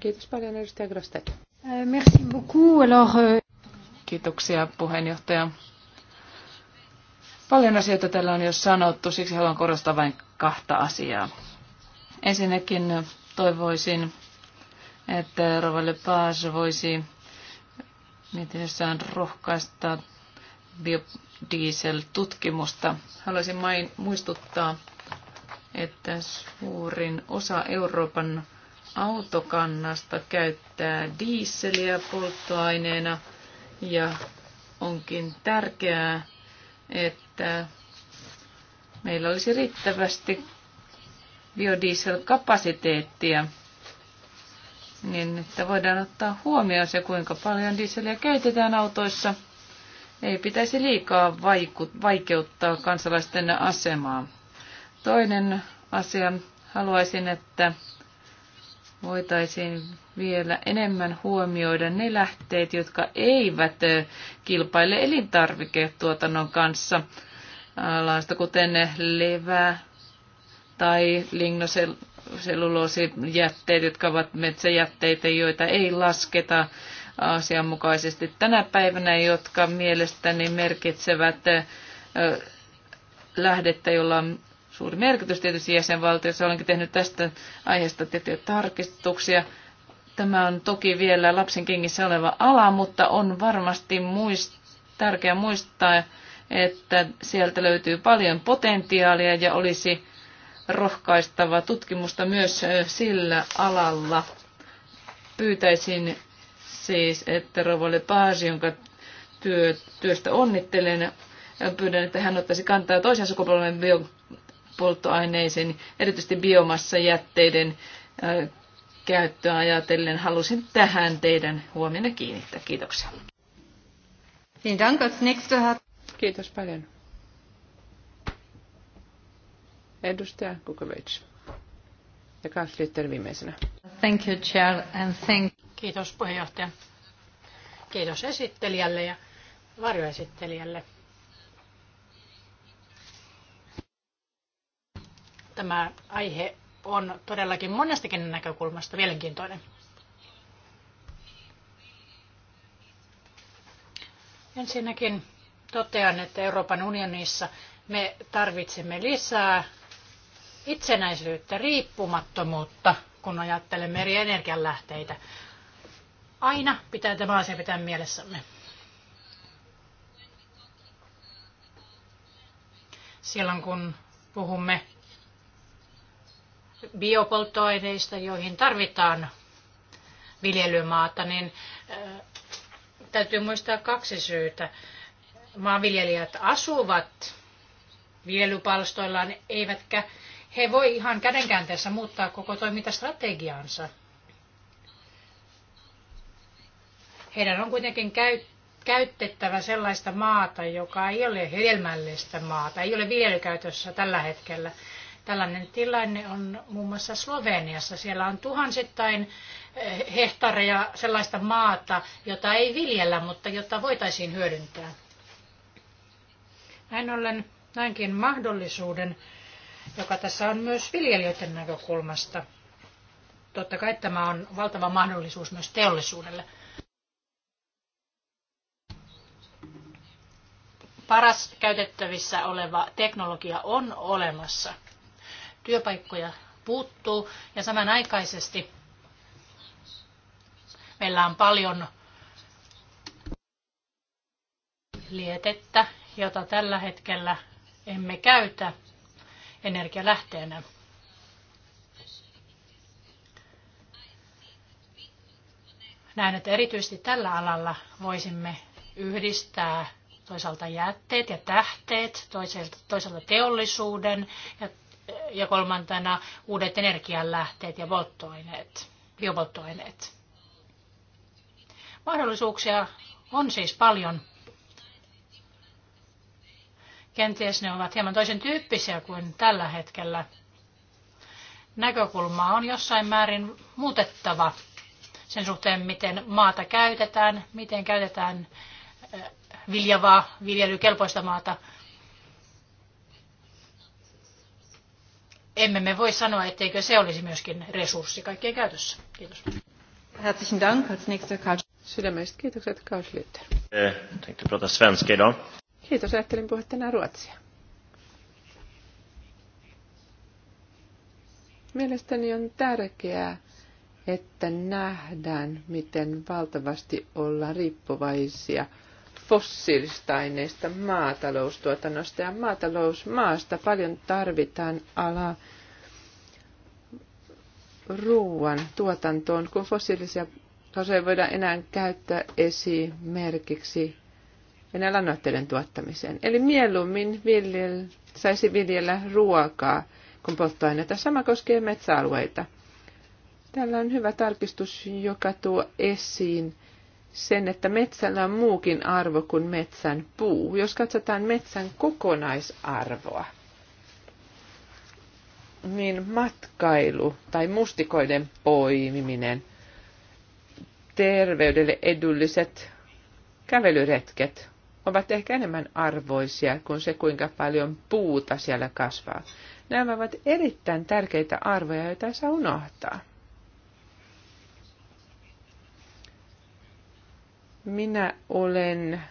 Kiitos paljon edustaja Grostet. Euh, merci beaucoup. Alors, euh, Kiitoksia puheenjohtaja. Paljon asioita täällä on jo sanottu, siksi haluan korostaa vain kahta asiaa. Ensinnäkin toivoisin, että Rova Lepas voisi mietinnössään rohkaista biodiesel-tutkimusta. Haluaisin main, muistuttaa, että suurin osa Euroopan autokannasta käyttää diisseliä polttoaineena ja onkin tärkeää, että meillä olisi riittävästi biodieselkapasiteettia, niin että voidaan ottaa huomioon se, kuinka paljon dieseliä käytetään autoissa. Ei pitäisi liikaa vaikeuttaa kansalaisten asemaa. Toinen asia, haluaisin, että voitaisiin vielä enemmän huomioida ne lähteet, jotka eivät kilpaile elintarviketuotannon kanssa alasta, kuten levä tai lignoselluloosijätteet, jotka ovat metsäjätteitä, joita ei lasketa asianmukaisesti tänä päivänä, jotka mielestäni merkitsevät lähdettä, jolla on suuri merkitys tietysti jäsenvaltioissa. Olenkin tehnyt tästä aiheesta tiettyjä tarkistuksia. Tämä on toki vielä lapsen kengissä oleva ala, mutta on varmasti muist, tärkeää muistaa, että sieltä löytyy paljon potentiaalia ja olisi rohkaistava tutkimusta myös sillä alalla. Pyytäisin siis, että Rovo Lepage, jonka työ, työstä onnittelen, pyydän, että hän ottaisi kantaa toisen sukupolven bio, polttoaineisiin, erityisesti biomassajätteiden käyttöä ajatellen. Halusin tähän teidän huomenna kiinnittää. Kiitoksia. Kiitos paljon. Edustaja Kukovic. Ja Kasslitter viimeisenä. Thank you, Chair, and thank... Kiitos puheenjohtaja. Kiitos esittelijälle ja varjoesittelijälle. Tämä aihe on todellakin monestakin näkökulmasta mielenkiintoinen. Ensinnäkin totean, että Euroopan unionissa me tarvitsemme lisää itsenäisyyttä, riippumattomuutta, kun ajattelemme eri energianlähteitä. Aina pitää tämä asia pitää mielessämme. Silloin kun puhumme biopolttoaineista, joihin tarvitaan viljelymaata, niin äh, täytyy muistaa kaksi syytä. Maanviljelijät asuvat viljelypalstoillaan, eivätkä he voi ihan kädenkäänteessä muuttaa koko toimintastrategiaansa. Heidän on kuitenkin käytettävä sellaista maata, joka ei ole hedelmällistä maata, ei ole viljelykäytössä tällä hetkellä. Tällainen tilanne on muun muassa Sloveniassa. Siellä on tuhansittain eh, hehtaareja sellaista maata, jota ei viljellä, mutta jota voitaisiin hyödyntää. Näin ollen näinkin mahdollisuuden, joka tässä on myös viljelijöiden näkökulmasta. Totta kai tämä on valtava mahdollisuus myös teollisuudelle. Paras käytettävissä oleva teknologia on olemassa – työpaikkoja puuttuu ja samanaikaisesti meillä on paljon lietettä, jota tällä hetkellä emme käytä energialähteenä. Näen, että erityisesti tällä alalla voisimme yhdistää toisaalta jätteet ja tähteet, toisaalta, toisaalta teollisuuden ja ja kolmantena uudet energianlähteet ja polttoaineet, biopolttoaineet. Mahdollisuuksia on siis paljon. Kenties ne ovat hieman toisen tyyppisiä kuin tällä hetkellä. Näkökulmaa on jossain määrin muutettava sen suhteen, miten maata käytetään, miten käytetään äh, viljavaa, viljelykelpoista maata – emme me voi sanoa, etteikö se olisi myöskin resurssi kaikkien käytössä. Kiitos. Herzlichen Dank. Als nächster Karl. Sydämestä kiitokset Karl Schlüter. Eh, tänkte prata svenska idag. Kiitos, ajattelin puhua tänään ruotsia. Mielestäni on tärkeää, että nähdään, miten valtavasti ollaan riippuvaisia – fossiilista aineista maataloustuotannosta ja maatalousmaasta paljon tarvitaan alaa ruoan tuotantoon, kun fossiilisia kasoja voidaan enää käyttää esimerkiksi enää lannoitteiden tuottamiseen. Eli mieluummin viljel, saisi viljellä ruokaa kuin polttoaineita. Sama koskee metsäalueita. Täällä on hyvä tarkistus, joka tuo esiin sen, että metsällä on muukin arvo kuin metsän puu. Jos katsotaan metsän kokonaisarvoa, niin matkailu tai mustikoiden poimiminen, terveydelle edulliset kävelyretket ovat ehkä enemmän arvoisia kuin se, kuinka paljon puuta siellä kasvaa. Nämä ovat erittäin tärkeitä arvoja, joita ei saa unohtaa. Minä olen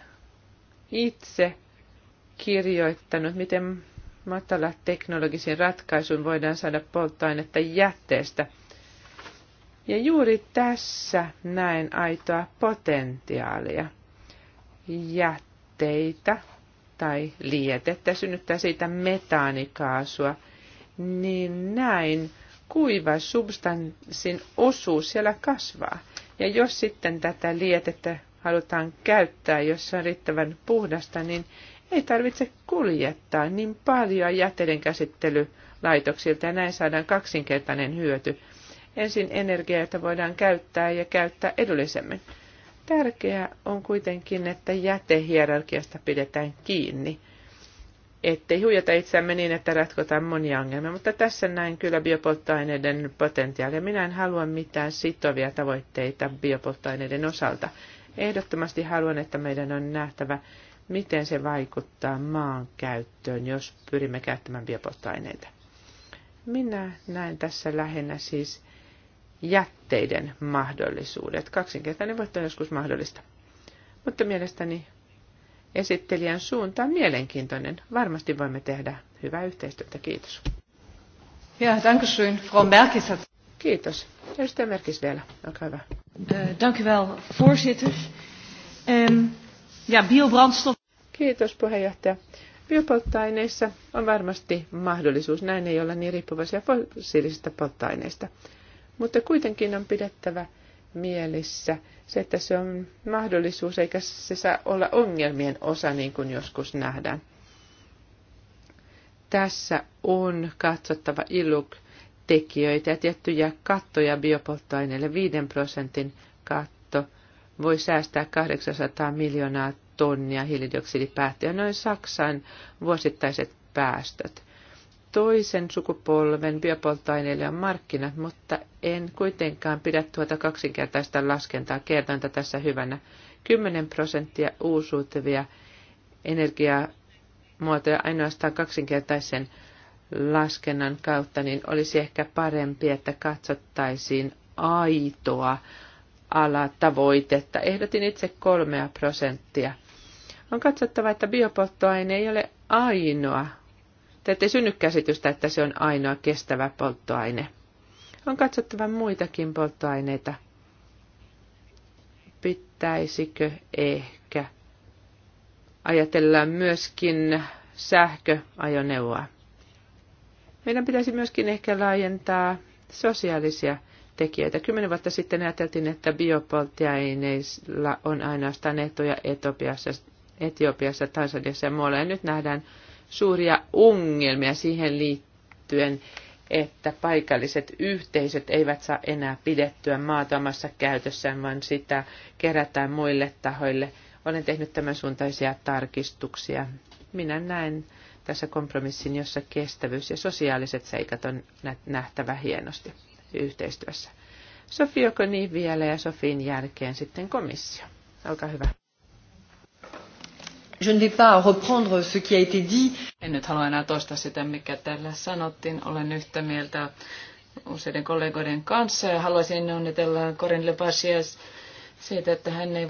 itse kirjoittanut, miten matala teknologisen ratkaisun voidaan saada polttoainetta jätteestä. Ja juuri tässä näen aitoa potentiaalia. Jätteitä tai lietettä synnyttää siitä metaanikaasua, niin näin kuiva substanssin osuus siellä kasvaa. Ja jos sitten tätä lietettä halutaan käyttää, jos se on riittävän puhdasta, niin ei tarvitse kuljettaa niin paljon jäteiden käsittelylaitoksilta ja näin saadaan kaksinkertainen hyöty. Ensin energiaa, jota voidaan käyttää ja käyttää edullisemmin. Tärkeää on kuitenkin, että jätehierarkiasta pidetään kiinni, ettei huijata itseämme niin, että ratkotaan monia ongelmia. Mutta tässä näin kyllä biopolttoaineiden potentiaalia. Minä en halua mitään sitovia tavoitteita biopolttoaineiden osalta. Ehdottomasti haluan, että meidän on nähtävä, miten se vaikuttaa maan käyttöön, jos pyrimme käyttämään biopolttoaineita. Minä näen tässä lähinnä siis jätteiden mahdollisuudet. Kaksinkertainen voitto on joskus mahdollista. Mutta mielestäni esittelijän suunta on mielenkiintoinen. Varmasti voimme tehdä hyvää yhteistyötä. Kiitos. Ja, schön, Frau Merkis Kiitos. Edustaja Merkis vielä, olkaa hyvä. Eh, dank u wel, voorzitter. Ehm, ja biobrandstof. Kiitos puheenjohtaja. Biopolttoaineissa on varmasti mahdollisuus, näin ei olla niin riippuvaisia fossiilisista polttoaineista. Mutta kuitenkin on pidettävä mielessä se, että se on mahdollisuus eikä se saa olla ongelmien osa niin kuin joskus nähdään. Tässä on katsottava iluk tekijöitä ja tiettyjä kattoja biopolttoaineille. 5 prosentin katto voi säästää 800 miljoonaa tonnia hiilidioksidipäästöjä, noin Saksan vuosittaiset päästöt. Toisen sukupolven biopolttoaineille on markkinat, mutta en kuitenkaan pidä tuota kaksinkertaista laskentaa kertointa tässä hyvänä. 10 prosenttia uusuutuvia energiamuotoja ainoastaan kaksinkertaisen laskennan kautta, niin olisi ehkä parempi, että katsottaisiin aitoa alatavoitetta. Ehdotin itse kolmea prosenttia. On katsottava, että biopolttoaine ei ole ainoa. Te ette synny käsitystä, että se on ainoa kestävä polttoaine. On katsottava muitakin polttoaineita. Pitäisikö ehkä ajatella myöskin sähköajoneuvoa? Meidän pitäisi myöskin ehkä laajentaa sosiaalisia tekijöitä. Kymmenen vuotta sitten ajateltiin, että biopolttiaineilla on ainoastaan etuja Etiopiassa, Etiopiassa Tansaniassa ja muualla. Ja nyt nähdään suuria ongelmia siihen liittyen, että paikalliset yhteisöt eivät saa enää pidettyä maatamassa käytössään, vaan sitä kerätään muille tahoille. Olen tehnyt tämän suuntaisia tarkistuksia. Minä näen tässä kompromissin, jossa kestävyys ja sosiaaliset seikat on nähtävä hienosti yhteistyössä. Sofi niin vielä ja Sofin jälkeen sitten komissio. Olkaa hyvä. Je ne vais pas reprendre ce qui a été dit. En nyt halua enää toistaa sitä, mikä täällä sanottiin. Olen yhtä mieltä useiden kollegoiden kanssa ja haluaisin onnitella Corin Lepasia siitä, että hän ei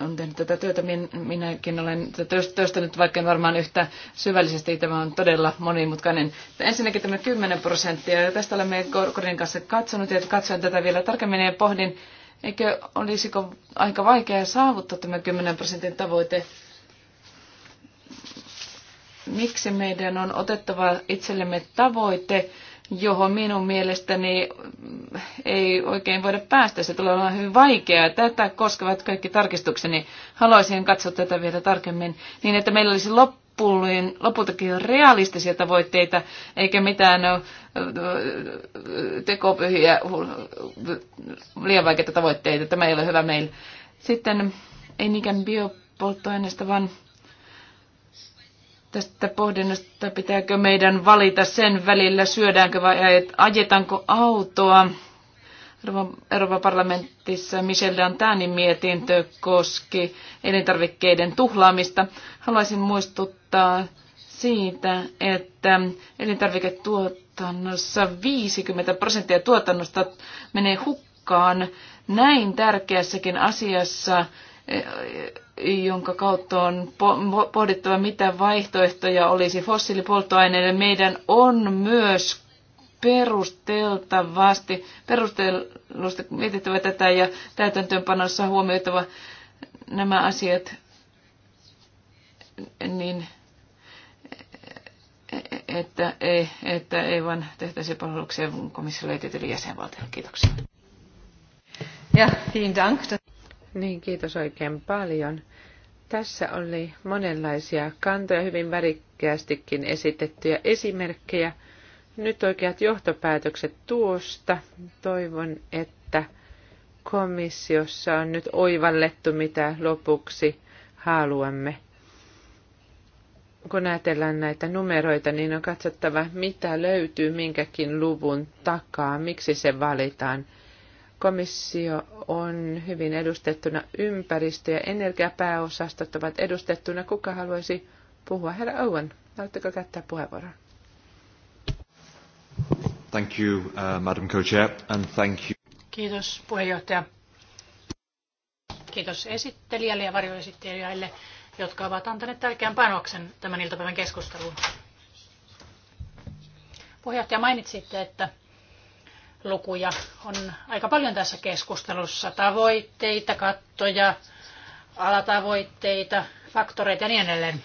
on tehnyt tätä työtä. Minäkin olen työstänyt, vaikka en varmaan yhtä syvällisesti. Tämä on todella monimutkainen. Ensinnäkin tämä 10 prosenttia. Tästä olemme Korin kanssa katsonut ja katsoin tätä vielä tarkemmin ja pohdin, eikö olisiko aika vaikea saavuttaa tämä 10 prosentin tavoite. Miksi meidän on otettava itsellemme tavoite, johon minun mielestäni ei oikein voida päästä. Se tulee olemaan hyvin vaikeaa. Tätä koskevat kaikki tarkistukseni. Haluaisin katsoa tätä vielä tarkemmin niin, että meillä olisi loppuun, lopultakin realistisia tavoitteita, eikä mitään tekopyhiä, liian vaikeita tavoitteita. Tämä ei ole hyvä meillä. Sitten ei niinkään biopolttoaineesta, vaan tästä pohdinnasta, pitääkö meidän valita sen välillä, syödäänkö vai ajetaanko autoa. Euroopan parlamentissa Michel Dantanin mietintö koski elintarvikkeiden tuhlaamista. Haluaisin muistuttaa siitä, että elintarviketuotannossa 50 prosenttia tuotannosta menee hukkaan. Näin tärkeässäkin asiassa eh, jonka kautta on pohdittava, mitä vaihtoehtoja olisi fossiilipolttoaineille. Meidän on myös perusteltavasti, perustellusti mietittävä tätä ja täytäntöönpanossa huomioitava nämä asiat, niin että ei, että ei vaan tehtäisi palveluksia komissiolle ja tietyille jäsenvaltioille. Kiitoksia. Ja, vielen dank. Niin, kiitos oikein paljon. Tässä oli monenlaisia kantoja, hyvin värikkäästikin esitettyjä esimerkkejä. Nyt oikeat johtopäätökset tuosta. Toivon, että komissiossa on nyt oivallettu, mitä lopuksi haluamme. Kun ajatellaan näitä numeroita, niin on katsottava, mitä löytyy minkäkin luvun takaa, miksi se valitaan – Komissio on hyvin edustettuna ympäristö- ja energiapääosastot ovat edustettuna. Kuka haluaisi puhua? Herra Owen, haluatteko käyttää puheenvuoron? Thank you, uh, Madam Co-Chair, and thank you. Kiitos puheenjohtaja. Kiitos esittelijälle ja varjoesittelijälle, jotka ovat antaneet tärkeän panoksen tämän iltapäivän keskusteluun. Puheenjohtaja mainitsitte, että lukuja on aika paljon tässä keskustelussa. Tavoitteita, kattoja, alatavoitteita, faktoreita ja niin edelleen.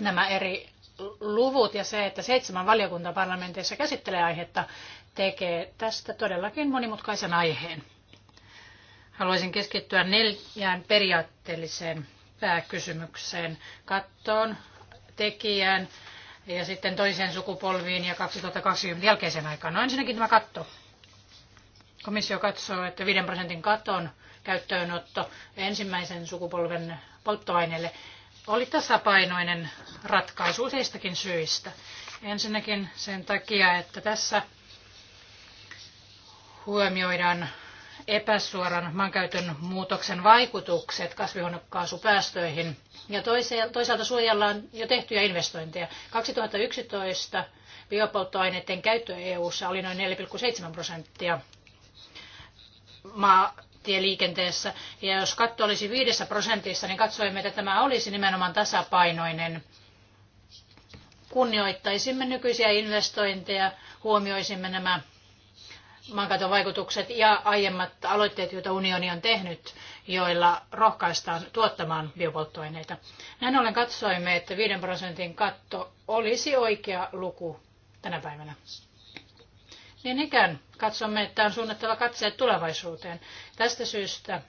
Nämä eri luvut ja se, että seitsemän valiokunta parlamentissa käsittelee aihetta, tekee tästä todellakin monimutkaisen aiheen. Haluaisin keskittyä neljään periaatteelliseen pääkysymykseen, kattoon, tekijään, ja sitten toiseen sukupolviin ja 2020 jälkeisen aikaan. No ensinnäkin tämä katto. Komissio katsoo, että 5 prosentin katon käyttöönotto ensimmäisen sukupolven polttoaineelle oli tasapainoinen ratkaisu useistakin syistä. Ensinnäkin sen takia, että tässä huomioidaan epäsuoran maankäytön muutoksen vaikutukset kasvihuonekaasupäästöihin ja toisaalta suojellaan jo tehtyjä investointeja. 2011 biopolttoaineiden käyttö EU:ssa oli noin 4,7 prosenttia maatieliikenteessä. Ja jos katto olisi 5 prosentissa, niin katsoimme, että tämä olisi nimenomaan tasapainoinen. Kunnioittaisimme nykyisiä investointeja, huomioisimme nämä maankäytön vaikutukset ja aiemmat aloitteet, joita unioni on tehnyt, joilla rohkaistaan tuottamaan biopolttoaineita. Näin ollen katsoimme, että 5 prosentin katto olisi oikea luku tänä päivänä. Niin ikään katsomme, että on suunnattava katseet tulevaisuuteen. Tästä syystä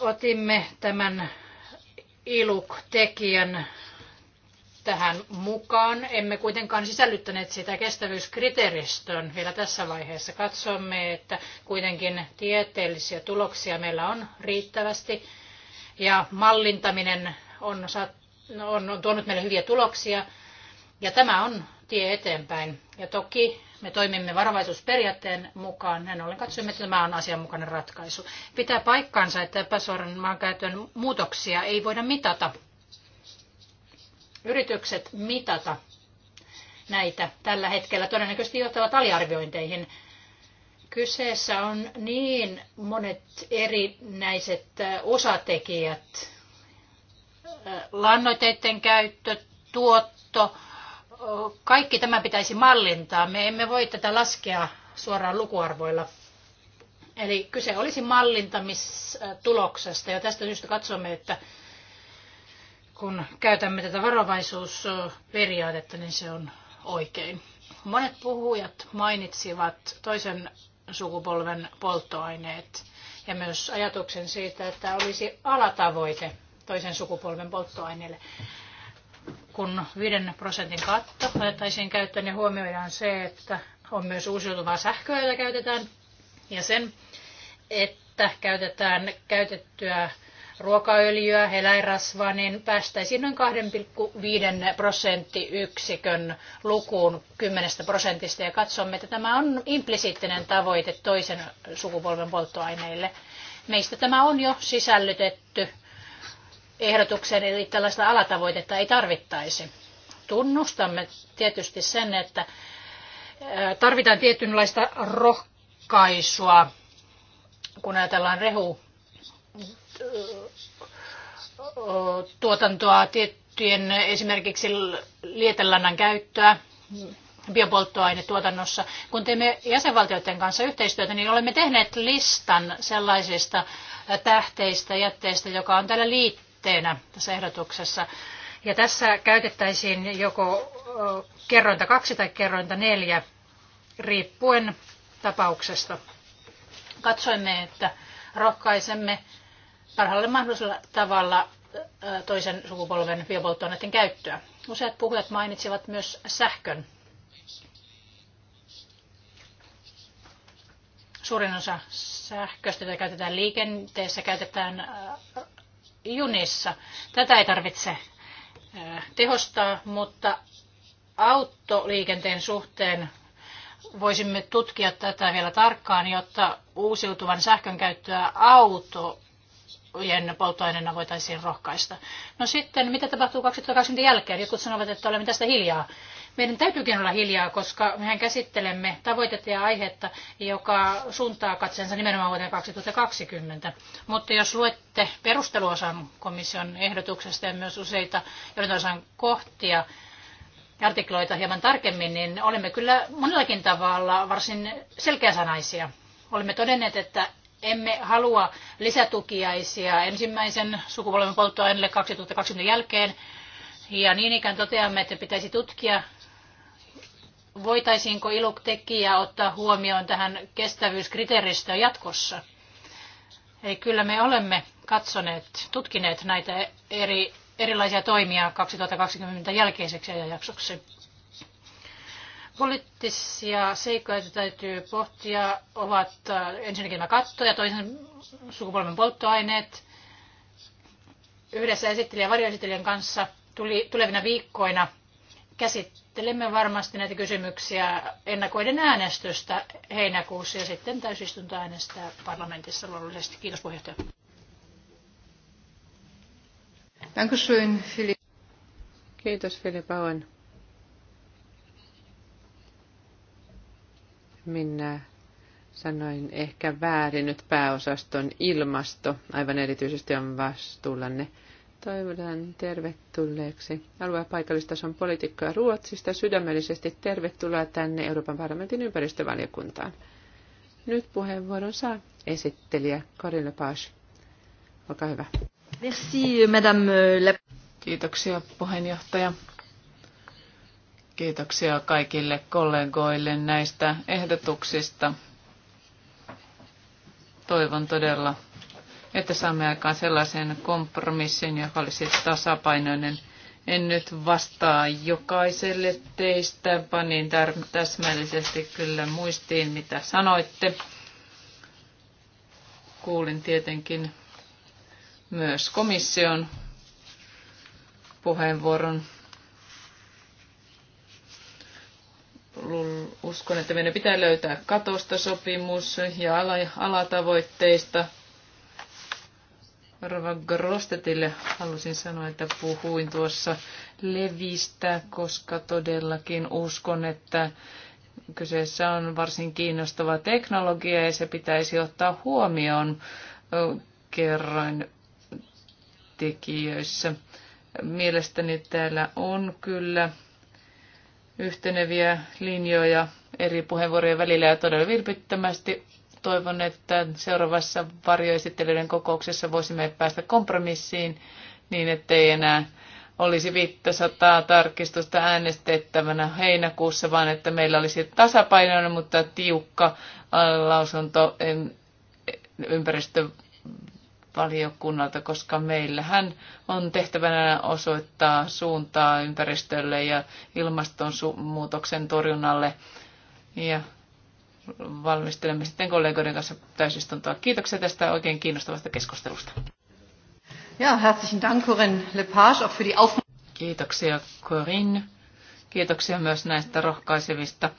otimme tämän iluk-tekijän tähän mukaan. Emme kuitenkaan sisällyttäneet sitä kestävyyskriteeristön vielä tässä vaiheessa. Katsomme, että kuitenkin tieteellisiä tuloksia meillä on riittävästi ja mallintaminen on, on tuonut meille hyviä tuloksia ja tämä on tie eteenpäin. Ja toki me toimimme varovaisuusperiaatteen mukaan, näin ollen katsomme, että tämä on asianmukainen ratkaisu. Pitää paikkansa, että epäsuoran maankäytön muutoksia ei voida mitata yritykset mitata näitä tällä hetkellä todennäköisesti johtavat aliarviointeihin. Kyseessä on niin monet erinäiset osatekijät, lannoiteiden käyttö, tuotto, kaikki tämä pitäisi mallintaa. Me emme voi tätä laskea suoraan lukuarvoilla. Eli kyse olisi mallintamistuloksesta ja tästä syystä katsomme, että kun käytämme tätä varovaisuusperiaatetta, niin se on oikein. Monet puhujat mainitsivat toisen sukupolven polttoaineet ja myös ajatuksen siitä, että olisi alatavoite toisen sukupolven polttoaineille. Kun 5 prosentin katto otettaisiin käyttöön, niin huomioidaan se, että on myös uusiutuvaa sähköä, jota käytetään, ja sen, että käytetään käytettyä ruokaöljyä, eläinrasvaa, niin päästäisiin noin 2,5 prosenttiyksikön lukuun 10 prosentista ja katsomme, että tämä on implisiittinen tavoite toisen sukupolven polttoaineille. Meistä tämä on jo sisällytetty ehdotukseen, eli tällaista alatavoitetta ei tarvittaisi. Tunnustamme tietysti sen, että tarvitaan tietynlaista rohkaisua, kun ajatellaan rehu tuotantoa, tiettyjen esimerkiksi lietelannan käyttöä biopolttoainetuotannossa. Kun teemme jäsenvaltioiden kanssa yhteistyötä, niin olemme tehneet listan sellaisista tähteistä, jätteistä, joka on täällä liitteenä tässä ehdotuksessa. Ja tässä käytettäisiin joko kerrointa kaksi tai kerrointa neljä, riippuen tapauksesta. Katsoimme, että rohkaisemme parhaalla mahdollisella tavalla toisen sukupolven biopolttoaineiden käyttöä. Useat puhujat mainitsivat myös sähkön. Suurin osa sähköstä, jota käytetään liikenteessä, käytetään junissa. Tätä ei tarvitse tehostaa, mutta autoliikenteen suhteen voisimme tutkia tätä vielä tarkkaan, jotta uusiutuvan sähkön käyttöä auto polttoaineena voitaisiin rohkaista. No sitten, mitä tapahtuu 2020 jälkeen? Jotkut sanovat, että olemme tästä hiljaa. Meidän täytyykin olla hiljaa, koska mehän käsittelemme tavoitetta ja aihetta, joka suuntaa katseensa nimenomaan vuoteen 2020. Mutta jos luette perusteluosan komission ehdotuksesta ja myös useita johdantosan kohtia, artikloita hieman tarkemmin, niin olemme kyllä monellakin tavalla varsin selkeäsanaisia. Olemme todenneet, että emme halua lisätukiaisia ensimmäisen sukupolven polttoaineelle 2020 jälkeen. Ja niin ikään toteamme, että pitäisi tutkia, voitaisiinko iluktekijä ottaa huomioon tähän kestävyyskriteeristöön jatkossa. Eli kyllä me olemme katsoneet, tutkineet näitä eri, erilaisia toimia 2020 jälkeiseksi ajanjaksoksi. Poliittisia seikkoja, joita täytyy pohtia, ovat äh, ensinnäkin nämä katto ja toisen sukupolven polttoaineet. Yhdessä esittelijä ja varjoesittelijän kanssa tuli, tulevina viikkoina käsittelemme varmasti näitä kysymyksiä ennakoiden äänestystä heinäkuussa ja sitten täysistunto äänestää parlamentissa luonnollisesti. Kiitos puheenjohtaja. Kiitos Filip Auen. Minä sanoin ehkä väärin nyt pääosaston ilmasto, aivan erityisesti on vastuullanne. Toivotan tervetulleeksi alue- ja paikallistason poliitikkoja Ruotsista. Sydämellisesti tervetuloa tänne Euroopan parlamentin ympäristövaliokuntaan. Nyt puheenvuoron saa esittelijä Karin Lepage. Olkaa hyvä. Merci, madame Kiitoksia puheenjohtaja. Kiitoksia kaikille kollegoille näistä ehdotuksista. Toivon todella, että saamme aikaan sellaisen kompromissin, joka olisi tasapainoinen. En nyt vastaa jokaiselle teistä, panin täsmällisesti kyllä muistiin, mitä sanoitte. Kuulin tietenkin myös komission puheenvuoron uskon, että meidän pitää löytää katosta sopimus ja alatavoitteista. Rova Grostetille halusin sanoa, että puhuin tuossa levistä, koska todellakin uskon, että kyseessä on varsin kiinnostava teknologia ja se pitäisi ottaa huomioon kerran tekijöissä. Mielestäni täällä on kyllä yhteneviä linjoja eri puheenvuorojen välillä ja todella vilpittömästi toivon, että seuraavassa varjoesittelyiden kokouksessa voisimme päästä kompromissiin niin, ettei enää olisi 500 tarkistusta äänestettävänä heinäkuussa, vaan että meillä olisi tasapainoinen, mutta tiukka äh, lausunto ympäristö valiokunnalta, koska meillähän on tehtävänä osoittaa suuntaa ympäristölle ja ilmastonmuutoksen torjunnalle. Ja valmistelemme sitten kollegoiden kanssa täysistuntoa. Kiitoksia tästä oikein kiinnostavasta keskustelusta. Ja, herzlichen Dank Corinne Lepage auch für die Auf Kiitoksia Corinne. Kiitoksia myös näistä rohkaisevista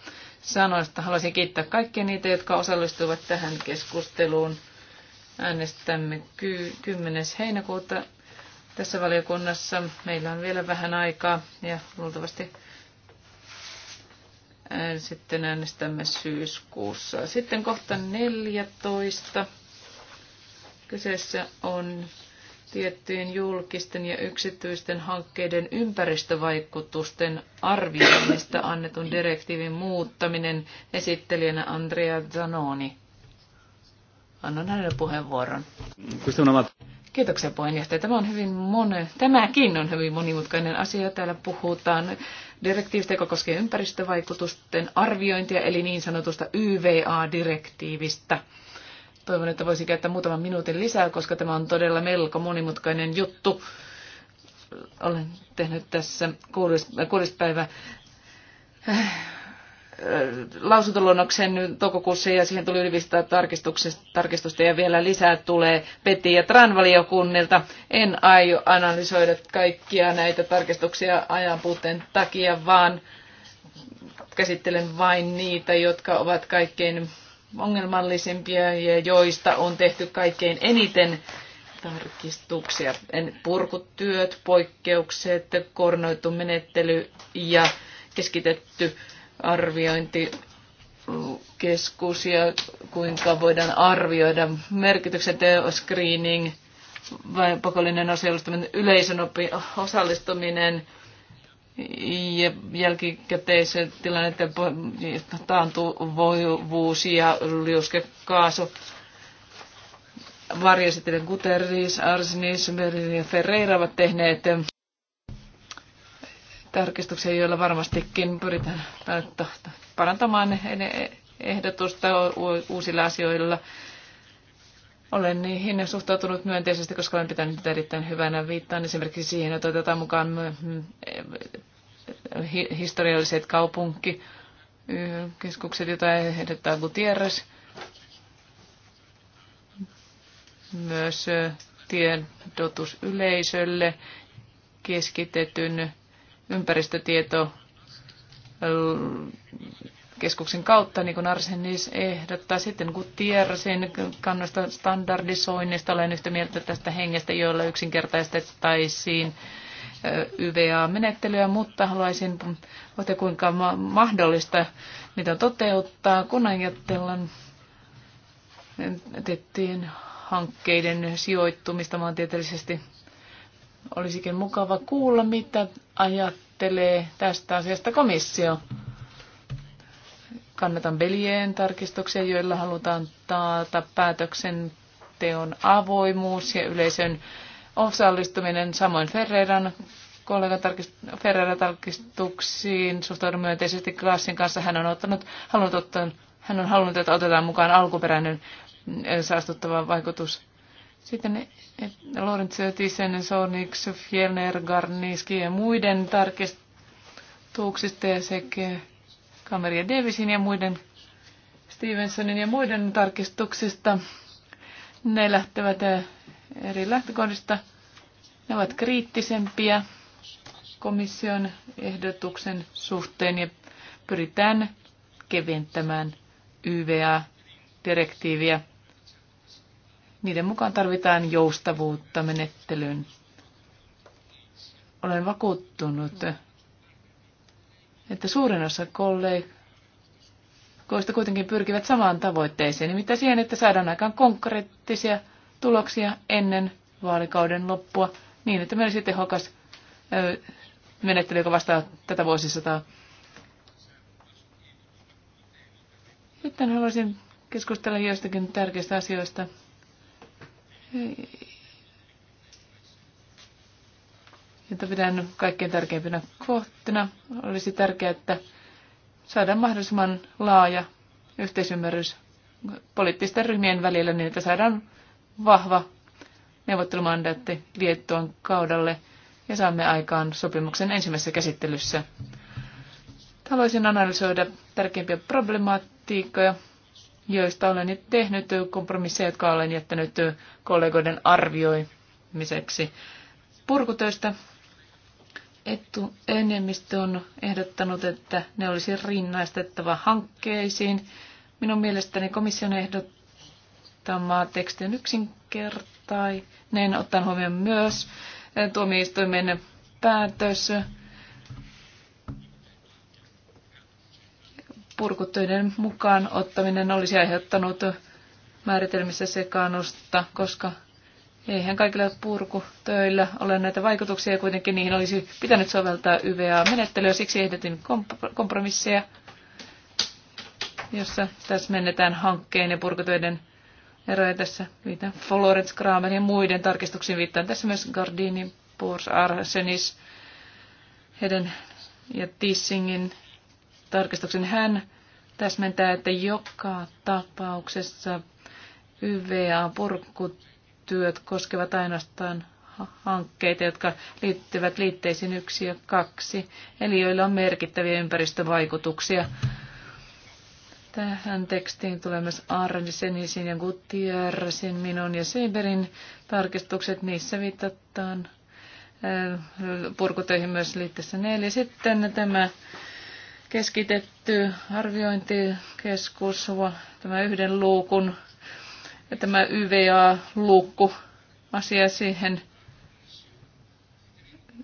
sanoista. Haluaisin kiittää kaikkia niitä, jotka osallistuivat tähän keskusteluun. Äänestämme 10. heinäkuuta tässä valiokunnassa. Meillä on vielä vähän aikaa ja luultavasti sitten äänestämme syyskuussa. Sitten kohta 14. Kyseessä on tiettyjen julkisten ja yksityisten hankkeiden ympäristövaikutusten arvioinnista annetun direktiivin muuttaminen esittelijänä Andrea Zanoni. Annan hänelle puheenvuoron. Kiitoksia puheenjohtaja. Tämä on hyvin monen, tämäkin on hyvin monimutkainen asia. Täällä puhutaan direktiivistä, joka koskee ympäristövaikutusten arviointia, eli niin sanotusta YVA-direktiivistä. Toivon, että voisin käyttää muutaman minuutin lisää, koska tämä on todella melko monimutkainen juttu. Olen tehnyt tässä kuudes, kuudes päivä lausuntoluonnoksen toukokuussa ja siihen tuli yli 500 tarkistusta ja vielä lisää tulee Peti ja Tran valiokunnilta. En aio analysoida kaikkia näitä tarkistuksia ajanpuutteen takia, vaan käsittelen vain niitä, jotka ovat kaikkein ongelmallisimpia ja joista on tehty kaikkein eniten tarkistuksia. Purkutyöt, poikkeukset, koordinoitu menettely ja keskitetty arviointikeskus ja kuinka voidaan arvioida merkityksen screening, vai pakollinen osallistuminen, yleisön osallistuminen ja jälkikäteisen tilanteen taantuvuus ja liuskekaasu varjositellen Guterres, Arsenis, Merlin ja Ferreira ovat tehneet tarkistuksia, joilla varmastikin pyritään parantamaan ehdotusta uusilla asioilla. Olen niihin suhtautunut myönteisesti, koska olen pitänyt niitä erittäin hyvänä. Viittaan esimerkiksi siihen, että otetaan mukaan historialliset kaupunkikeskukset, joita ehdottaa Gutierrez. Myös tiedotusyleisölle keskitetyn ympäristötieto äh, keskuksen kautta, niin kuin Arsenis ehdottaa. Sitten kun Tiersin kannasta standardisoinnista olen yhtä mieltä tästä hengestä, joilla yksinkertaistettaisiin äh, YVA-menettelyä, mutta haluaisin, ote kuinka mahdollista mitä toteuttaa, kun ajatellaan äh, tehtiin hankkeiden sijoittumista maantieteellisesti Olisikin mukava kuulla, mitä ajattelee tästä asiasta komissio. Kannatan Belien tarkistuksia, joilla halutaan taata päätöksenteon avoimuus ja yleisön osallistuminen. Samoin Ferreiran kollega Ferreira tarkistuksiin suhtaudun myönteisesti klassin kanssa. Hän on, ottanut, halunnut ottaa, hän on halunnut, että otetaan mukaan alkuperäinen saastuttava vaikutus sitten Lorenzo Tisen, Sonic, Fjellner, Garniski ja muiden tarkistuksista ja sekä Kameria Davisin ja muiden Stevensonin ja muiden tarkistuksista. Ne lähtevät äh, eri lähtökohdista. Ne ovat kriittisempiä komission ehdotuksen suhteen ja pyritään keventämään YVA-direktiiviä niiden mukaan tarvitaan joustavuutta menettelyyn. Olen vakuuttunut, että suurin osa kollegoista kuitenkin pyrkivät samaan tavoitteeseen, nimittäin siihen, että saadaan aikaan konkreettisia tuloksia ennen vaalikauden loppua niin, että meillä olisi tehokas menettely, joka vastaa tätä vuosisataa. Sitten haluaisin keskustella joistakin tärkeistä asioista jota pidän kaikkein tärkeimpinä kohtina, olisi tärkeää, että saadaan mahdollisimman laaja yhteisymmärrys poliittisten ryhmien välillä niin, että saadaan vahva neuvottelumandaatti Liettuan kaudalle ja saamme aikaan sopimuksen ensimmäisessä käsittelyssä. Haluaisin analysoida tärkeimpiä problematiikkoja joista olen nyt tehnyt kompromisseja, jotka olen jättänyt kollegoiden arvioimiseksi. Purkutöistä etu enemmistö on ehdottanut, että ne olisi rinnaistettava hankkeisiin. Minun mielestäni komission ehdottama teksti on yksinkertainen, ottaen huomioon myös tuomioistuimen päätös purkutöiden mukaan ottaminen olisi aiheuttanut määritelmissä sekaannusta, koska eihän kaikilla purkutöillä ole näitä vaikutuksia, ja kuitenkin niihin olisi pitänyt soveltaa YVA-menettelyä, siksi ehdotin kompromisseja, jossa tässä mennetään hankkeen ja purkutöiden eroja tässä, viitan Florence Kramer ja muiden tarkistuksiin viittaan. Tässä myös Gardini, Pors, Arsenis, Heden ja Tissingin tarkistuksen. Hän täsmentää, että joka tapauksessa YVA-purkutyöt koskevat ainoastaan hankkeita, jotka liittyvät liitteisiin yksi ja kaksi, eli joilla on merkittäviä ympäristövaikutuksia. Tähän tekstiin tulee myös Arnisenisin ja Gutierrezin, Minon ja Seiberin tarkistukset. Niissä viitataan purkutöihin myös liitteessä neljä. Sitten tämä keskitetty arviointikeskus, tämä yhden luukun ja tämä YVA-luukku asia siihen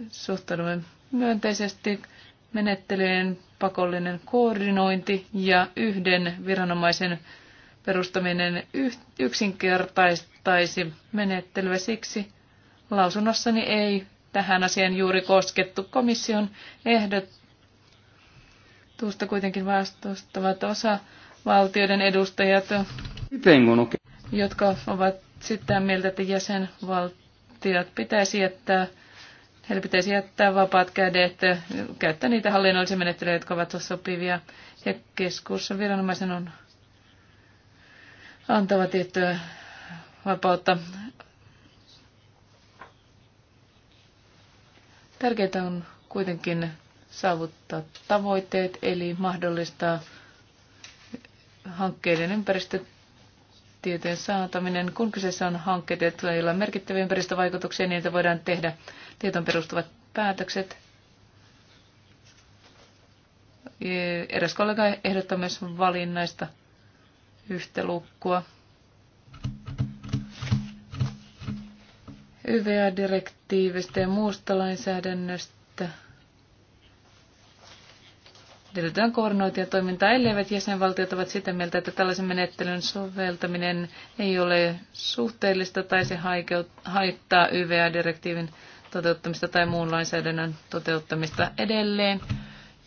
suhtaudumme myönteisesti menettelyjen pakollinen koordinointi ja yhden viranomaisen perustaminen yksinkertaistaisi menettelyä siksi. Lausunnossani ei tähän asiaan juuri koskettu. Komission ehdot, tuosta kuitenkin vastustavat osa valtioiden edustajat, jotka ovat sitä mieltä, että jäsenvaltiot pitäisi jättää, heille pitäisi jättää vapaat kädet, käyttää niitä hallinnollisia menettelyjä, jotka ovat sopivia. Ja keskuussa viranomaisen on antava tiettyä vapautta. Tärkeintä on kuitenkin saavuttaa tavoitteet, eli mahdollistaa hankkeiden ympäristötieteen saataminen. Kun kyseessä on hankkeet, joilla on merkittäviä ympäristövaikutuksia, niin niitä voidaan tehdä tietoon perustuvat päätökset. Eräs kollega ehdottaa myös valinnaista yhtä lukkua. YVA-direktiivistä ja muusta lainsäädännöstä edellytetään koordinointia toimintaa, elleivät jäsenvaltiot ovat sitä mieltä, että tällaisen menettelyn soveltaminen ei ole suhteellista tai se haittaa YVA-direktiivin toteuttamista tai muun lainsäädännön toteuttamista edelleen.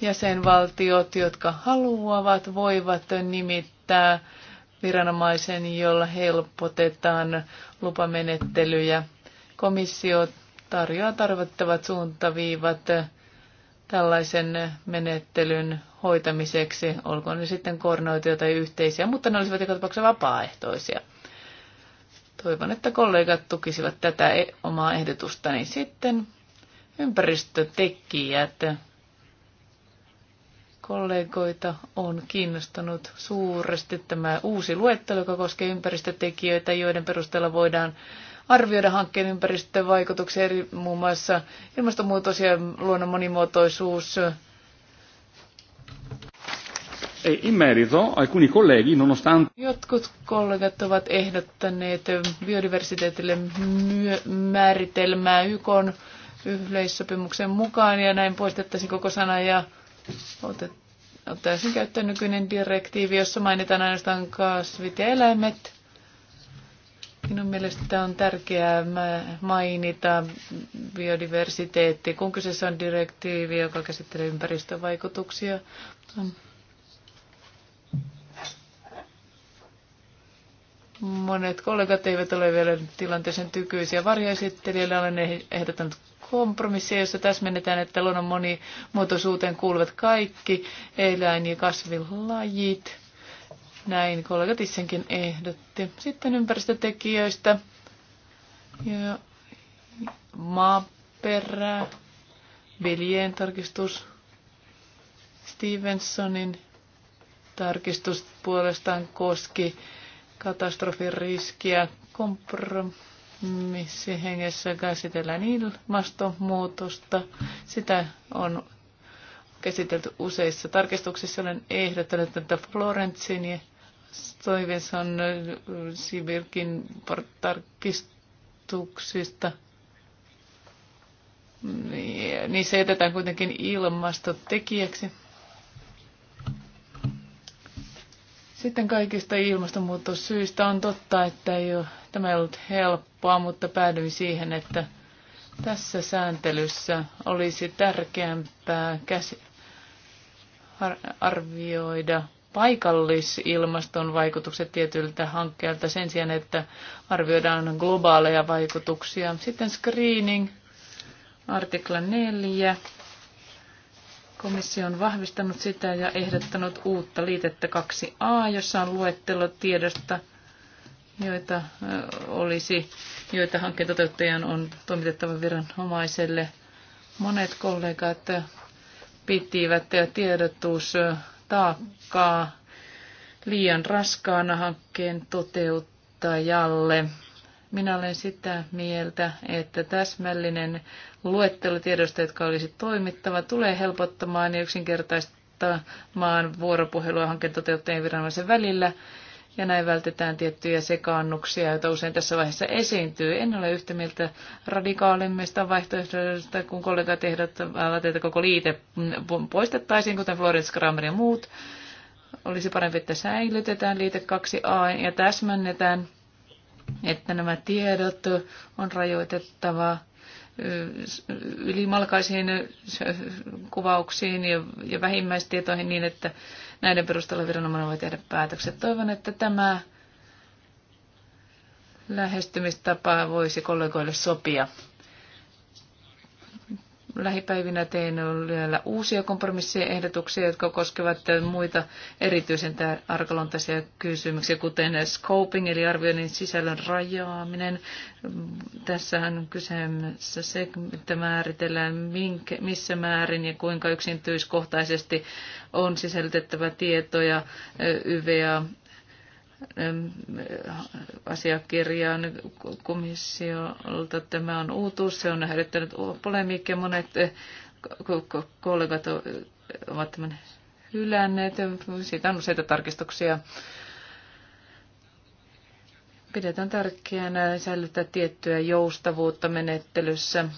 Jäsenvaltiot, jotka haluavat, voivat nimittää viranomaisen, jolla helpotetaan lupamenettelyjä. Komissio tarjoaa tarvittavat suuntaviivat tällaisen menettelyn hoitamiseksi, olkoon ne sitten koordinoituja tai yhteisiä, mutta ne olisivat joka tapauksessa vapaaehtoisia. Toivon, että kollegat tukisivat tätä e- omaa ehdotustani sitten. Ympäristötekijät. Kollegoita on kiinnostanut suuresti tämä uusi luettelo, joka koskee ympäristötekijöitä, joiden perusteella voidaan arvioida hankkeen ympäristövaikutuksia, eri, muun muassa ilmastonmuutos ja luonnon monimuotoisuus. E in merito, alcuni colleghi, nonostante... Jotkut kollegat ovat ehdottaneet biodiversiteetille myö- määritelmää YK yleissopimuksen mukaan ja näin poistettaisiin koko sana ja otettaisiin käyttöön nykyinen direktiivi, jossa mainitaan ainoastaan kasvit ja eläimet Minun mielestä on tärkeää mainita biodiversiteetti, kun kyseessä on direktiivi, joka käsittelee ympäristövaikutuksia. Monet kollegat eivät ole vielä tilanteeseen tykyisiä. varjoesittelijöille. olen eh- ehdottanut kompromissia, jossa täsmennetään, että luonnon monimuotoisuuteen kuuluvat kaikki eläin- ja kasvilajit – näin kollega Tissenkin ehdotti. Sitten ympäristötekijöistä. Ja maaperä, veljen tarkistus, Stevensonin tarkistus puolestaan koski katastrofin riskiä kompromissi hengessä käsitellään ilmastonmuutosta. Sitä on käsitelty useissa tarkistuksissa. Olen ehdottanut, että ja toiveessa on äh, Sibirkin tarkistuksista. Niin, niin se jätetään kuitenkin ilmastotekijäksi. Sitten kaikista ilmastonmuutossyistä on totta, että ei ole, tämä ei ollut helppoa, mutta päädyin siihen, että tässä sääntelyssä olisi tärkeämpää käsi, arvioida paikallisilmaston vaikutukset tietyiltä hankkeelta sen sijaan, että arvioidaan globaaleja vaikutuksia. Sitten screening, artikla 4. Komissio on vahvistanut sitä ja ehdottanut uutta liitettä 2a, jossa on luettelo tiedosta, joita, olisi, joita hankkeen toteuttajan on toimitettava viranomaiselle. Monet kollegat pitivät tiedotus taakkaa liian raskaana hankkeen toteuttajalle. Minä olen sitä mieltä, että täsmällinen luettelo tiedosta, jotka olisi toimittava, tulee helpottamaan ja yksinkertaistamaan vuoropuhelua hankkeen toteuttajien viranomaisen välillä ja näin vältetään tiettyjä sekaannuksia, joita usein tässä vaiheessa esiintyy. En ole yhtä mieltä radikaalimmista vaihtoehdoista, kun kollegat ehdottavat, että koko liite poistettaisiin, kuten Florence Kramer ja muut. Olisi parempi, että säilytetään liite 2a ja täsmännetään, että nämä tiedot on rajoitettava ylimalkaisiin kuvauksiin ja vähimmäistietoihin niin, että näiden perusteella viranomainen voi tehdä päätökset. Toivon, että tämä lähestymistapa voisi kollegoille sopia lähipäivinä teen vielä uusia ehdotuksia, jotka koskevat muita erityisen arkaluontaisia kysymyksiä, kuten scoping eli arvioinnin sisällön rajaaminen. Tässähän on kyseessä se, että määritellään minkä, missä määrin ja kuinka yksityiskohtaisesti on sisällytettävä tietoja YVA asiakirjaan komissiolta. Tämä on uutuus, se on herättänyt polemiikkia. Monet eh, kollegat ovat tämän hylänneet. Siitä on useita tarkistuksia. Pidetään tärkeänä säilyttää tiettyä joustavuutta menettelyssä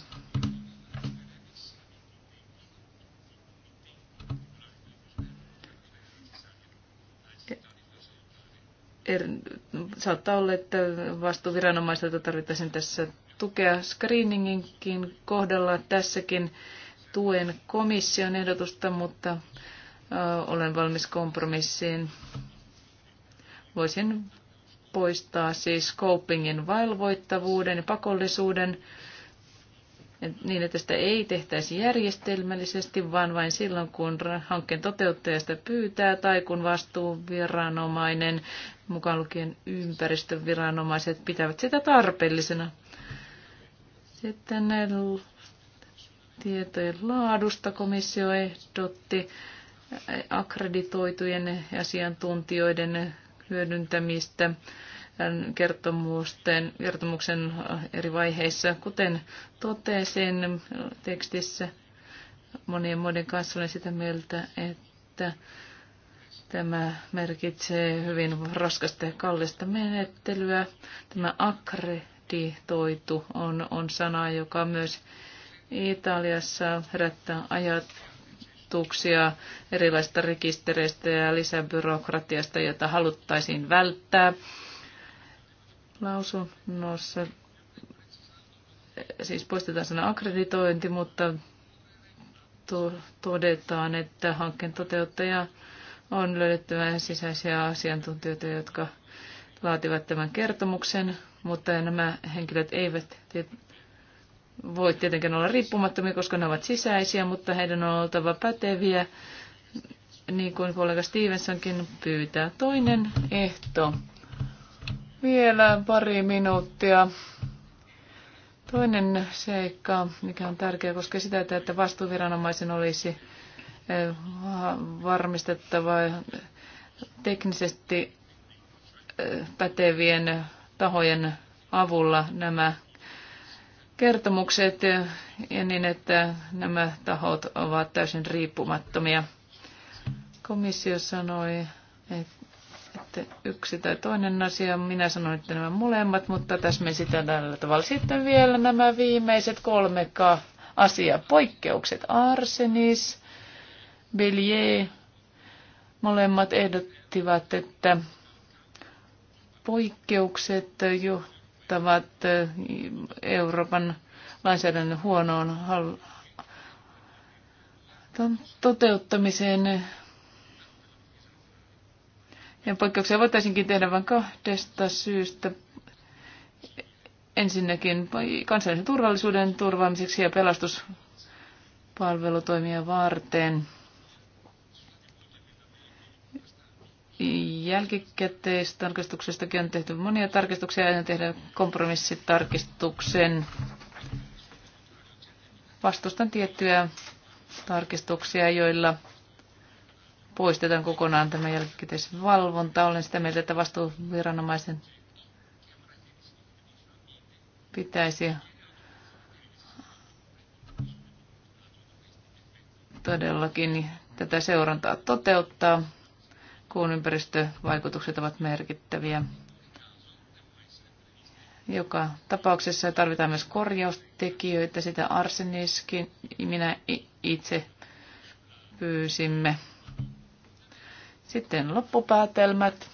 er, saattaa olla, että vastuuviranomaisilta tarvittaisiin tässä tukea screeninginkin kohdalla tässäkin tuen komission ehdotusta, mutta olen valmis kompromissiin. Voisin poistaa siis scopingin valvoittavuuden ja pakollisuuden niin, että sitä ei tehtäisi järjestelmällisesti, vaan vain silloin, kun hankkeen toteuttajasta pyytää tai kun vastuuviranomainen mukaan lukien ympäristöviranomaiset, pitävät sitä tarpeellisena. Sitten tietojen laadusta komissio ehdotti akkreditoitujen asiantuntijoiden hyödyntämistä kertomusten, kertomuksen eri vaiheissa. Kuten totesin tekstissä monien muiden kanssa, olen sitä mieltä, että Tämä merkitsee hyvin raskasta ja kallista menettelyä. Tämä akkreditoitu on, on sana, joka myös Italiassa herättää ajatuksia erilaisista rekistereistä ja lisäbyrokratiasta, jota haluttaisiin välttää. Lausunnossa siis poistetaan sana akkreditointi, mutta todetaan, että hankkeen toteuttaja on löydettävä sisäisiä asiantuntijoita, jotka laativat tämän kertomuksen, mutta nämä henkilöt eivät voi tietenkin olla riippumattomia, koska ne ovat sisäisiä, mutta heidän on oltava päteviä, niin kuin kollega Stevensonkin pyytää. Toinen ehto. Vielä pari minuuttia. Toinen seikka, mikä on tärkeä, koska sitä, että vastuuviranomaisen olisi Eh, varmistettava teknisesti eh, pätevien tahojen avulla nämä kertomukset eh, ja niin, että nämä tahot ovat täysin riippumattomia. Komissio sanoi, että yksi tai toinen asia. Minä sanoin, että nämä molemmat, mutta tässä me sitä tällä tavalla. Sitten vielä nämä viimeiset kolme asiaa. Poikkeukset. Arsenis, Bellier molemmat ehdottivat, että poikkeukset johtavat Euroopan lainsäädännön huonoon toteuttamiseen. Ja poikkeuksia voitaisinkin tehdä vain kahdesta syystä. Ensinnäkin kansallisen turvallisuuden turvaamiseksi ja pelastuspalvelutoimia varten. jälkikäteistarkistuksestakin on tehty monia tarkistuksia ja tehdä kompromissitarkistuksen. Vastustan tiettyjä tarkistuksia, joilla poistetaan kokonaan tämä jälkikäteisvalvonta. Olen sitä mieltä, että vastuuviranomaisen pitäisi todellakin tätä seurantaa toteuttaa kun ympäristövaikutukset ovat merkittäviä. Joka tapauksessa tarvitaan myös korjaustekijöitä, sitä arseniskin minä itse pyysimme. Sitten loppupäätelmät.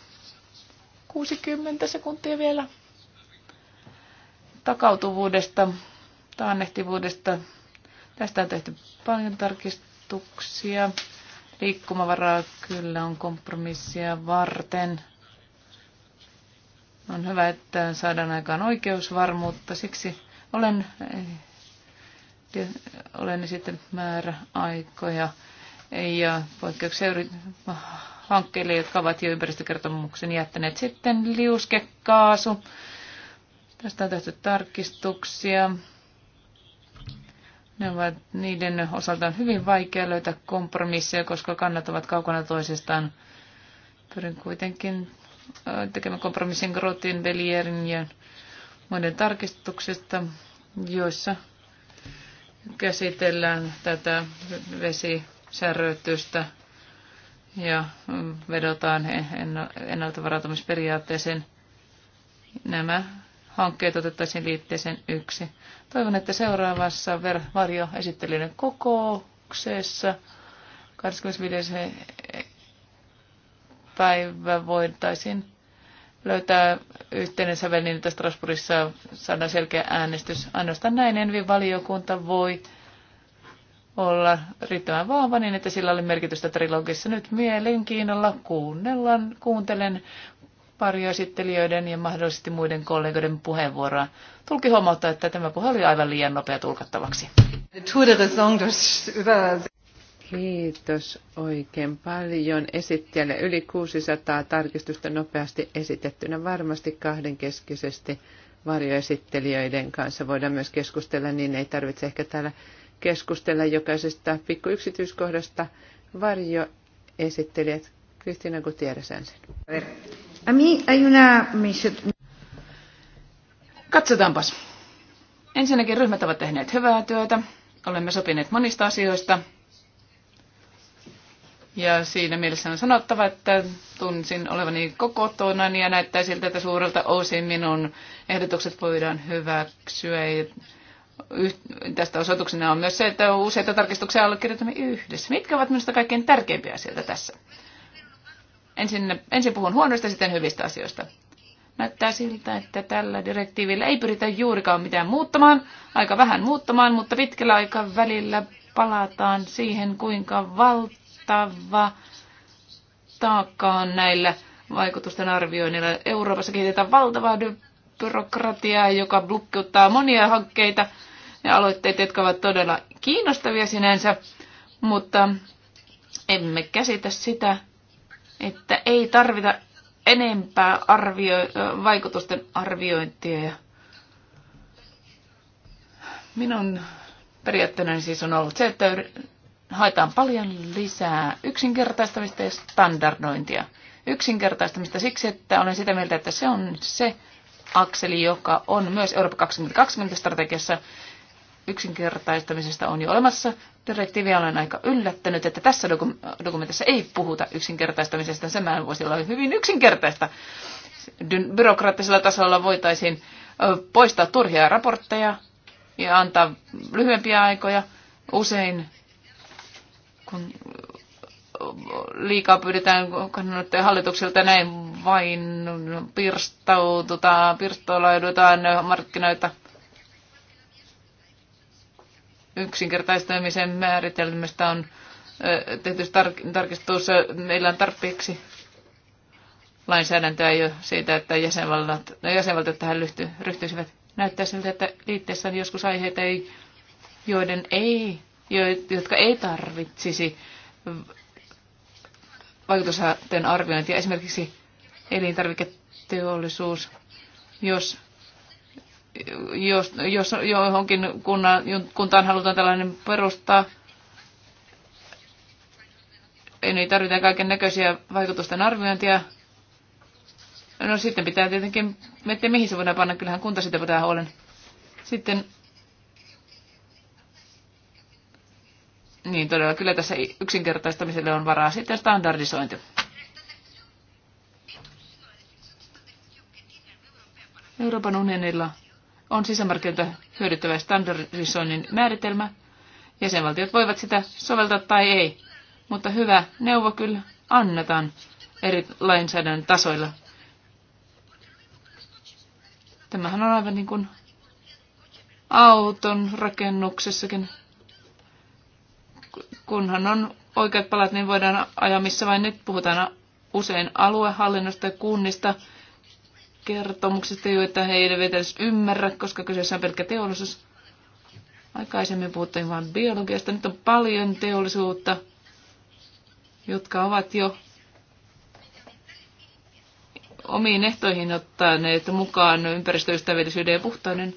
60 sekuntia vielä takautuvuudesta, taannehtivuudesta. Tästä on tehty paljon tarkistuksia liikkumavaraa kyllä on kompromissia varten. On hyvä, että saadaan aikaan oikeusvarmuutta, siksi olen, olen sitten määräaikoja ja poikkeuksia hankkeille, jotka ovat jo ympäristökertomuksen jättäneet. Sitten liuskekaasu. Tästä on tehty tarkistuksia. Ne ovat niiden osaltaan hyvin vaikea löytää kompromisseja, koska kannat ovat kaukana toisistaan. Pyrin kuitenkin tekemään kompromissin Grotin, Belierin ja muiden tarkistuksista, joissa käsitellään tätä vesisäröitystä ja vedotaan ennalta Nämä hankkeet otettaisiin liitteeseen yksi. Toivon, että seuraavassa varjo esittelyiden kokouksessa 25. päivä voitaisiin löytää yhteinen sävel niin, että Strasbourgissa saadaan selkeä äänestys. Ainoastaan näin Envi-valiokunta voi olla riittävän vahva niin, että sillä oli merkitystä trilogissa. Nyt mielenkiinnolla kuunnellaan, kuuntelen varjoesittelijöiden ja mahdollisesti muiden kollegoiden puheenvuoroa. Tulki huomauttaa, että tämä puhe oli aivan liian nopea tulkattavaksi. Kiitos oikein paljon esittäjälle. Yli 600 tarkistusta nopeasti esitettynä varmasti kahdenkeskisesti varjoesittelijöiden kanssa voidaan myös keskustella, niin ei tarvitse ehkä täällä keskustella jokaisesta pikkuyksityiskohdasta. Varjoesittelijät Cristina Gutiérrez ensin. A mí hay una... Katsotaanpas. Ensinnäkin ryhmät ovat tehneet hyvää työtä. Olemme sopineet monista asioista. Ja siinä mielessä on sanottava, että tunsin olevani koko niin ja näyttää siltä, että suurelta osin minun ehdotukset voidaan hyväksyä. Tästä osoituksena on myös se, että useita tarkistuksia allekirjoitamme yhdessä. Mitkä ovat minusta kaikkein tärkeimpiä sieltä tässä? Ensin, ensin puhun huonoista, sitten hyvistä asioista. Näyttää siltä, että tällä direktiivillä ei pyritä juurikaan mitään muuttamaan, aika vähän muuttamaan, mutta pitkällä aikavälillä palataan siihen, kuinka valtava taakka on näillä vaikutusten arvioinnilla. Euroopassa kehitetään valtavaa byrokratiaa, joka blokkeuttaa monia hankkeita ja aloitteita, jotka ovat todella kiinnostavia sinänsä, mutta emme käsitä sitä, että ei tarvita enempää arvio, vaikutusten arviointia. Minun periaatteena siis on ollut se, että haetaan paljon lisää yksinkertaistamista ja standardointia. Yksinkertaistamista siksi, että olen sitä mieltä, että se on se akseli, joka on myös Eurooppa 2020 strategiassa yksinkertaistamisesta on jo olemassa direktiiviä. Olen aika yllättänyt, että tässä dokumentissa ei puhuta yksinkertaistamisesta. Semähän voisi olla hyvin yksinkertaista. Byrokraattisella tasolla voitaisiin poistaa turhia raportteja ja antaa lyhyempiä aikoja. Usein kun liikaa pyydetään kannanottoja hallitukselta näin vain pirstaututaan, pirstoloidutaan markkinoita yksinkertaistamisen määritelmästä on tehty tarkistus. Meillä on tarpeeksi lainsäädäntöä jo siitä, että jäsenvaltiot, no jäsenvaltiot tähän lyhty, ryhtyisivät. Näyttää siltä, että liitteessä on joskus aiheita, joiden ei, jotka ei tarvitsisi vaikutusten arviointia. Esimerkiksi elintarviketeollisuus, jos jos, jos johonkin kunnan, kuntaan halutaan tällainen perustaa, niin tarvita kaiken näköisiä vaikutusten arviointia. No sitten pitää tietenkin miettiä, mihin se voidaan panna. Kyllähän kunta sitä pitää huolen. Sitten Niin todella, kyllä tässä yksinkertaistamiselle on varaa. Sitten standardisointi. Euroopan unionilla on sisämarkkinoita hyödyttävä standardisoinnin määritelmä. Jäsenvaltiot voivat sitä soveltaa tai ei, mutta hyvä neuvo kyllä annetaan eri lainsäädännön tasoilla. Tämähän on aivan niin kuin auton rakennuksessakin. Kunhan on oikeat palat, niin voidaan ajaa missä vain. Nyt puhutaan usein aluehallinnosta ja kunnista kertomuksesta, joita he eivät edes ymmärrä, koska kyseessä on pelkkä teollisuus. Aikaisemmin puhuttiin vain biologiasta. Nyt on paljon teollisuutta, jotka ovat jo omiin ehtoihin ottaneet mukaan ympäristöystävällisyyden ja puhtauden.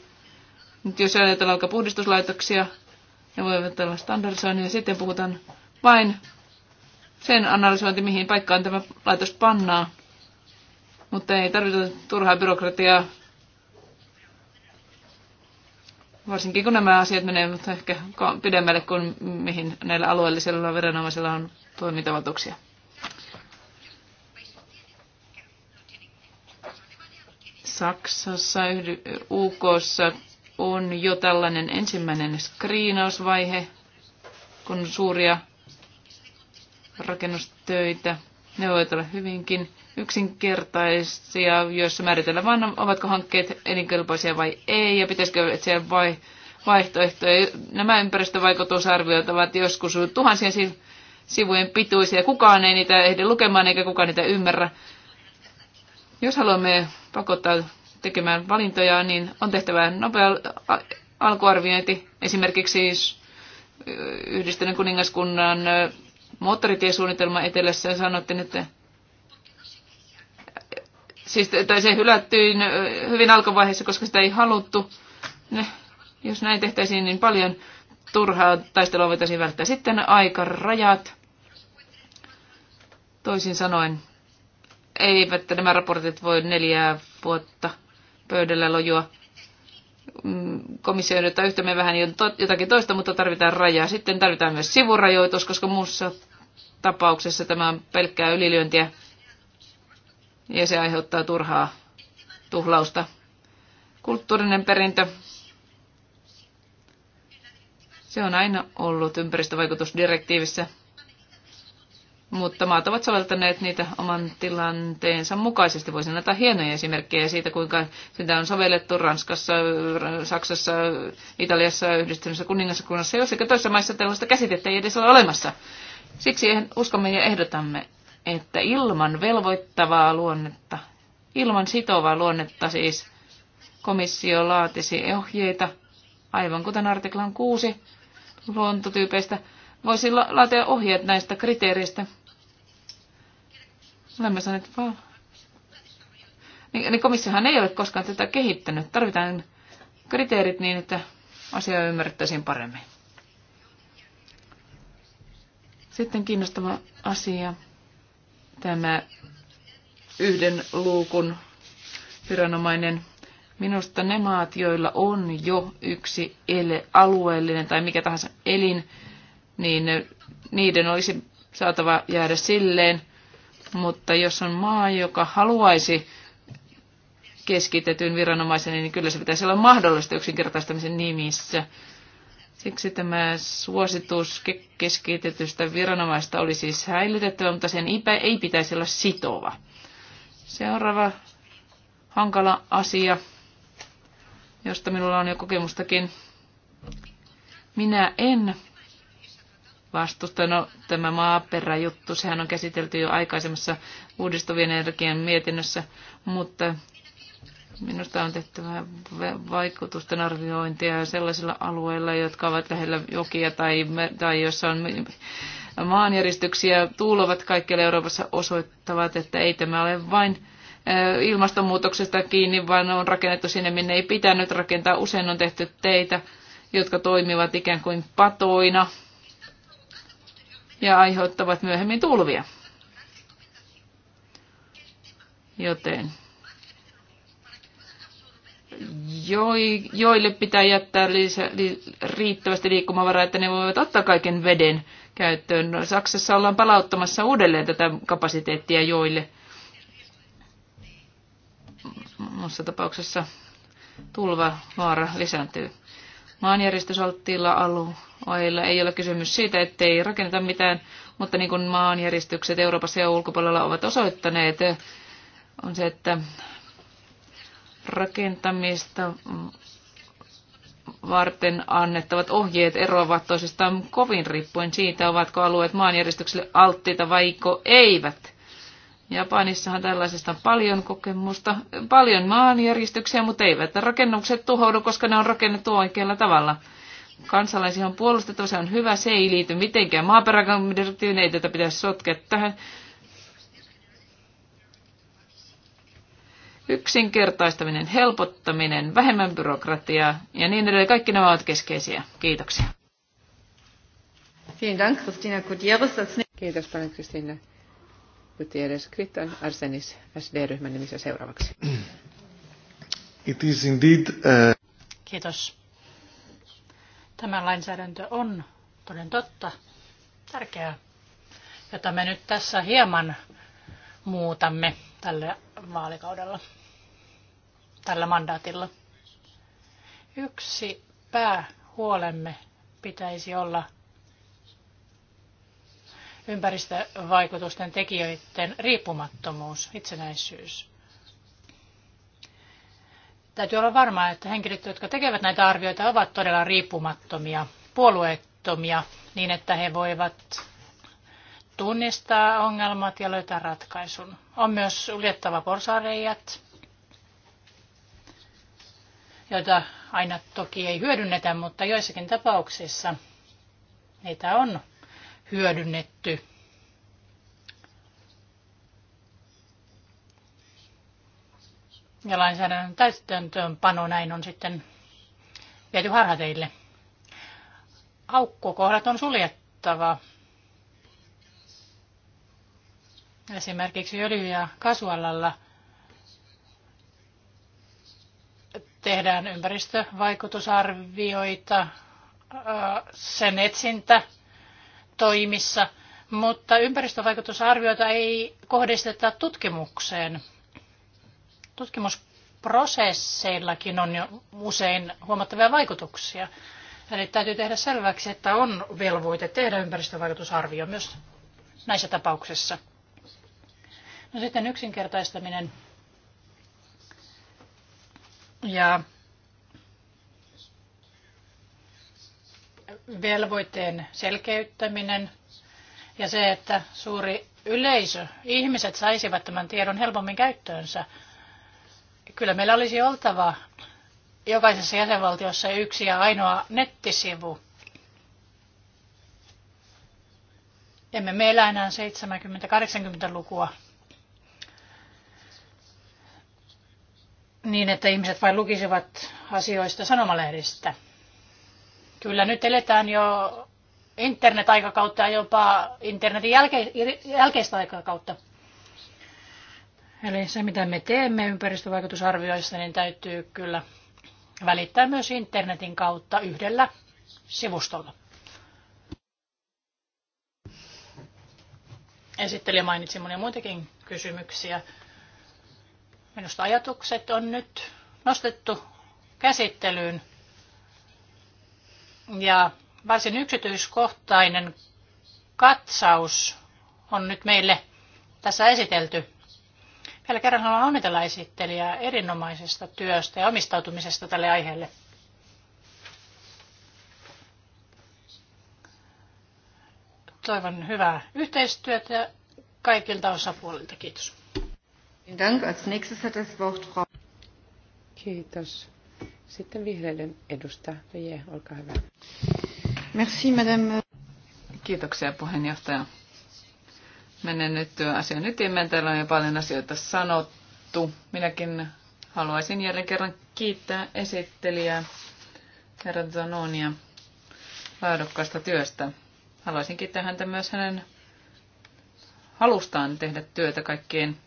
Nyt jos ajatellaan vaikka puhdistuslaitoksia, ne voivat olla standardisoinnin ja sitten puhutaan vain sen analysointi, mihin paikkaan tämä laitos pannaan mutta ei tarvita turhaa byrokratiaa. Varsinkin kun nämä asiat menevät ehkä pidemmälle kuin mihin näillä alueellisilla viranomaisilla on toimintavaltuuksia. Saksassa, UKssa on jo tällainen ensimmäinen skriinausvaihe, kun suuria rakennustöitä, ne voivat olla hyvinkin yksinkertaisia, joissa määritellään vain, ovatko hankkeet elinkelpoisia vai ei, ja pitäisikö etsiä vai, vaihtoehtoja. Nämä ympäristövaikutusarviot ovat joskus tuhansien sivujen pituisia. Kukaan ei niitä ehdi lukemaan eikä kukaan niitä ymmärrä. Jos haluamme pakottaa tekemään valintoja, niin on tehtävä nopea alkuarviointi. Esimerkiksi yhdistyneen kuningaskunnan moottoritiesuunnitelma etelässä sanottiin, että Siis, tai se hylättyin hyvin alkuvaiheessa, koska sitä ei haluttu. Ne, jos näin tehtäisiin, niin paljon turhaa taistelua voitaisiin välttää. Sitten aikarajat. Toisin sanoen, eivät nämä raportit voi neljää vuotta pöydällä lojua. Mm, komissio ehdottaa yhtä me vähän jotakin toista, mutta tarvitaan rajaa. Sitten tarvitaan myös sivurajoitus, koska muussa tapauksessa tämä on pelkkää ylilyöntiä ja se aiheuttaa turhaa tuhlausta. Kulttuurinen perintö. Se on aina ollut ympäristövaikutusdirektiivissä, mutta maat ovat soveltaneet niitä oman tilanteensa mukaisesti. Voisin antaa hienoja esimerkkejä siitä, kuinka sitä on sovellettu Ranskassa, Saksassa, Italiassa, Yhdistyneessä kuningaskunnassa, jossakin toisessa maissa tällaista käsitettä ei edes ole olemassa. Siksi uskomme ja ehdotamme, että ilman velvoittavaa luonnetta, ilman sitovaa luonnetta siis, komissio laatisi ohjeita, aivan kuten artiklan 6 luontotyypeistä, voisi la- laatia ohjeet näistä kriteereistä. Olemme saaneet vaan. Niin, niin komissiohan ei ole koskaan tätä kehittänyt. Tarvitaan kriteerit niin, että asiaa ymmärrettäisiin paremmin. Sitten kiinnostava asia tämä yhden luukun viranomainen. Minusta ne maat, joilla on jo yksi ele, alueellinen tai mikä tahansa elin, niin niiden olisi saatava jäädä silleen. Mutta jos on maa, joka haluaisi keskitetyn viranomaisen, niin kyllä se pitäisi olla mahdollista yksinkertaistamisen nimissä. Siksi tämä suositus keskitetystä viranomaista oli siis häilytettävä, mutta sen ei pitäisi olla sitova. Seuraava hankala asia, josta minulla on jo kokemustakin. Minä en vastustanut tämä maaperäjuttu. Sehän on käsitelty jo aikaisemmassa uudistuvien energian mietinnössä, mutta Minusta on vähän vaikutusten arviointia sellaisilla alueilla, jotka ovat lähellä jokia tai, tai jossa on maanjäristyksiä. Tuulovat kaikkialla Euroopassa osoittavat, että ei tämä ole vain eh, ilmastonmuutoksesta kiinni, vaan on rakennettu sinne, minne ei pitänyt rakentaa. Usein on tehty teitä, jotka toimivat ikään kuin patoina ja aiheuttavat myöhemmin tulvia. Joten joille pitää jättää lisä, li, riittävästi liikkumavaraa, että ne voivat ottaa kaiken veden käyttöön. No, Saksassa ollaan palauttamassa uudelleen tätä kapasiteettia joille. Muussa tapauksessa tulvavaara lisääntyy. Maanjäristysalttiilla alueilla ei ole kysymys siitä, ettei rakenneta mitään, mutta niin kuin maanjäristykset Euroopassa ja ulkopuolella ovat osoittaneet, on se, että rakentamista varten annettavat ohjeet eroavat toisistaan kovin riippuen siitä, ovatko alueet maanjäristykselle alttiita vaiko eivät. Japanissahan tällaisesta on paljon kokemusta, paljon maanjäristyksiä, mutta eivät rakennukset tuhoudu, koska ne on rakennettu oikealla tavalla. Kansalaisia on puolustettava, se on hyvä, se ei liity mitenkään maaperädirektiiviin, ei tätä pitäisi sotkea tähän. yksinkertaistaminen, helpottaminen, vähemmän byrokratiaa ja niin edelleen. Kaikki nämä ovat keskeisiä. Kiitoksia. Kiitos paljon, Kristiina Gutierrez. Kriton Arsenis, SD-ryhmän nimissä seuraavaksi. It is indeed, uh... Kiitos. Tämä lainsäädäntö on toden totta tärkeää, jota me nyt tässä hieman muutamme tällä vaalikaudella, tällä mandaatilla. Yksi päähuolemme pitäisi olla ympäristövaikutusten tekijöiden riippumattomuus, itsenäisyys. Täytyy olla varmaa, että henkilöt, jotka tekevät näitä arvioita, ovat todella riippumattomia, puolueettomia, niin että he voivat tunnistaa ongelmat ja löytää ratkaisun. On myös suljettava porsareijat, joita aina toki ei hyödynnetä, mutta joissakin tapauksissa niitä on hyödynnetty. Ja lainsäädännön täytäntöönpano näin on sitten viety harhateille. Aukkokohdat on suljettava esimerkiksi öljy- ja kasualalla tehdään ympäristövaikutusarvioita sen etsintä toimissa, mutta ympäristövaikutusarvioita ei kohdisteta tutkimukseen. Tutkimusprosesseillakin on jo usein huomattavia vaikutuksia. Eli täytyy tehdä selväksi, että on velvoite tehdä ympäristövaikutusarvio myös näissä tapauksissa. No sitten yksinkertaistaminen ja velvoitteen selkeyttäminen ja se, että suuri yleisö, ihmiset saisivat tämän tiedon helpommin käyttöönsä. Kyllä meillä olisi oltava jokaisessa jäsenvaltiossa yksi ja ainoa nettisivu. Emme me elä enää 70-80-lukua. niin, että ihmiset vain lukisivat asioista sanomalehdistä. Kyllä nyt eletään jo internet-aikakautta ja jopa internetin jälke- jälkeistä aikakautta. Eli se, mitä me teemme ympäristövaikutusarvioissa, niin täytyy kyllä välittää myös internetin kautta yhdellä sivustolla. Esittelijä mainitsi monia muitakin kysymyksiä. Minusta ajatukset on nyt nostettu käsittelyyn ja varsin yksityiskohtainen katsaus on nyt meille tässä esitelty. Vielä kerran haluan onnitella esittelijää erinomaisesta työstä ja omistautumisesta tälle aiheelle. Toivon hyvää yhteistyötä kaikilta osapuolilta. Kiitos. Dank. Als nächstes hat das Wort Frau. Kiitos. Sitten vihreiden edustaja Veje, olkaa hyvä. Merci, madame. Kiitoksia puheenjohtaja. Menen nyt asian ytimeen. Täällä on jo paljon asioita sanottu. Minäkin haluaisin jälleen kerran kiittää esittelijää, herra Zanonia, laadukkaasta työstä. Haluaisin kiittää häntä myös hänen halustaan tehdä työtä kaikkien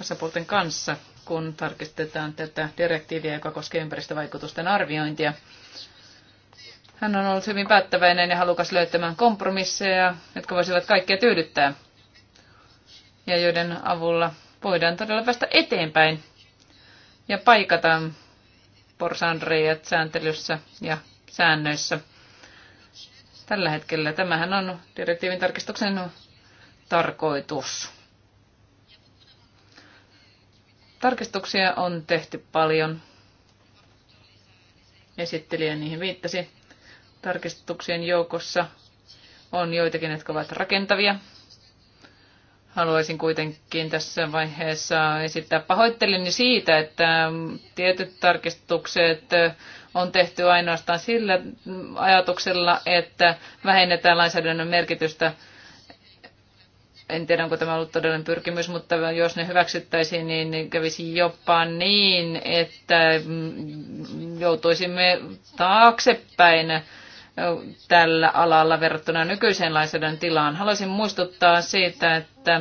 osapuolten kanssa, kun tarkistetaan tätä direktiiviä, joka koskee ympäristövaikutusten arviointia. Hän on ollut hyvin päättäväinen ja halukas löytämään kompromisseja, jotka voisivat kaikkia tyydyttää ja joiden avulla voidaan todella päästä eteenpäin ja paikata porsanreijat sääntelyssä ja säännöissä. Tällä hetkellä tämähän on direktiivin tarkistuksen tarkoitus. Tarkistuksia on tehty paljon. Esittelijä niihin viittasi. Tarkistuksien joukossa on joitakin, jotka ovat rakentavia. Haluaisin kuitenkin tässä vaiheessa esittää pahoittelini siitä, että tietyt tarkistukset on tehty ainoastaan sillä ajatuksella, että vähennetään lainsäädännön merkitystä en tiedä, onko tämä ollut todellinen pyrkimys, mutta jos ne hyväksyttäisiin, niin kävisi jopa niin, että mm, joutuisimme taaksepäin tällä alalla verrattuna nykyiseen lainsäädännön tilaan. Haluaisin muistuttaa siitä, että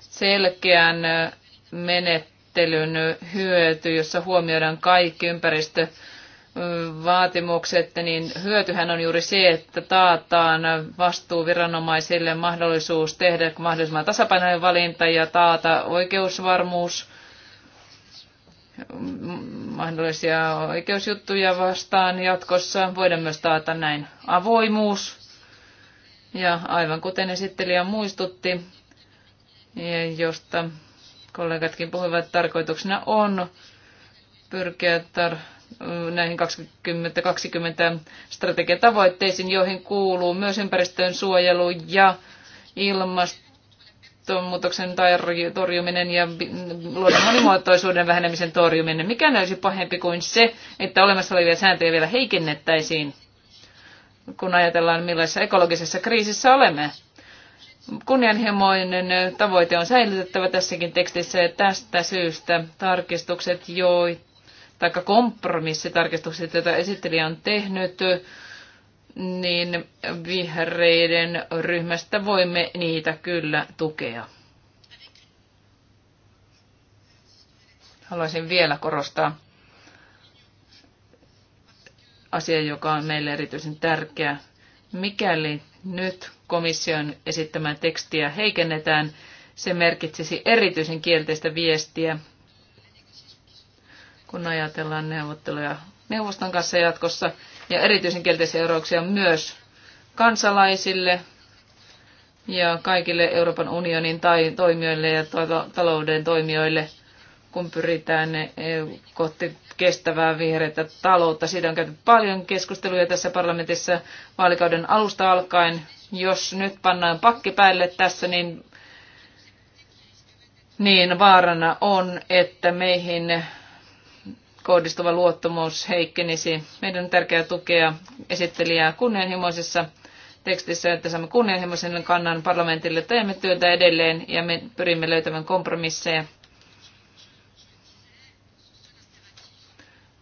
selkeän menettelyn hyöty, jossa huomioidaan kaikki ympäristö- vaatimukset, niin hyötyhän on juuri se, että taataan vastuuviranomaisille mahdollisuus tehdä mahdollisimman tasapainoinen valinta ja taata oikeusvarmuus mahdollisia oikeusjuttuja vastaan jatkossa. Voidaan myös taata näin avoimuus. Ja aivan kuten esittelijä muistutti, josta kollegatkin puhuivat, tarkoituksena on pyrkiä tar- näihin 2020 strategiatavoitteisiin, joihin kuuluu myös ympäristön suojelu ja ilmastonmuutoksen torjuminen ja luonnon monimuotoisuuden vähenemisen torjuminen. Mikä olisi pahempi kuin se, että olemassa olevia sääntöjä vielä heikennettäisiin, kun ajatellaan millaisessa ekologisessa kriisissä olemme? kunnianhimoinen tavoite on säilytettävä tässäkin tekstissä ja tästä syystä tarkistukset, joita tai kompromissitarkistukset, joita esittelijä on tehnyt, niin vihreiden ryhmästä voimme niitä kyllä tukea. Haluaisin vielä korostaa asia, joka on meille erityisen tärkeä. Mikäli nyt komission esittämää tekstiä heikennetään, se merkitsisi erityisen kielteistä viestiä kun ajatellaan neuvotteluja neuvoston kanssa jatkossa. Ja erityisen kielteisiä seurauksia myös kansalaisille ja kaikille Euroopan unionin tai toimijoille ja talouden toimijoille, kun pyritään e, kohti kestävää vihreitä taloutta. Siitä on käyty paljon keskusteluja tässä parlamentissa vaalikauden alusta alkaen. Jos nyt pannaan pakki päälle tässä, niin, niin vaarana on, että meihin kohdistuva luottamus heikkenisi. Meidän on tärkeää tukea esittelijää kunnianhimoisessa tekstissä, että saamme kunnianhimoisen kannan parlamentille. Teemme työtä edelleen ja me pyrimme löytämään kompromisseja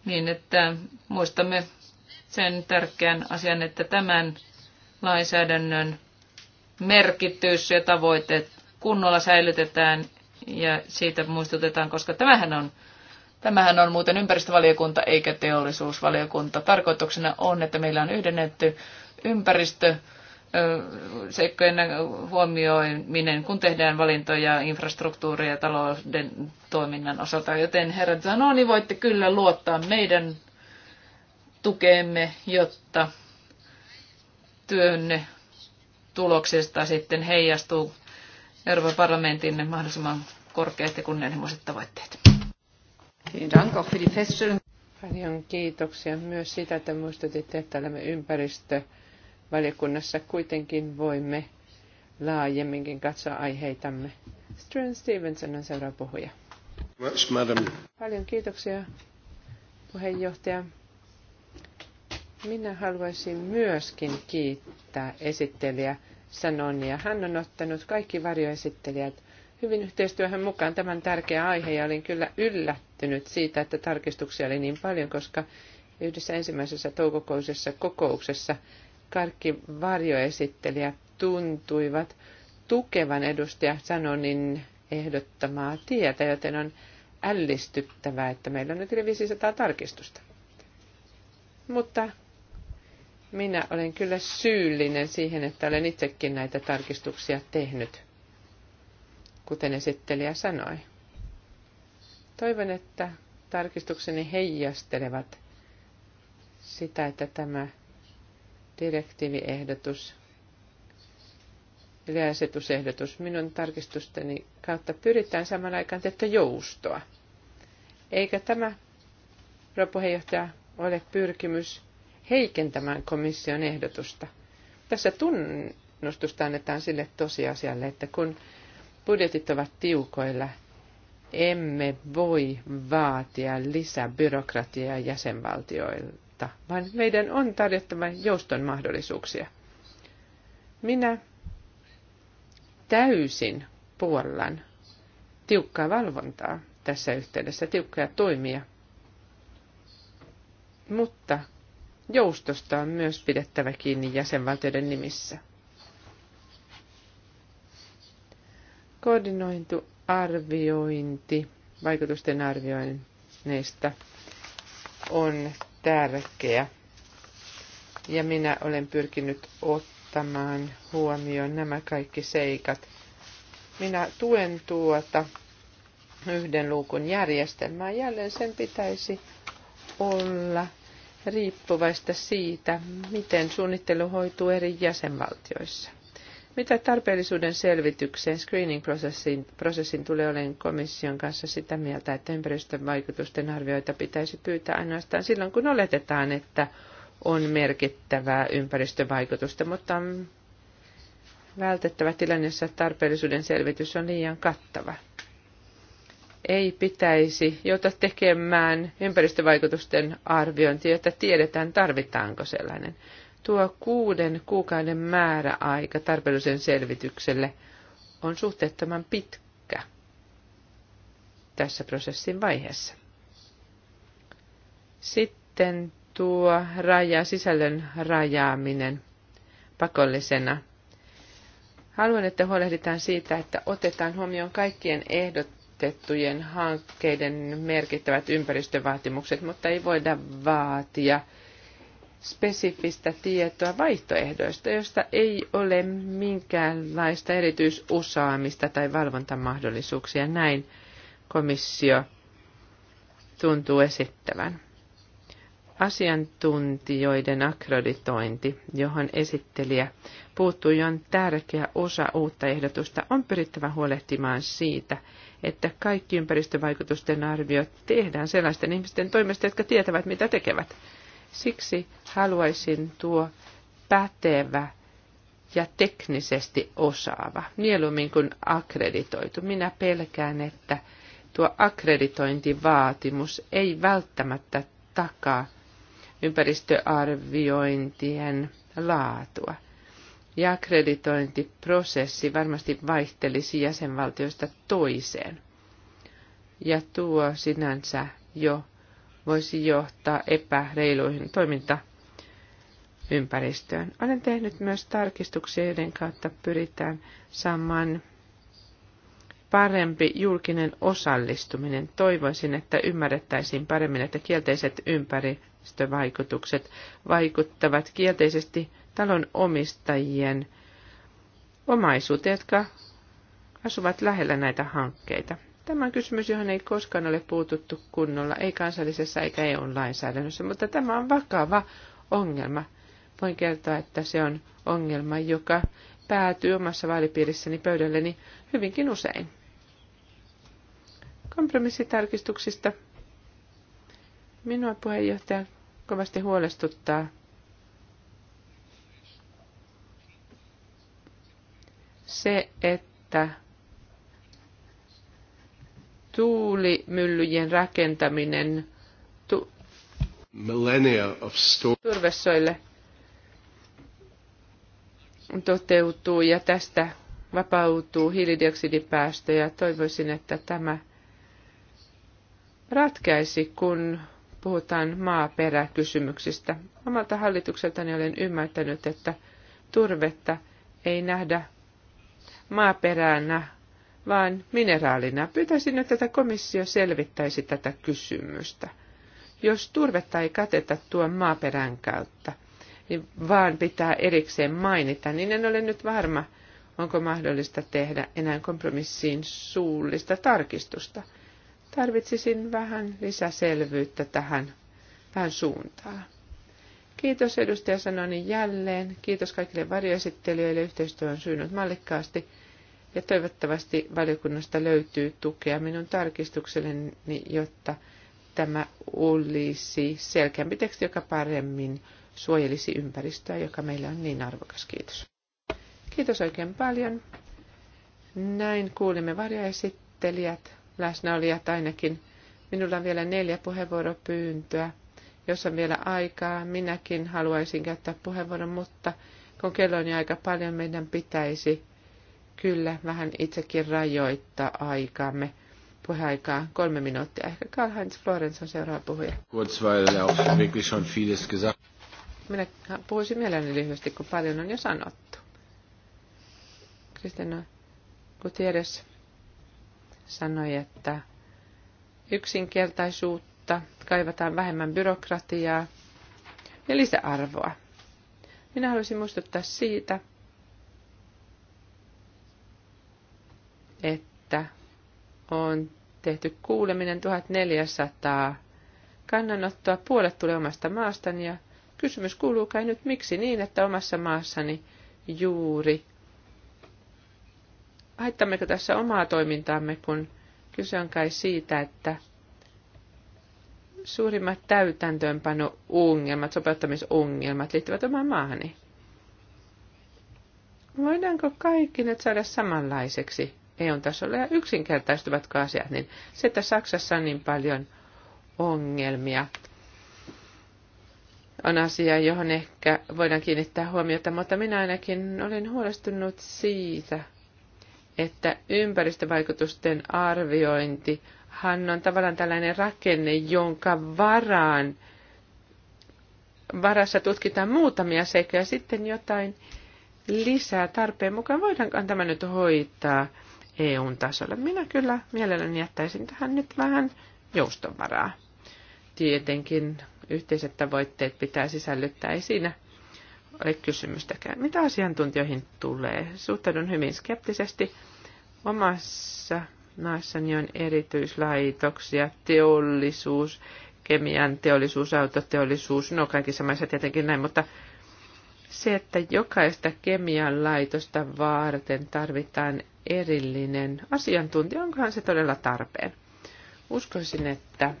niin, että muistamme sen tärkeän asian, että tämän lainsäädännön merkitys ja tavoitteet kunnolla säilytetään ja siitä muistutetaan, koska tämähän on Tämähän on muuten ympäristövaliokunta eikä teollisuusvaliokunta. Tarkoituksena on, että meillä on yhdennetty ympäristö seikkojen huomioiminen, kun tehdään valintoja infrastruktuurin ja talouden toiminnan osalta. Joten herra Zanoni, voitte kyllä luottaa meidän tukeemme, jotta työnne tuloksesta sitten heijastuu Euroopan parlamentin mahdollisimman korkeat ja kunnianhimoiset tavoitteet. Paljon kiitoksia myös siitä, että muistutitte, että olemme ympäristövaliokunnassa kuitenkin voimme laajemminkin katsoa aiheitamme. Struan Stevenson on seuraava puhuja. Much, Paljon kiitoksia, puheenjohtaja. Minä haluaisin myöskin kiittää esittelijä Sanonia. Hän on ottanut kaikki varjoesittelijät hyvin yhteistyöhön mukaan tämän tärkeä aihe ja olin kyllä yllättynyt siitä, että tarkistuksia oli niin paljon, koska yhdessä ensimmäisessä toukokuisessa kokouksessa kaikki varjoesittelijät tuntuivat tukevan edustaja Sanonin ehdottamaa tietä, joten on ällistyttävää, että meillä on nyt yli 500 tarkistusta. Mutta minä olen kyllä syyllinen siihen, että olen itsekin näitä tarkistuksia tehnyt kuten esittelijä sanoi. Toivon, että tarkistukseni heijastelevat sitä, että tämä direktiiviehdotus ja asetusehdotus minun tarkistusteni kautta pyritään saman aikaan tiettyä joustoa. Eikä tämä, puheenjohtaja, ole pyrkimys heikentämään komission ehdotusta. Tässä tunnustusta annetaan sille tosiasialle, että kun budjetit ovat tiukoilla, emme voi vaatia lisää byrokratiaa jäsenvaltioilta, vaan meidän on tarjottava jouston mahdollisuuksia. Minä täysin puollan tiukkaa valvontaa tässä yhteydessä, tiukkaa toimia. Mutta joustosta on myös pidettävä kiinni jäsenvaltioiden nimissä. Koordinointu arviointi vaikutusten arvioinnista on tärkeä. Ja minä olen pyrkinyt ottamaan huomioon nämä kaikki seikat. Minä tuen tuota yhden luukun järjestelmää. Jälleen sen pitäisi olla riippuvaista siitä, miten suunnittelu hoituu eri jäsenvaltioissa. Mitä tarpeellisuuden selvitykseen screening-prosessin prosessin tulee olen komission kanssa sitä mieltä, että ympäristövaikutusten arvioita pitäisi pyytää ainoastaan silloin, kun oletetaan, että on merkittävää ympäristövaikutusta, mutta on vältettävä tilanne, jossa tarpeellisuuden selvitys on liian kattava. Ei pitäisi joutua tekemään ympäristövaikutusten arviointia, että tiedetään tarvitaanko sellainen. Tuo kuuden kuukauden määräaika tarpeellisen selvitykselle on suhteettoman pitkä tässä prosessin vaiheessa. Sitten tuo raja, sisällön rajaaminen pakollisena. Haluan, että huolehditaan siitä, että otetaan huomioon kaikkien ehdotettujen hankkeiden merkittävät ympäristövaatimukset, mutta ei voida vaatia – spesifistä tietoa vaihtoehdoista, joista ei ole minkäänlaista erityisosaamista tai valvontamahdollisuuksia. Näin komissio tuntuu esittävän. Asiantuntijoiden akkreditointi, johon esittelijä puuttuu, on tärkeä osa uutta ehdotusta. On pyrittävä huolehtimaan siitä, että kaikki ympäristövaikutusten arviot tehdään sellaisten ihmisten toimesta, jotka tietävät, mitä tekevät. Siksi haluaisin tuo pätevä ja teknisesti osaava, mieluummin kuin akkreditoitu. Minä pelkään, että tuo akkreditointivaatimus ei välttämättä takaa ympäristöarviointien laatua. Ja akkreditointiprosessi varmasti vaihtelisi jäsenvaltioista toiseen. Ja tuo sinänsä jo voisi johtaa epäreiluihin toimintaympäristöön. Olen tehnyt myös tarkistuksia, joiden kautta pyritään saamaan parempi julkinen osallistuminen. Toivoisin, että ymmärrettäisiin paremmin, että kielteiset ympäristövaikutukset vaikuttavat kielteisesti talon omistajien omaisuuteen, jotka asuvat lähellä näitä hankkeita. Tämä on kysymys, johon ei koskaan ole puututtu kunnolla, ei kansallisessa eikä EU-lainsäädännössä, mutta tämä on vakava ongelma. Voin kertoa, että se on ongelma, joka päätyy omassa vaalipiirissäni pöydälleni hyvinkin usein. Kompromissitarkistuksista. Minua puheenjohtaja kovasti huolestuttaa se, että tuulimyllyjen rakentaminen tu- of turvesoille toteutuu ja tästä vapautuu hiilidioksidipäästöjä. Toivoisin, että tämä ratkaisi, kun puhutaan maaperäkysymyksistä. Omalta hallitukseltani olen ymmärtänyt, että turvetta ei nähdä maaperänä vaan mineraalina. Pyytäisin nyt, että komissio selvittäisi tätä kysymystä. Jos turvetta ei kateta tuon maaperän kautta, niin vaan pitää erikseen mainita, niin en ole nyt varma, onko mahdollista tehdä enää kompromissiin suullista tarkistusta. Tarvitsisin vähän lisäselvyyttä tähän, tähän suuntaan. Kiitos edustaja Sanoni jälleen. Kiitos kaikille varjoesittelijöille. Yhteistyö on syynyt mallikkaasti. Ja toivottavasti valiokunnasta löytyy tukea minun tarkistukselleni, jotta tämä olisi selkeämpi teksti, joka paremmin suojelisi ympäristöä, joka meillä on niin arvokas. Kiitos. Kiitos oikein paljon. Näin kuulimme varjoesittelijät, läsnäolijat ainakin. Minulla on vielä neljä puheenvuoropyyntöä. Jos on vielä aikaa, minäkin haluaisin käyttää puheenvuoron, mutta kun kello on jo aika paljon, meidän pitäisi kyllä vähän itsekin rajoittaa aikaamme. Puheaikaa kolme minuuttia. Ehkä Karl-Heinz Florens on seuraava puhuja. Er Minä puhuisin mielelläni lyhyesti, kun paljon on jo sanottu. Kristina Gutierrez sanoi, että yksinkertaisuutta, kaivataan vähemmän byrokratiaa ja lisäarvoa. Minä haluaisin muistuttaa siitä, että on tehty kuuleminen 1400 kannanottoa, puolet tulee omasta maastani ja kysymys kuuluu kai nyt miksi niin, että omassa maassani juuri haittammeko tässä omaa toimintaamme, kun kyse on kai siitä, että suurimmat täytäntöönpano-ongelmat, sopeuttamisongelmat liittyvät omaan maahani. Voidaanko kaikki nyt saada samanlaiseksi EU-tasolla ja yksinkertaistuvatko asiat, niin se, että Saksassa on niin paljon ongelmia, on asia, johon ehkä voidaan kiinnittää huomiota, mutta minä ainakin olin huolestunut siitä, että ympäristövaikutusten arviointi hän on tavallaan tällainen rakenne, jonka varaan varassa tutkitaan muutamia seikkoja, sitten jotain lisää tarpeen mukaan. Voidaanko tämä nyt hoitaa EU-tasolle. Minä kyllä mielelläni jättäisin tähän nyt vähän joustovaraa. Tietenkin yhteiset tavoitteet pitää sisällyttää, ei siinä ole kysymystäkään. Mitä asiantuntijoihin tulee? Suhtaudun hyvin skeptisesti. Omassa maassani on erityislaitoksia, teollisuus, kemian teollisuus, autoteollisuus, no kaikki samassa tietenkin näin, mutta se, että jokaista kemian laitosta varten tarvitaan erillinen asiantuntija, onkohan se todella tarpeen. Uskoisin, että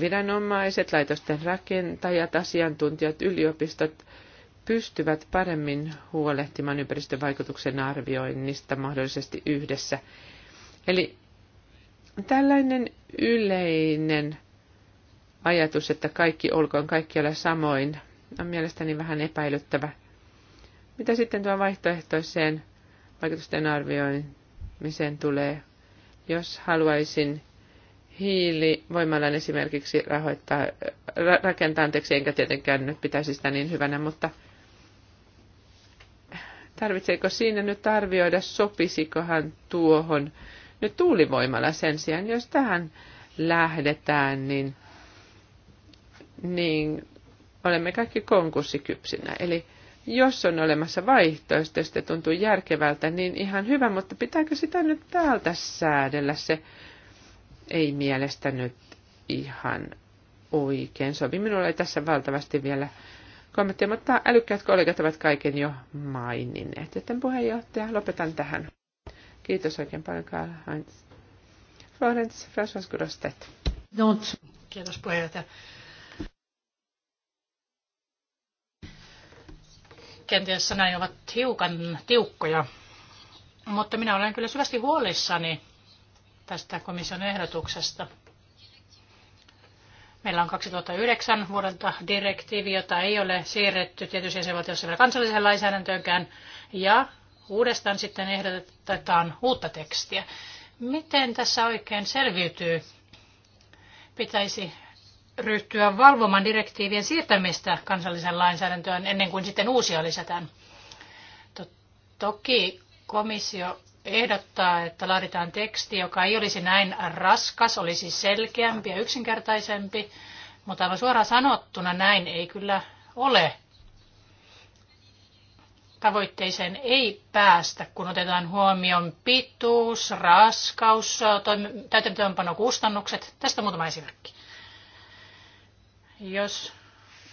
viranomaiset, laitosten rakentajat, asiantuntijat, yliopistot pystyvät paremmin huolehtimaan ympäristövaikutuksen arvioinnista mahdollisesti yhdessä. Eli tällainen yleinen ajatus, että kaikki olkoon kaikkialla samoin, on mielestäni vähän epäilyttävä. Mitä sitten tuo vaihtoehtoiseen vaikutusten arvioimiseen tulee. Jos haluaisin hiilivoimalan esimerkiksi rahoittaa, ra- rakentaa, anteeksi, enkä tietenkään nyt pitäisi sitä niin hyvänä, mutta tarvitseeko siinä nyt arvioida, sopisikohan tuohon nyt tuulivoimalla sen sijaan, jos tähän lähdetään, niin, niin olemme kaikki konkurssikypsinä. Eli jos on olemassa vaihtoehto, jos se tuntuu järkevältä, niin ihan hyvä, mutta pitääkö sitä nyt täältä säädellä? Se ei mielestä nyt ihan oikein sovi. Minulla ei tässä valtavasti vielä kommentteja, mutta älykkäät kollegat ovat kaiken jo maininneet. Joten puheenjohtaja, lopetan tähän. Kiitos oikein paljon, Karl Heinz. Florence François Grostet. Kiitos puheenjohtaja. kenties sanani ovat hiukan tiukkoja, mutta minä olen kyllä syvästi huolissani tästä komission ehdotuksesta. Meillä on 2009 vuodelta direktiivi, jota ei ole siirretty tietysti jäsenvaltiossa vielä kansalliseen lainsäädäntöönkään, ja uudestaan sitten ehdotetaan uutta tekstiä. Miten tässä oikein selviytyy? Pitäisi ryhtyä valvomaan direktiivien siirtämistä kansalliseen lainsäädäntöön ennen kuin sitten uusia lisätään. Toki komissio ehdottaa, että laaditaan teksti, joka ei olisi näin raskas, olisi selkeämpi ja yksinkertaisempi, mutta aivan suoraan sanottuna näin ei kyllä ole. Tavoitteeseen ei päästä, kun otetaan huomioon pituus, raskaus, täytäntöönpanokustannukset. Tästä muutama esimerkki. Jos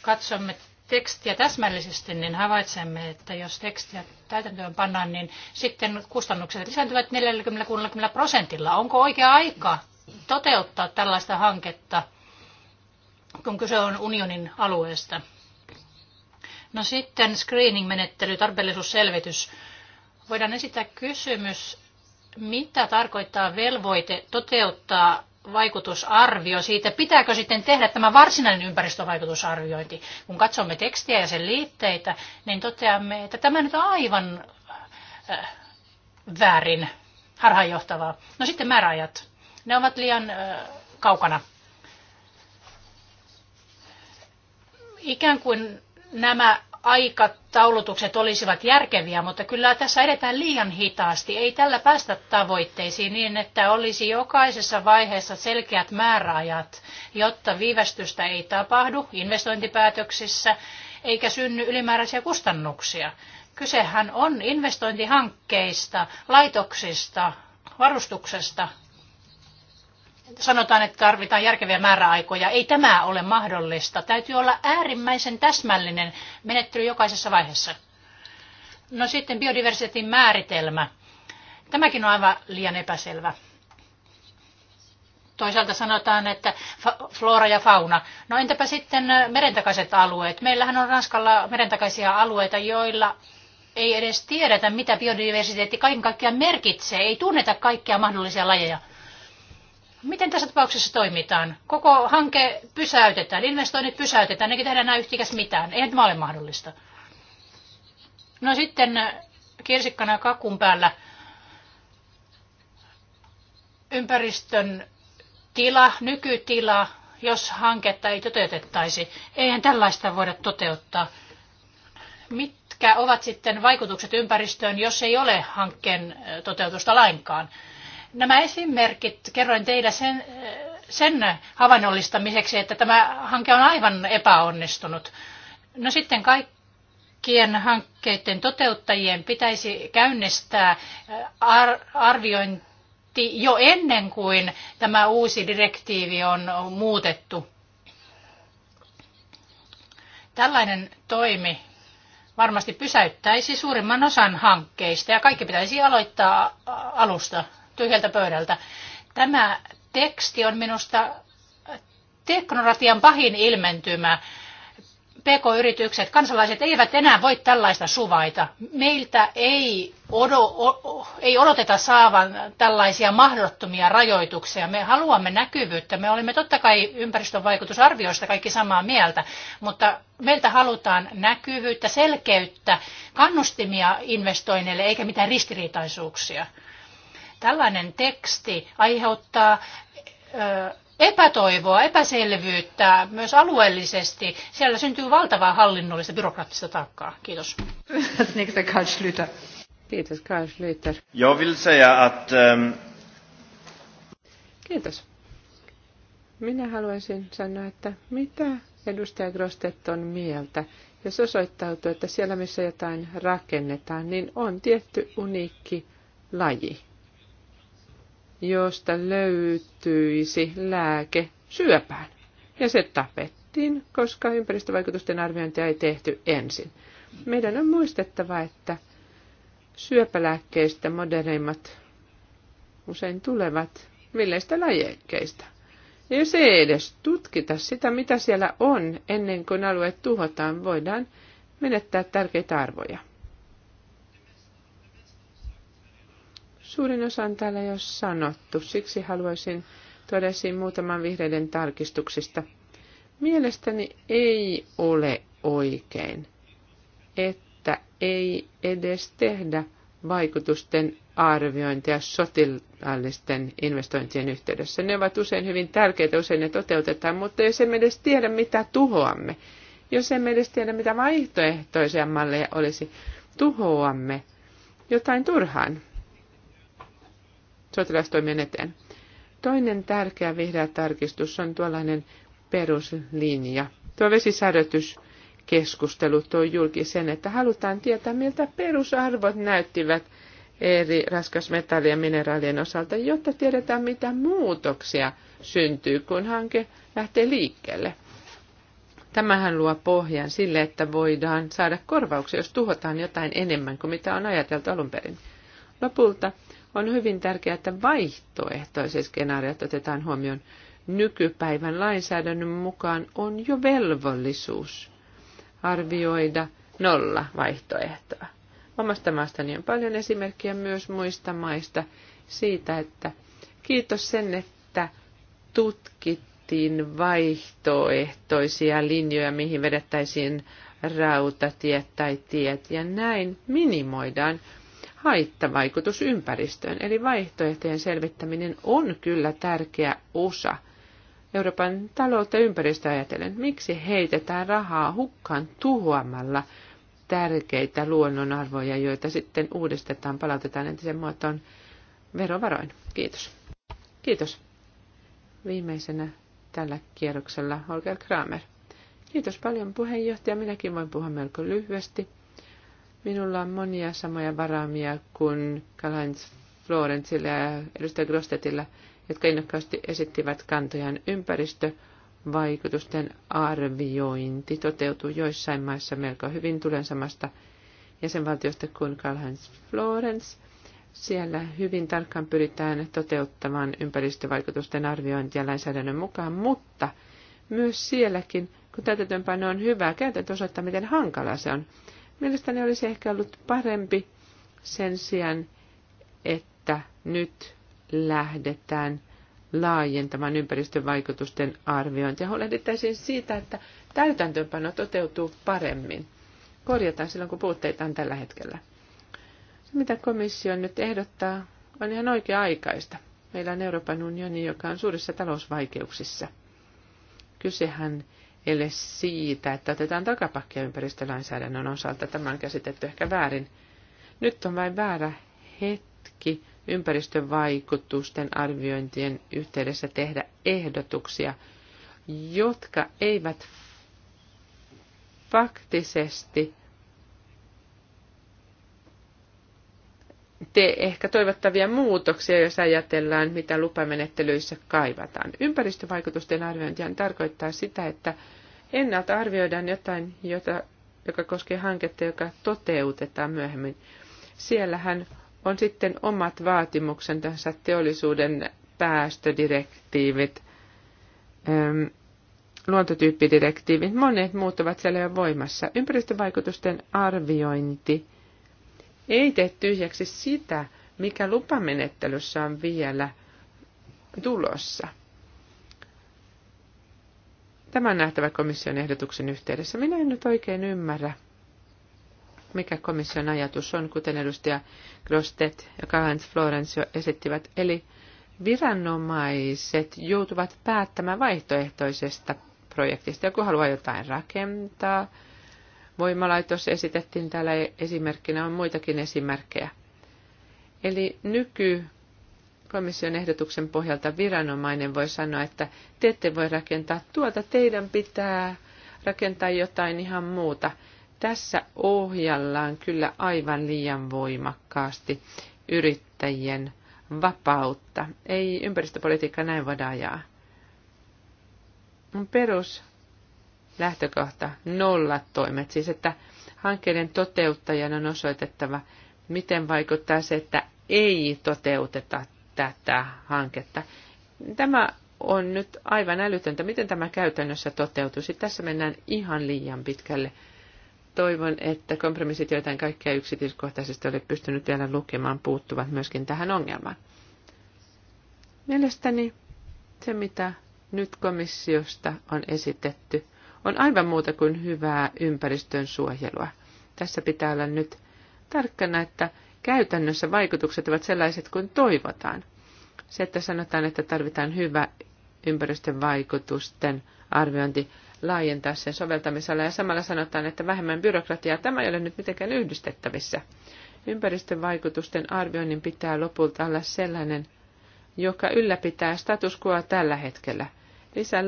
katsomme tekstiä täsmällisesti, niin havaitsemme, että jos tekstiä täytäntöön pannaan, niin sitten kustannukset lisääntyvät 40-60 prosentilla. Onko oikea aika toteuttaa tällaista hanketta, kun kyse on unionin alueesta? No sitten screening-menettely, tarpeellisuusselvitys. Voidaan esittää kysymys, mitä tarkoittaa velvoite toteuttaa vaikutusarvio siitä, pitääkö sitten tehdä tämä varsinainen ympäristövaikutusarviointi. Kun katsomme tekstiä ja sen liitteitä, niin toteamme, että tämä nyt on aivan äh, väärin harhaanjohtavaa. No sitten määräajat. Ne ovat liian äh, kaukana. Ikään kuin nämä aikataulutukset olisivat järkeviä, mutta kyllä tässä edetään liian hitaasti. Ei tällä päästä tavoitteisiin niin, että olisi jokaisessa vaiheessa selkeät määräajat, jotta viivästystä ei tapahdu investointipäätöksissä eikä synny ylimääräisiä kustannuksia. Kysehän on investointihankkeista, laitoksista, varustuksesta, sanotaan, että tarvitaan järkeviä määräaikoja. Ei tämä ole mahdollista. Täytyy olla äärimmäisen täsmällinen menettely jokaisessa vaiheessa. No sitten biodiversiteetin määritelmä. Tämäkin on aivan liian epäselvä. Toisaalta sanotaan, että flora ja fauna. No entäpä sitten merentakaiset alueet? Meillähän on Ranskalla merentakaisia alueita, joilla ei edes tiedetä, mitä biodiversiteetti kaiken kaikkiaan merkitsee. Ei tunneta kaikkia mahdollisia lajeja. Miten tässä tapauksessa toimitaan? Koko hanke pysäytetään, investoinnit pysäytetään, eikä tehdä enää yhtikäs mitään. Eihän tämä ole mahdollista. No sitten äh, kirsikkana kakun päällä ympäristön tila, nykytila, jos hanketta ei toteutettaisi. Eihän tällaista voida toteuttaa. Mitkä ovat sitten vaikutukset ympäristöön, jos ei ole hankkeen äh, toteutusta lainkaan? Nämä esimerkit kerroin teille sen, sen havainnollistamiseksi, että tämä hanke on aivan epäonnistunut. No sitten kaikkien hankkeiden toteuttajien pitäisi käynnistää äh, arviointi jo ennen kuin tämä uusi direktiivi on muutettu. Tällainen toimi varmasti pysäyttäisi suurimman osan hankkeista ja kaikki pitäisi aloittaa alusta tyhjältä pöydältä. Tämä teksti on minusta teknoratian pahin ilmentymä. PK-yritykset, kansalaiset eivät enää voi tällaista suvaita. Meiltä ei, odo, o, ei odoteta saavan tällaisia mahdottomia rajoituksia. Me haluamme näkyvyyttä. Me olemme totta kai ympäristön vaikutusarvioista kaikki samaa mieltä, mutta meiltä halutaan näkyvyyttä, selkeyttä, kannustimia investoinneille eikä mitään ristiriitaisuuksia. Tällainen teksti aiheuttaa epätoivoa, epäselvyyttä myös alueellisesti. Siellä syntyy valtavaa hallinnollista byrokraattista taakkaa. Kiitos. Kiitos, Karl Schlüter. Jag vill säga att... Ähm... Kiitos. Minä haluaisin sanoa, että mitä edustaja Grostet on mieltä. Jos osoittautuu, että siellä missä jotain rakennetaan, niin on tietty uniikki laji josta löytyisi lääke syöpään. Ja se tapettiin, koska ympäristövaikutusten arviointia ei tehty ensin. Meidän on muistettava, että syöpälääkkeistä moderneimmat usein tulevat villeistä lajekkeista. Ja jos ei edes tutkita sitä, mitä siellä on, ennen kuin alue tuhotaan, voidaan menettää tärkeitä arvoja. Suurin osa on täällä jo sanottu, siksi haluaisin tuoda esiin muutaman vihreiden tarkistuksista. Mielestäni ei ole oikein, että ei edes tehdä vaikutusten arviointia sotilaallisten investointien yhteydessä. Ne ovat usein hyvin tärkeitä, usein ne toteutetaan, mutta jos emme edes tiedä, mitä tuhoamme, jos emme edes tiedä, mitä vaihtoehtoisia malleja olisi, tuhoamme jotain turhaan sotilastoimien eteen. Toinen tärkeä vihreä tarkistus on tuollainen peruslinja. Tuo vesisäädötyskeskustelu toi julki sen, että halutaan tietää, miltä perusarvot näyttivät eri raskasmetallien ja mineraalien osalta, jotta tiedetään, mitä muutoksia syntyy, kun hanke lähtee liikkeelle. Tämähän luo pohjan sille, että voidaan saada korvauksia, jos tuhotaan jotain enemmän kuin mitä on ajateltu alun perin. Lopulta on hyvin tärkeää, että vaihtoehtoiset skenaariot otetaan huomioon. Nykypäivän lainsäädännön mukaan on jo velvollisuus arvioida nolla vaihtoehtoa. Omasta maastani on paljon esimerkkiä myös muista maista siitä, että kiitos sen, että tutkittiin vaihtoehtoisia linjoja, mihin vedettäisiin rautatiet tai tiet, ja näin minimoidaan haittavaikutus ympäristöön. Eli vaihtoehtojen selvittäminen on kyllä tärkeä osa Euroopan taloutta ja ympäristöä ajatellen. Miksi heitetään rahaa hukkaan tuhoamalla tärkeitä luonnonarvoja, joita sitten uudistetaan, palautetaan entisen muotoon verovaroin? Kiitos. Kiitos. Viimeisenä tällä kierroksella Holger Kramer. Kiitos paljon puheenjohtaja. Minäkin voin puhua melko lyhyesti. Minulla on monia samoja varaamia kuin Karl-Heinz Florentsilla ja edustaja Grostetilla, jotka innokkaasti esittivät kantojan ympäristö, vaikutusten arviointi toteutuu joissain maissa melko hyvin. Tulen samasta jäsenvaltiosta kuin Karl-Heinz Florence. Siellä hyvin tarkkaan pyritään toteuttamaan ympäristövaikutusten arviointia lainsäädännön mukaan, mutta myös sielläkin, kun täytäntöönpano on hyvää, käytäntö osoittaa, miten hankalaa se on. Mielestäni olisi ehkä ollut parempi sen sijaan, että nyt lähdetään laajentamaan ympäristövaikutusten arviointia. Huolehdittaisiin siitä, että täytäntöönpano toteutuu paremmin. Korjataan silloin, kun puutteita on tällä hetkellä. Se, mitä komissio nyt ehdottaa, on ihan oikea-aikaista. Meillä on Euroopan unioni, joka on suurissa talousvaikeuksissa. Kysehän ele siitä, että otetaan takapakkia ympäristölainsäädännön osalta. Tämä on käsitetty ehkä väärin. Nyt on vain väärä hetki ympäristövaikutusten arviointien yhteydessä tehdä ehdotuksia, jotka eivät faktisesti tee ehkä toivottavia muutoksia, jos ajatellaan, mitä lupamenettelyissä kaivataan. Ympäristövaikutusten arviointi tarkoittaa sitä, että ennalta arvioidaan jotain, jota, joka koskee hanketta, joka toteutetaan myöhemmin. Siellähän on sitten omat vaatimuksensa teollisuuden päästödirektiivit, luontotyyppidirektiivit, monet muut ovat siellä jo voimassa. Ympäristövaikutusten arviointi – ei tee tyhjäksi sitä, mikä lupamenettelyssä on vielä tulossa. Tämä on nähtävä komission ehdotuksen yhteydessä. Minä en nyt oikein ymmärrä, mikä komission ajatus on, kuten edustaja Grostet ja Karl-Heinz Florence esittivät. Eli viranomaiset joutuvat päättämään vaihtoehtoisesta projektista. Joku haluaa jotain rakentaa, voimalaitos esitettiin täällä esimerkkinä, on muitakin esimerkkejä. Eli nyky komission ehdotuksen pohjalta viranomainen voi sanoa, että te ette voi rakentaa tuota, teidän pitää rakentaa jotain ihan muuta. Tässä ohjallaan kyllä aivan liian voimakkaasti yrittäjien vapautta. Ei ympäristöpolitiikka näin voida ajaa. Perus lähtökohta, nollatoimet, siis että hankkeiden toteuttajan on osoitettava, miten vaikuttaa se, että ei toteuteta tätä hanketta. Tämä on nyt aivan älytöntä, miten tämä käytännössä toteutuisi. Tässä mennään ihan liian pitkälle. Toivon, että kompromissit, joita en kaikkia yksityiskohtaisesti ole pystynyt vielä lukemaan, puuttuvat myöskin tähän ongelmaan. Mielestäni se, mitä nyt komissiosta on esitetty, on aivan muuta kuin hyvää ympäristön suojelua. Tässä pitää olla nyt tarkkana, että käytännössä vaikutukset ovat sellaiset kuin toivotaan. Se, että sanotaan, että tarvitaan hyvä ympäristön vaikutusten arviointi, laajentaa sen soveltamisella ja samalla sanotaan, että vähemmän byrokratiaa tämä ei ole nyt mitenkään yhdistettävissä. Ympäristön vaikutusten arvioinnin pitää lopulta olla sellainen, joka ylläpitää status quo tällä hetkellä –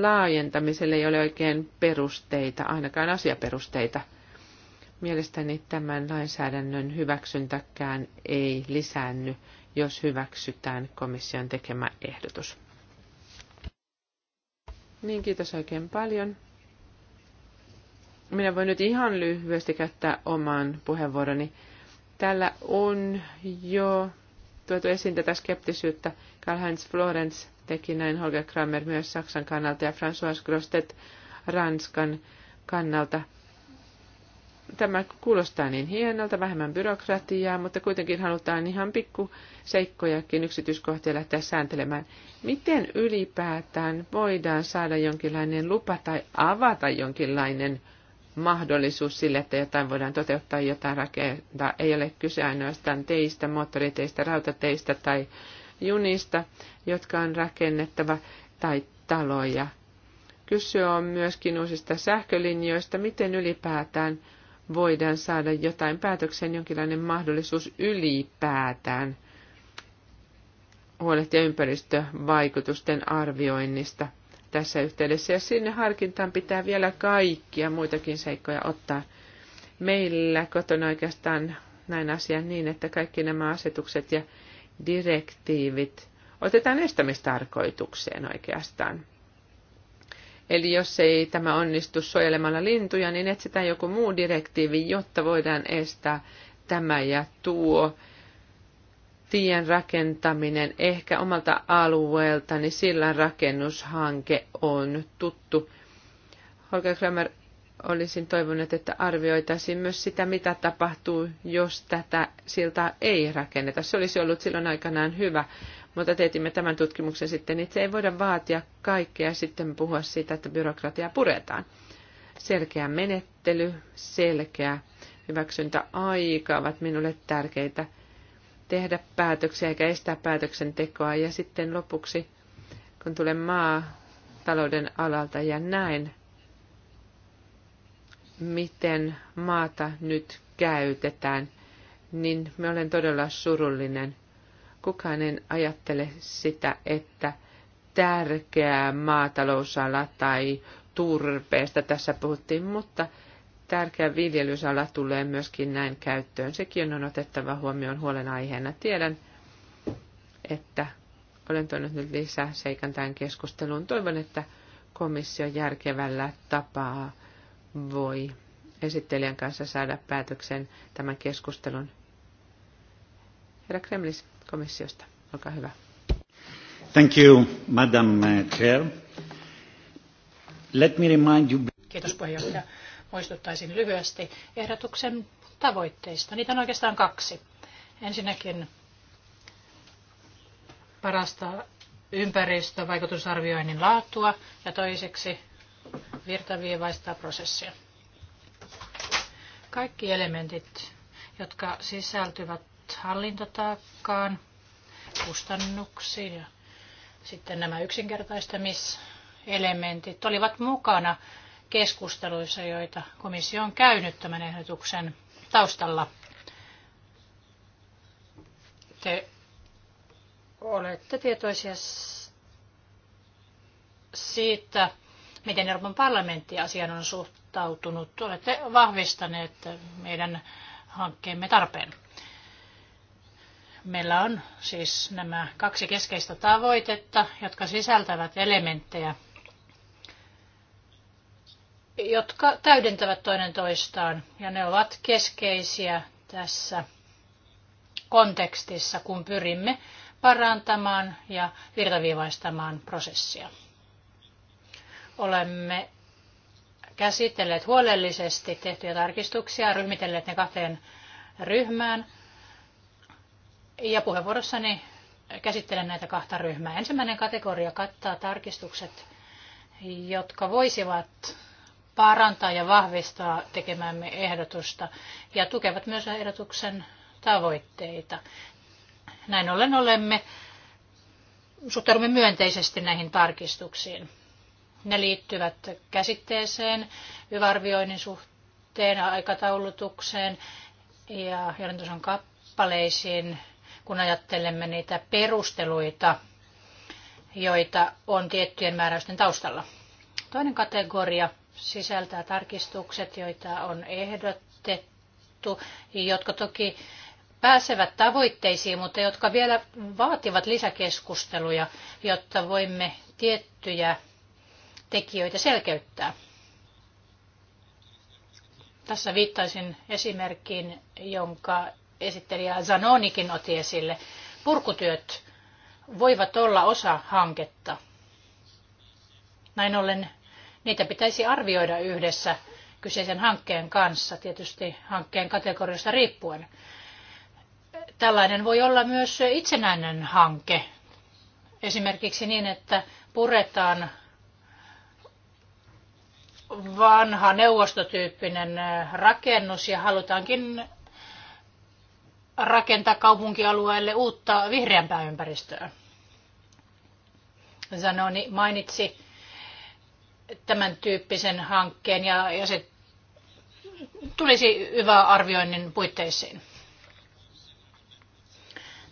laajentamiselle ei ole oikein perusteita, ainakaan asiaperusteita. Mielestäni tämän lainsäädännön hyväksyntäkään ei lisäänny, jos hyväksytään komission tekemä ehdotus. Niin, kiitos oikein paljon. Minä voin nyt ihan lyhyesti käyttää oman puheenvuoroni. Täällä on jo tuotu esiin tätä skeptisyyttä. Karl-Heinz Florence teki näin Holger Kramer myös Saksan kannalta ja François Grostet Ranskan kannalta. Tämä kuulostaa niin hienolta, vähemmän byrokratiaa, mutta kuitenkin halutaan ihan pikku seikkojakin yksityiskohtia lähteä sääntelemään. Miten ylipäätään voidaan saada jonkinlainen lupa tai avata jonkinlainen mahdollisuus sille, että jotain voidaan toteuttaa, jotain rakentaa. Ei ole kyse ainoastaan teistä, moottoriteistä, rautateistä tai junista jotka on rakennettava, tai taloja. Kysy on myöskin uusista sähkölinjoista, miten ylipäätään voidaan saada jotain päätökseen, jonkinlainen mahdollisuus ylipäätään huolehtia ympäristövaikutusten arvioinnista tässä yhteydessä. Ja sinne harkintaan pitää vielä kaikkia muitakin seikkoja ottaa. Meillä kotona oikeastaan näin asian niin, että kaikki nämä asetukset ja direktiivit otetaan estämistarkoitukseen oikeastaan. Eli jos ei tämä onnistu suojelemalla lintuja, niin etsitään joku muu direktiivi, jotta voidaan estää tämä ja tuo tien rakentaminen, ehkä omalta alueelta, niin sillä rakennushanke on tuttu. Holger Kramer, olisin toivonut, että arvioitaisiin myös sitä, mitä tapahtuu, jos tätä siltaa ei rakenneta. Se olisi ollut silloin aikanaan hyvä mutta teetimme tämän tutkimuksen sitten itse. Niin ei voida vaatia kaikkea ja sitten puhua siitä, että byrokratia puretaan. Selkeä menettely, selkeä hyväksyntäaika ovat minulle tärkeitä tehdä päätöksiä eikä estää päätöksentekoa. Ja sitten lopuksi, kun tulen maatalouden alalta ja näen, miten maata nyt käytetään, niin me olen todella surullinen Kukaan ei ajattele sitä, että tärkeää maatalousala tai turpeesta tässä puhuttiin, mutta tärkeä viljelysala tulee myöskin näin käyttöön. Sekin on otettava huomioon huolenaiheena. Tiedän, että olen tuonut nyt lisää seikan tämän keskusteluun. Toivon, että komissio järkevällä tapaa voi esittelijän kanssa saada päätöksen tämän keskustelun. Herra Kremlis, komissiosta. Olkaa hyvä. Thank you, Madam uh, Chair. Let me remind you... Kiitos puheenjohtaja. Muistuttaisin lyhyesti ehdotuksen tavoitteista. Niitä on oikeastaan kaksi. Ensinnäkin parasta ympäristövaikutusarvioinnin laatua ja toiseksi virtaviivaistaa prosessia. Kaikki elementit, jotka sisältyvät hallintotaakkaan, kustannuksiin ja sitten nämä yksinkertaistamiselementit olivat mukana keskusteluissa, joita komissio on käynyt tämän ehdotuksen taustalla. Te olette tietoisia siitä, miten Euroopan parlamentti asian on suhtautunut. Olette vahvistaneet meidän hankkeemme tarpeen. Meillä on siis nämä kaksi keskeistä tavoitetta, jotka sisältävät elementtejä, jotka täydentävät toinen toistaan. Ja ne ovat keskeisiä tässä kontekstissa, kun pyrimme parantamaan ja virtaviivaistamaan prosessia. Olemme käsitelleet huolellisesti tehtyjä tarkistuksia, ryhmitelleet ne kahteen ryhmään – ja puheenvuorossani käsittelen näitä kahta ryhmää. Ensimmäinen kategoria kattaa tarkistukset, jotka voisivat parantaa ja vahvistaa tekemämme ehdotusta ja tukevat myös ehdotuksen tavoitteita. Näin ollen olemme, suhtaudumme myönteisesti näihin tarkistuksiin. Ne liittyvät käsitteeseen, yvarvioinnin suhteen, aikataulutukseen ja johdantosan kappaleisiin kun ajattelemme niitä perusteluita, joita on tiettyjen määräysten taustalla. Toinen kategoria sisältää tarkistukset, joita on ehdotettu, jotka toki pääsevät tavoitteisiin, mutta jotka vielä vaativat lisäkeskusteluja, jotta voimme tiettyjä tekijöitä selkeyttää. Tässä viittaisin esimerkkiin, jonka esittelijä Zanonikin otti esille, purkutyöt voivat olla osa hanketta. Näin ollen niitä pitäisi arvioida yhdessä kyseisen hankkeen kanssa, tietysti hankkeen kategoriasta riippuen. Tällainen voi olla myös itsenäinen hanke, esimerkiksi niin, että puretaan vanha neuvostotyyppinen rakennus ja halutaankin rakentaa kaupunkialueelle uutta vihreämpää ympäristöä. Zanoni mainitsi tämän tyyppisen hankkeen ja, ja se tulisi hyvä arvioinnin puitteisiin.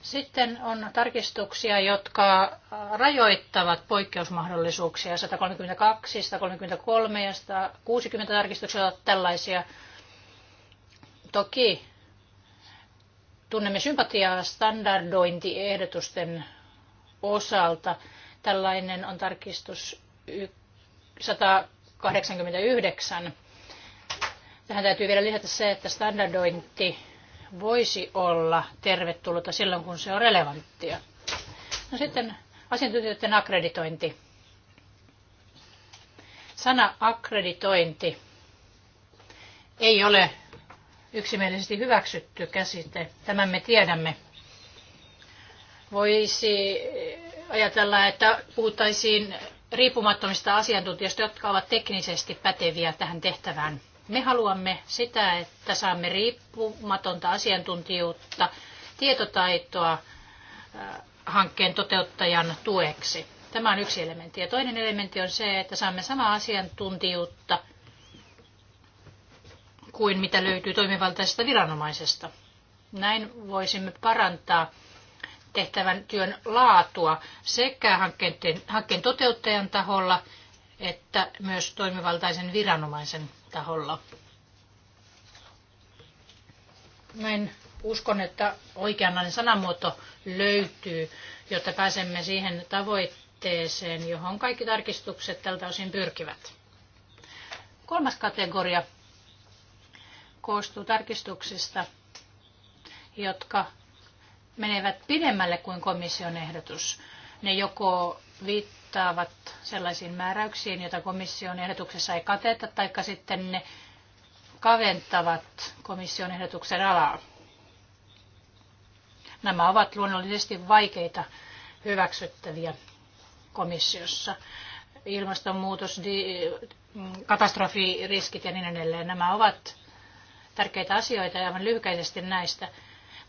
Sitten on tarkistuksia, jotka rajoittavat poikkeusmahdollisuuksia. 132, 133 ja 160 ovat tällaisia. Toki Tunnemme sympatiaa standardointiehdotusten osalta. Tällainen on tarkistus 189. Tähän täytyy vielä lisätä se, että standardointi voisi olla tervetullutta silloin, kun se on relevanttia. No sitten asiantuntijoiden akkreditointi. Sana akkreditointi ei ole yksimielisesti hyväksytty käsite. Tämän me tiedämme. Voisi ajatella, että puhuttaisiin riippumattomista asiantuntijoista, jotka ovat teknisesti päteviä tähän tehtävään. Me haluamme sitä, että saamme riippumatonta asiantuntijuutta, tietotaitoa äh, hankkeen toteuttajan tueksi. Tämä on yksi elementti. Ja toinen elementti on se, että saamme samaa asiantuntijuutta kuin mitä löytyy toimivaltaisesta viranomaisesta. Näin voisimme parantaa tehtävän työn laatua sekä hankkeen, hankkeen toteuttajan taholla että myös toimivaltaisen viranomaisen taholla. Näin uskon, että oikeanlainen sanamuoto löytyy, jotta pääsemme siihen tavoitteeseen, johon kaikki tarkistukset tältä osin pyrkivät. Kolmas kategoria koostuu tarkistuksista, jotka menevät pidemmälle kuin komission ehdotus. Ne joko viittaavat sellaisiin määräyksiin, joita komission ehdotuksessa ei kateta, tai sitten ne kaventavat komission ehdotuksen alaa. Nämä ovat luonnollisesti vaikeita hyväksyttäviä komissiossa. Ilmastonmuutos, katastrofiriskit ja niin edelleen, nämä ovat tärkeitä asioita ja aivan lyhykäisesti näistä.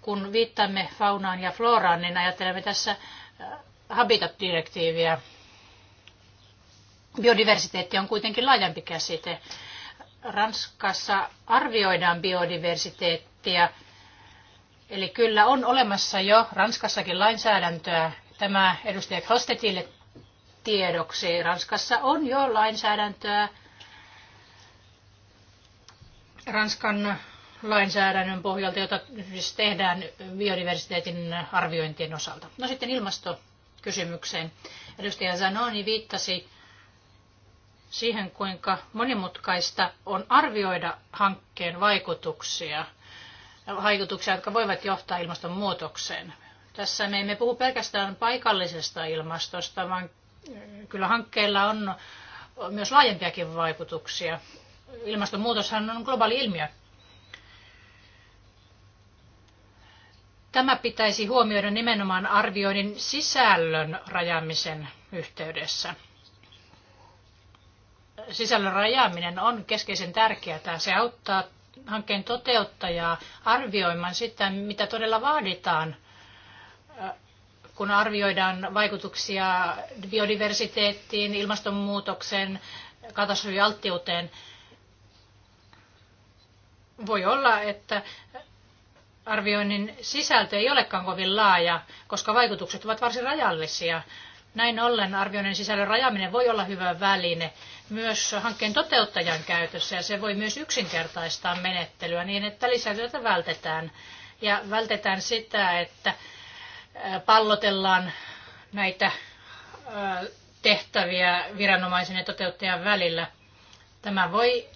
Kun viittaamme faunaan ja floraan, niin ajattelemme tässä äh, Habitat-direktiiviä. Biodiversiteetti on kuitenkin laajempi käsite. Ranskassa arvioidaan biodiversiteettiä, eli kyllä on olemassa jo Ranskassakin lainsäädäntöä. Tämä edustaja Krostetille tiedoksi. Ranskassa on jo lainsäädäntöä Ranskan lainsäädännön pohjalta, jota siis tehdään biodiversiteetin arviointien osalta. No sitten ilmastokysymykseen. Edustaja Zanoni viittasi siihen, kuinka monimutkaista on arvioida hankkeen vaikutuksia, vaikutuksia, jotka voivat johtaa ilmastonmuutokseen. Tässä me emme puhu pelkästään paikallisesta ilmastosta, vaan kyllä hankkeella on myös laajempiakin vaikutuksia Ilmastonmuutoshan on globaali ilmiö. Tämä pitäisi huomioida nimenomaan arvioinnin sisällön rajaamisen yhteydessä. Sisällön rajaaminen on keskeisen tärkeää. Se auttaa hankkeen toteuttajaa arvioimaan sitä, mitä todella vaaditaan, kun arvioidaan vaikutuksia biodiversiteettiin, ilmastonmuutokseen, katastrofialttiuteen. alttiuteen voi olla, että arvioinnin sisältö ei olekaan kovin laaja, koska vaikutukset ovat varsin rajallisia. Näin ollen arvioinnin sisällön rajaaminen voi olla hyvä väline myös hankkeen toteuttajan käytössä ja se voi myös yksinkertaistaa menettelyä niin, että lisätyötä vältetään ja vältetään sitä, että pallotellaan näitä tehtäviä viranomaisen ja toteuttajan välillä – Tämä voi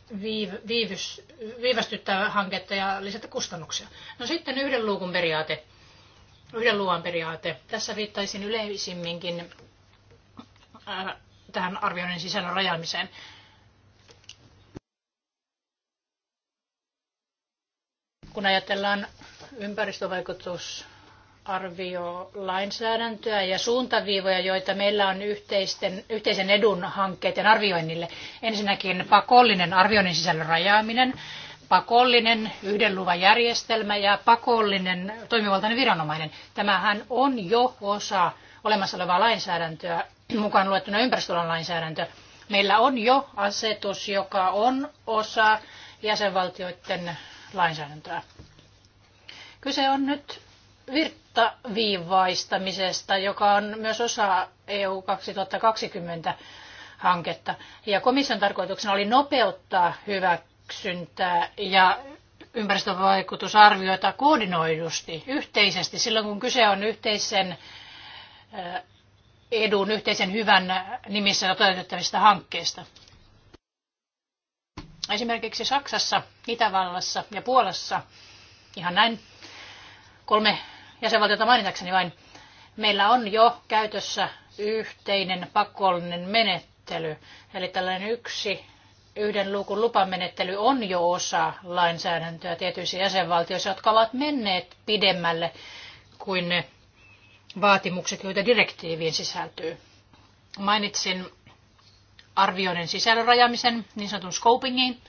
viivys, viivästyttää hanketta ja lisätä kustannuksia. No sitten yhden luukun periaate, yhden luvan periaate. Tässä viittaisin yleisimminkin äh, tähän arvioinnin sisällön rajaamiseen. Kun ajatellaan ympäristövaikutus arvio lainsäädäntöä ja suuntaviivoja, joita meillä on yhteisten, yhteisen edun hankkeiden arvioinnille. Ensinnäkin pakollinen arvioinnin sisällön rajaaminen, pakollinen yhden luvan järjestelmä ja pakollinen toimivaltainen viranomainen. Tämähän on jo osa olemassa olevaa lainsäädäntöä, mukaan luettuna ympäristöalan lainsäädäntö. Meillä on jo asetus, joka on osa jäsenvaltioiden lainsäädäntöä. Kyse on nyt virtaviivaistamisesta, joka on myös osa EU 2020 hanketta. Ja komission tarkoituksena oli nopeuttaa hyväksyntää ja ympäristövaikutusarvioita koordinoidusti, yhteisesti, silloin kun kyse on yhteisen eh, edun, yhteisen hyvän nimissä toteutettavista hankkeista. Esimerkiksi Saksassa, Itävallassa ja Puolassa ihan näin kolme jäsenvaltiota mainitakseni vain, meillä on jo käytössä yhteinen pakollinen menettely, eli tällainen yksi yhden luukun lupamenettely on jo osa lainsäädäntöä tietyissä jäsenvaltioissa, jotka ovat menneet pidemmälle kuin ne vaatimukset, joita direktiiviin sisältyy. Mainitsin arvioinnin sisällön rajaamisen, niin sanotun scopingin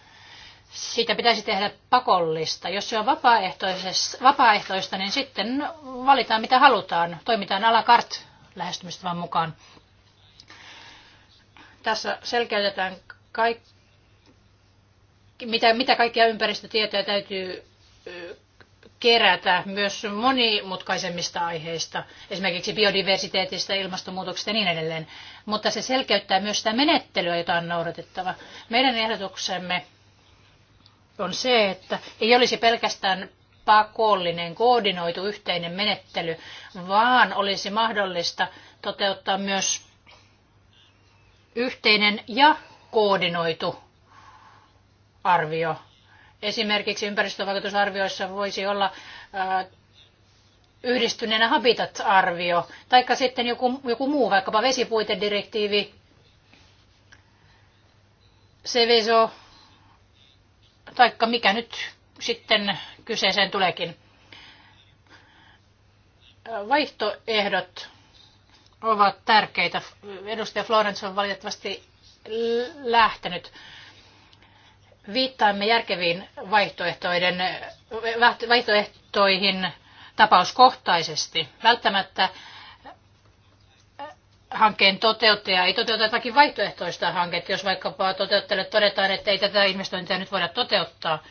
siitä pitäisi tehdä pakollista. Jos se on vapaaehtoista, niin sitten valitaan mitä halutaan. Toimitaan ala kart lähestymistavan mukaan. Tässä selkeytetään kaik- mitä, mitä kaikkia ympäristötietoja täytyy kerätä myös monimutkaisemmista aiheista, esimerkiksi biodiversiteetistä, ilmastonmuutoksesta ja niin edelleen. Mutta se selkeyttää myös sitä menettelyä, jota on noudatettava. Meidän ehdotuksemme on se, että ei olisi pelkästään pakollinen koordinoitu yhteinen menettely, vaan olisi mahdollista toteuttaa myös yhteinen ja koordinoitu arvio. Esimerkiksi ympäristövaikutusarvioissa voisi olla äh, yhdistyneenä habitat-arvio, tai sitten joku, joku muu, vaikkapa vesipuitedirektiivi, CVSO, taikka mikä nyt sitten kyseeseen tuleekin. Vaihtoehdot ovat tärkeitä. Edustaja Florence on valitettavasti lähtenyt. Viittaamme järkeviin vaihtoehtoiden, vaihtoehtoihin tapauskohtaisesti. Välttämättä hankkeen toteuttaja ei toteuta jotakin vaihtoehtoista hanketta, jos vaikkapa toteuttajalle todetaan, että ei tätä investointia nyt voida toteuttaa.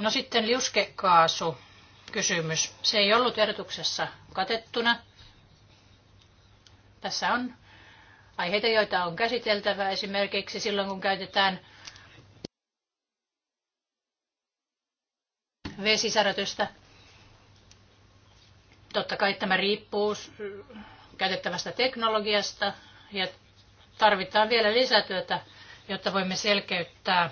No sitten liuskekaasu kysymys. Se ei ollut erotuksessa katettuna. Tässä on aiheita, joita on käsiteltävä esimerkiksi silloin, kun käytetään vesisärötystä. Totta kai tämä riippuu käytettävästä teknologiasta ja tarvitaan vielä lisätyötä, jotta voimme selkeyttää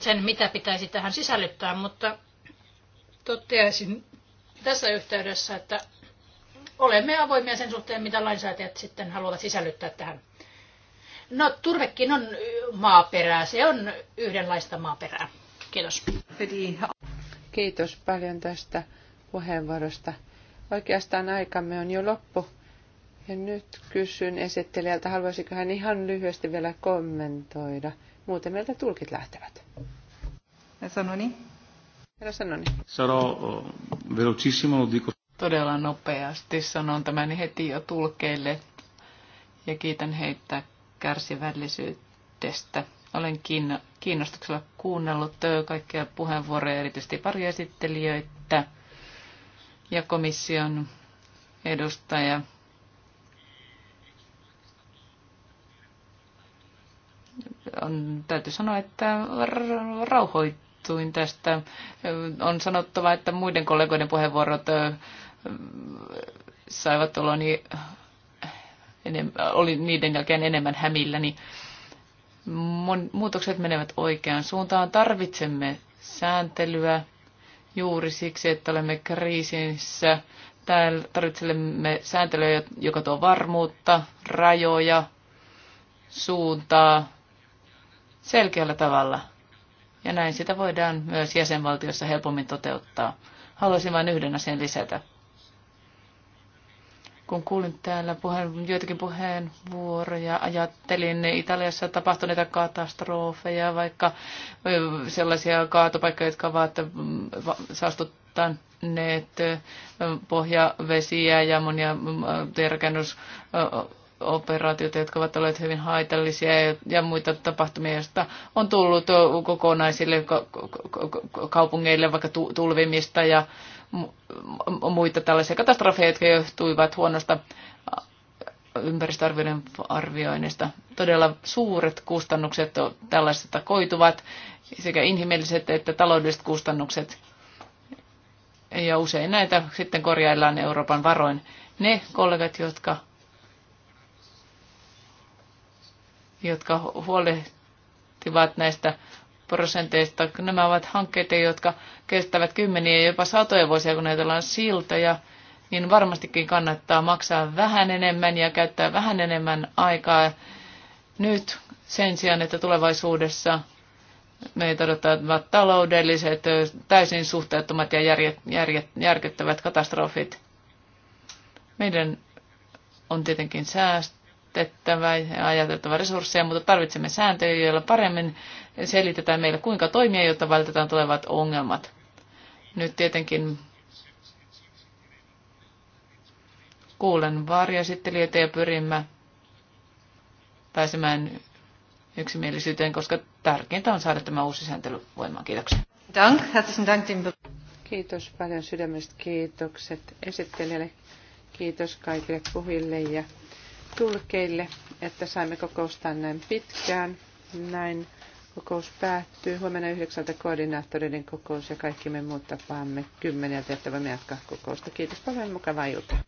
sen, mitä pitäisi tähän sisällyttää, mutta toteaisin tässä yhteydessä, että olemme avoimia sen suhteen, mitä lainsäätäjät sitten haluavat sisällyttää tähän. No, turvekin on maaperää. Se on yhdenlaista maaperää. Kiitos. Kiitos paljon tästä puheenvuorosta. Oikeastaan aikamme on jo loppu. Ja nyt kysyn esittelijältä, haluaisiko hän ihan lyhyesti vielä kommentoida. Muuten meiltä tulkit lähtevät. Sanoni. Herra Sanoni. Sano eh, velocissimo, dico. Todella nopeasti sanon tämän heti jo tulkeille ja kiitän heitä kärsivällisyydestä. Olen kiinnostuksella kuunnellut eh, kaikkia puheenvuoroja, erityisesti pari esittelijöitä ja komission edustaja on, täytyy sanoa, että rauhoittuin tästä. On sanottava, että muiden kollegoiden puheenvuorot saivat olla oli niiden jälkeen enemmän niin Muutokset menevät oikeaan suuntaan. Tarvitsemme sääntelyä, juuri siksi, että olemme kriisissä. Täällä tarvitsemme sääntelyä, joka tuo varmuutta, rajoja, suuntaa selkeällä tavalla. Ja näin sitä voidaan myös jäsenvaltiossa helpommin toteuttaa. Haluaisin vain yhden asian lisätä kun kuulin täällä puheen, joitakin puheenvuoroja, ajattelin Italiassa tapahtuneita katastrofeja, vaikka sellaisia kaatopaikkoja, jotka ovat mm, saastuttaneet pohjavesiä ja monia mm, operaatioita, jotka ovat olleet hyvin haitallisia ja muita tapahtumia, joista on tullut kokonaisille kaupungeille vaikka tulvimista ja muita tällaisia katastrofeja, jotka johtuivat huonosta ympäristöarvioiden arvioinnista. Todella suuret kustannukset tällaisesta koituvat, sekä inhimilliset että taloudelliset kustannukset. Ja usein näitä sitten korjaillaan Euroopan varoin. Ne kollegat, jotka, jotka huolehtivat näistä prosenteista. Nämä ovat hankkeita, jotka kestävät kymmeniä ja jopa satoja vuosia, kun ajatellaan siltoja, niin varmastikin kannattaa maksaa vähän enemmän ja käyttää vähän enemmän aikaa nyt sen sijaan, että tulevaisuudessa meitä odottavat taloudelliset, täysin suhteettomat ja järjet, järjet, järkyttävät katastrofit. Meidän on tietenkin sääst, käytettävä ja ajateltava resursseja, mutta tarvitsemme sääntöjä, joilla paremmin selitetään meille, kuinka toimia, jotta vältetään tulevat ongelmat. Nyt tietenkin kuulen varjoesittelijöitä ja pyrimme pääsemään yksimielisyyteen, koska tärkeintä on saada tämä uusi sääntely voimaan. Kiitoksia. Dank, dank Kiitos paljon sydämestä. Kiitokset esittelijälle. Kiitos kaikille puhille ja tulkeille, että saimme kokoustaa näin pitkään. Näin kokous päättyy. Huomenna yhdeksältä koordinaattoreiden kokous ja kaikki me muut tapaamme kymmeneltä, että voimme jatkaa kokousta. Kiitos paljon, mukavaa iltaa.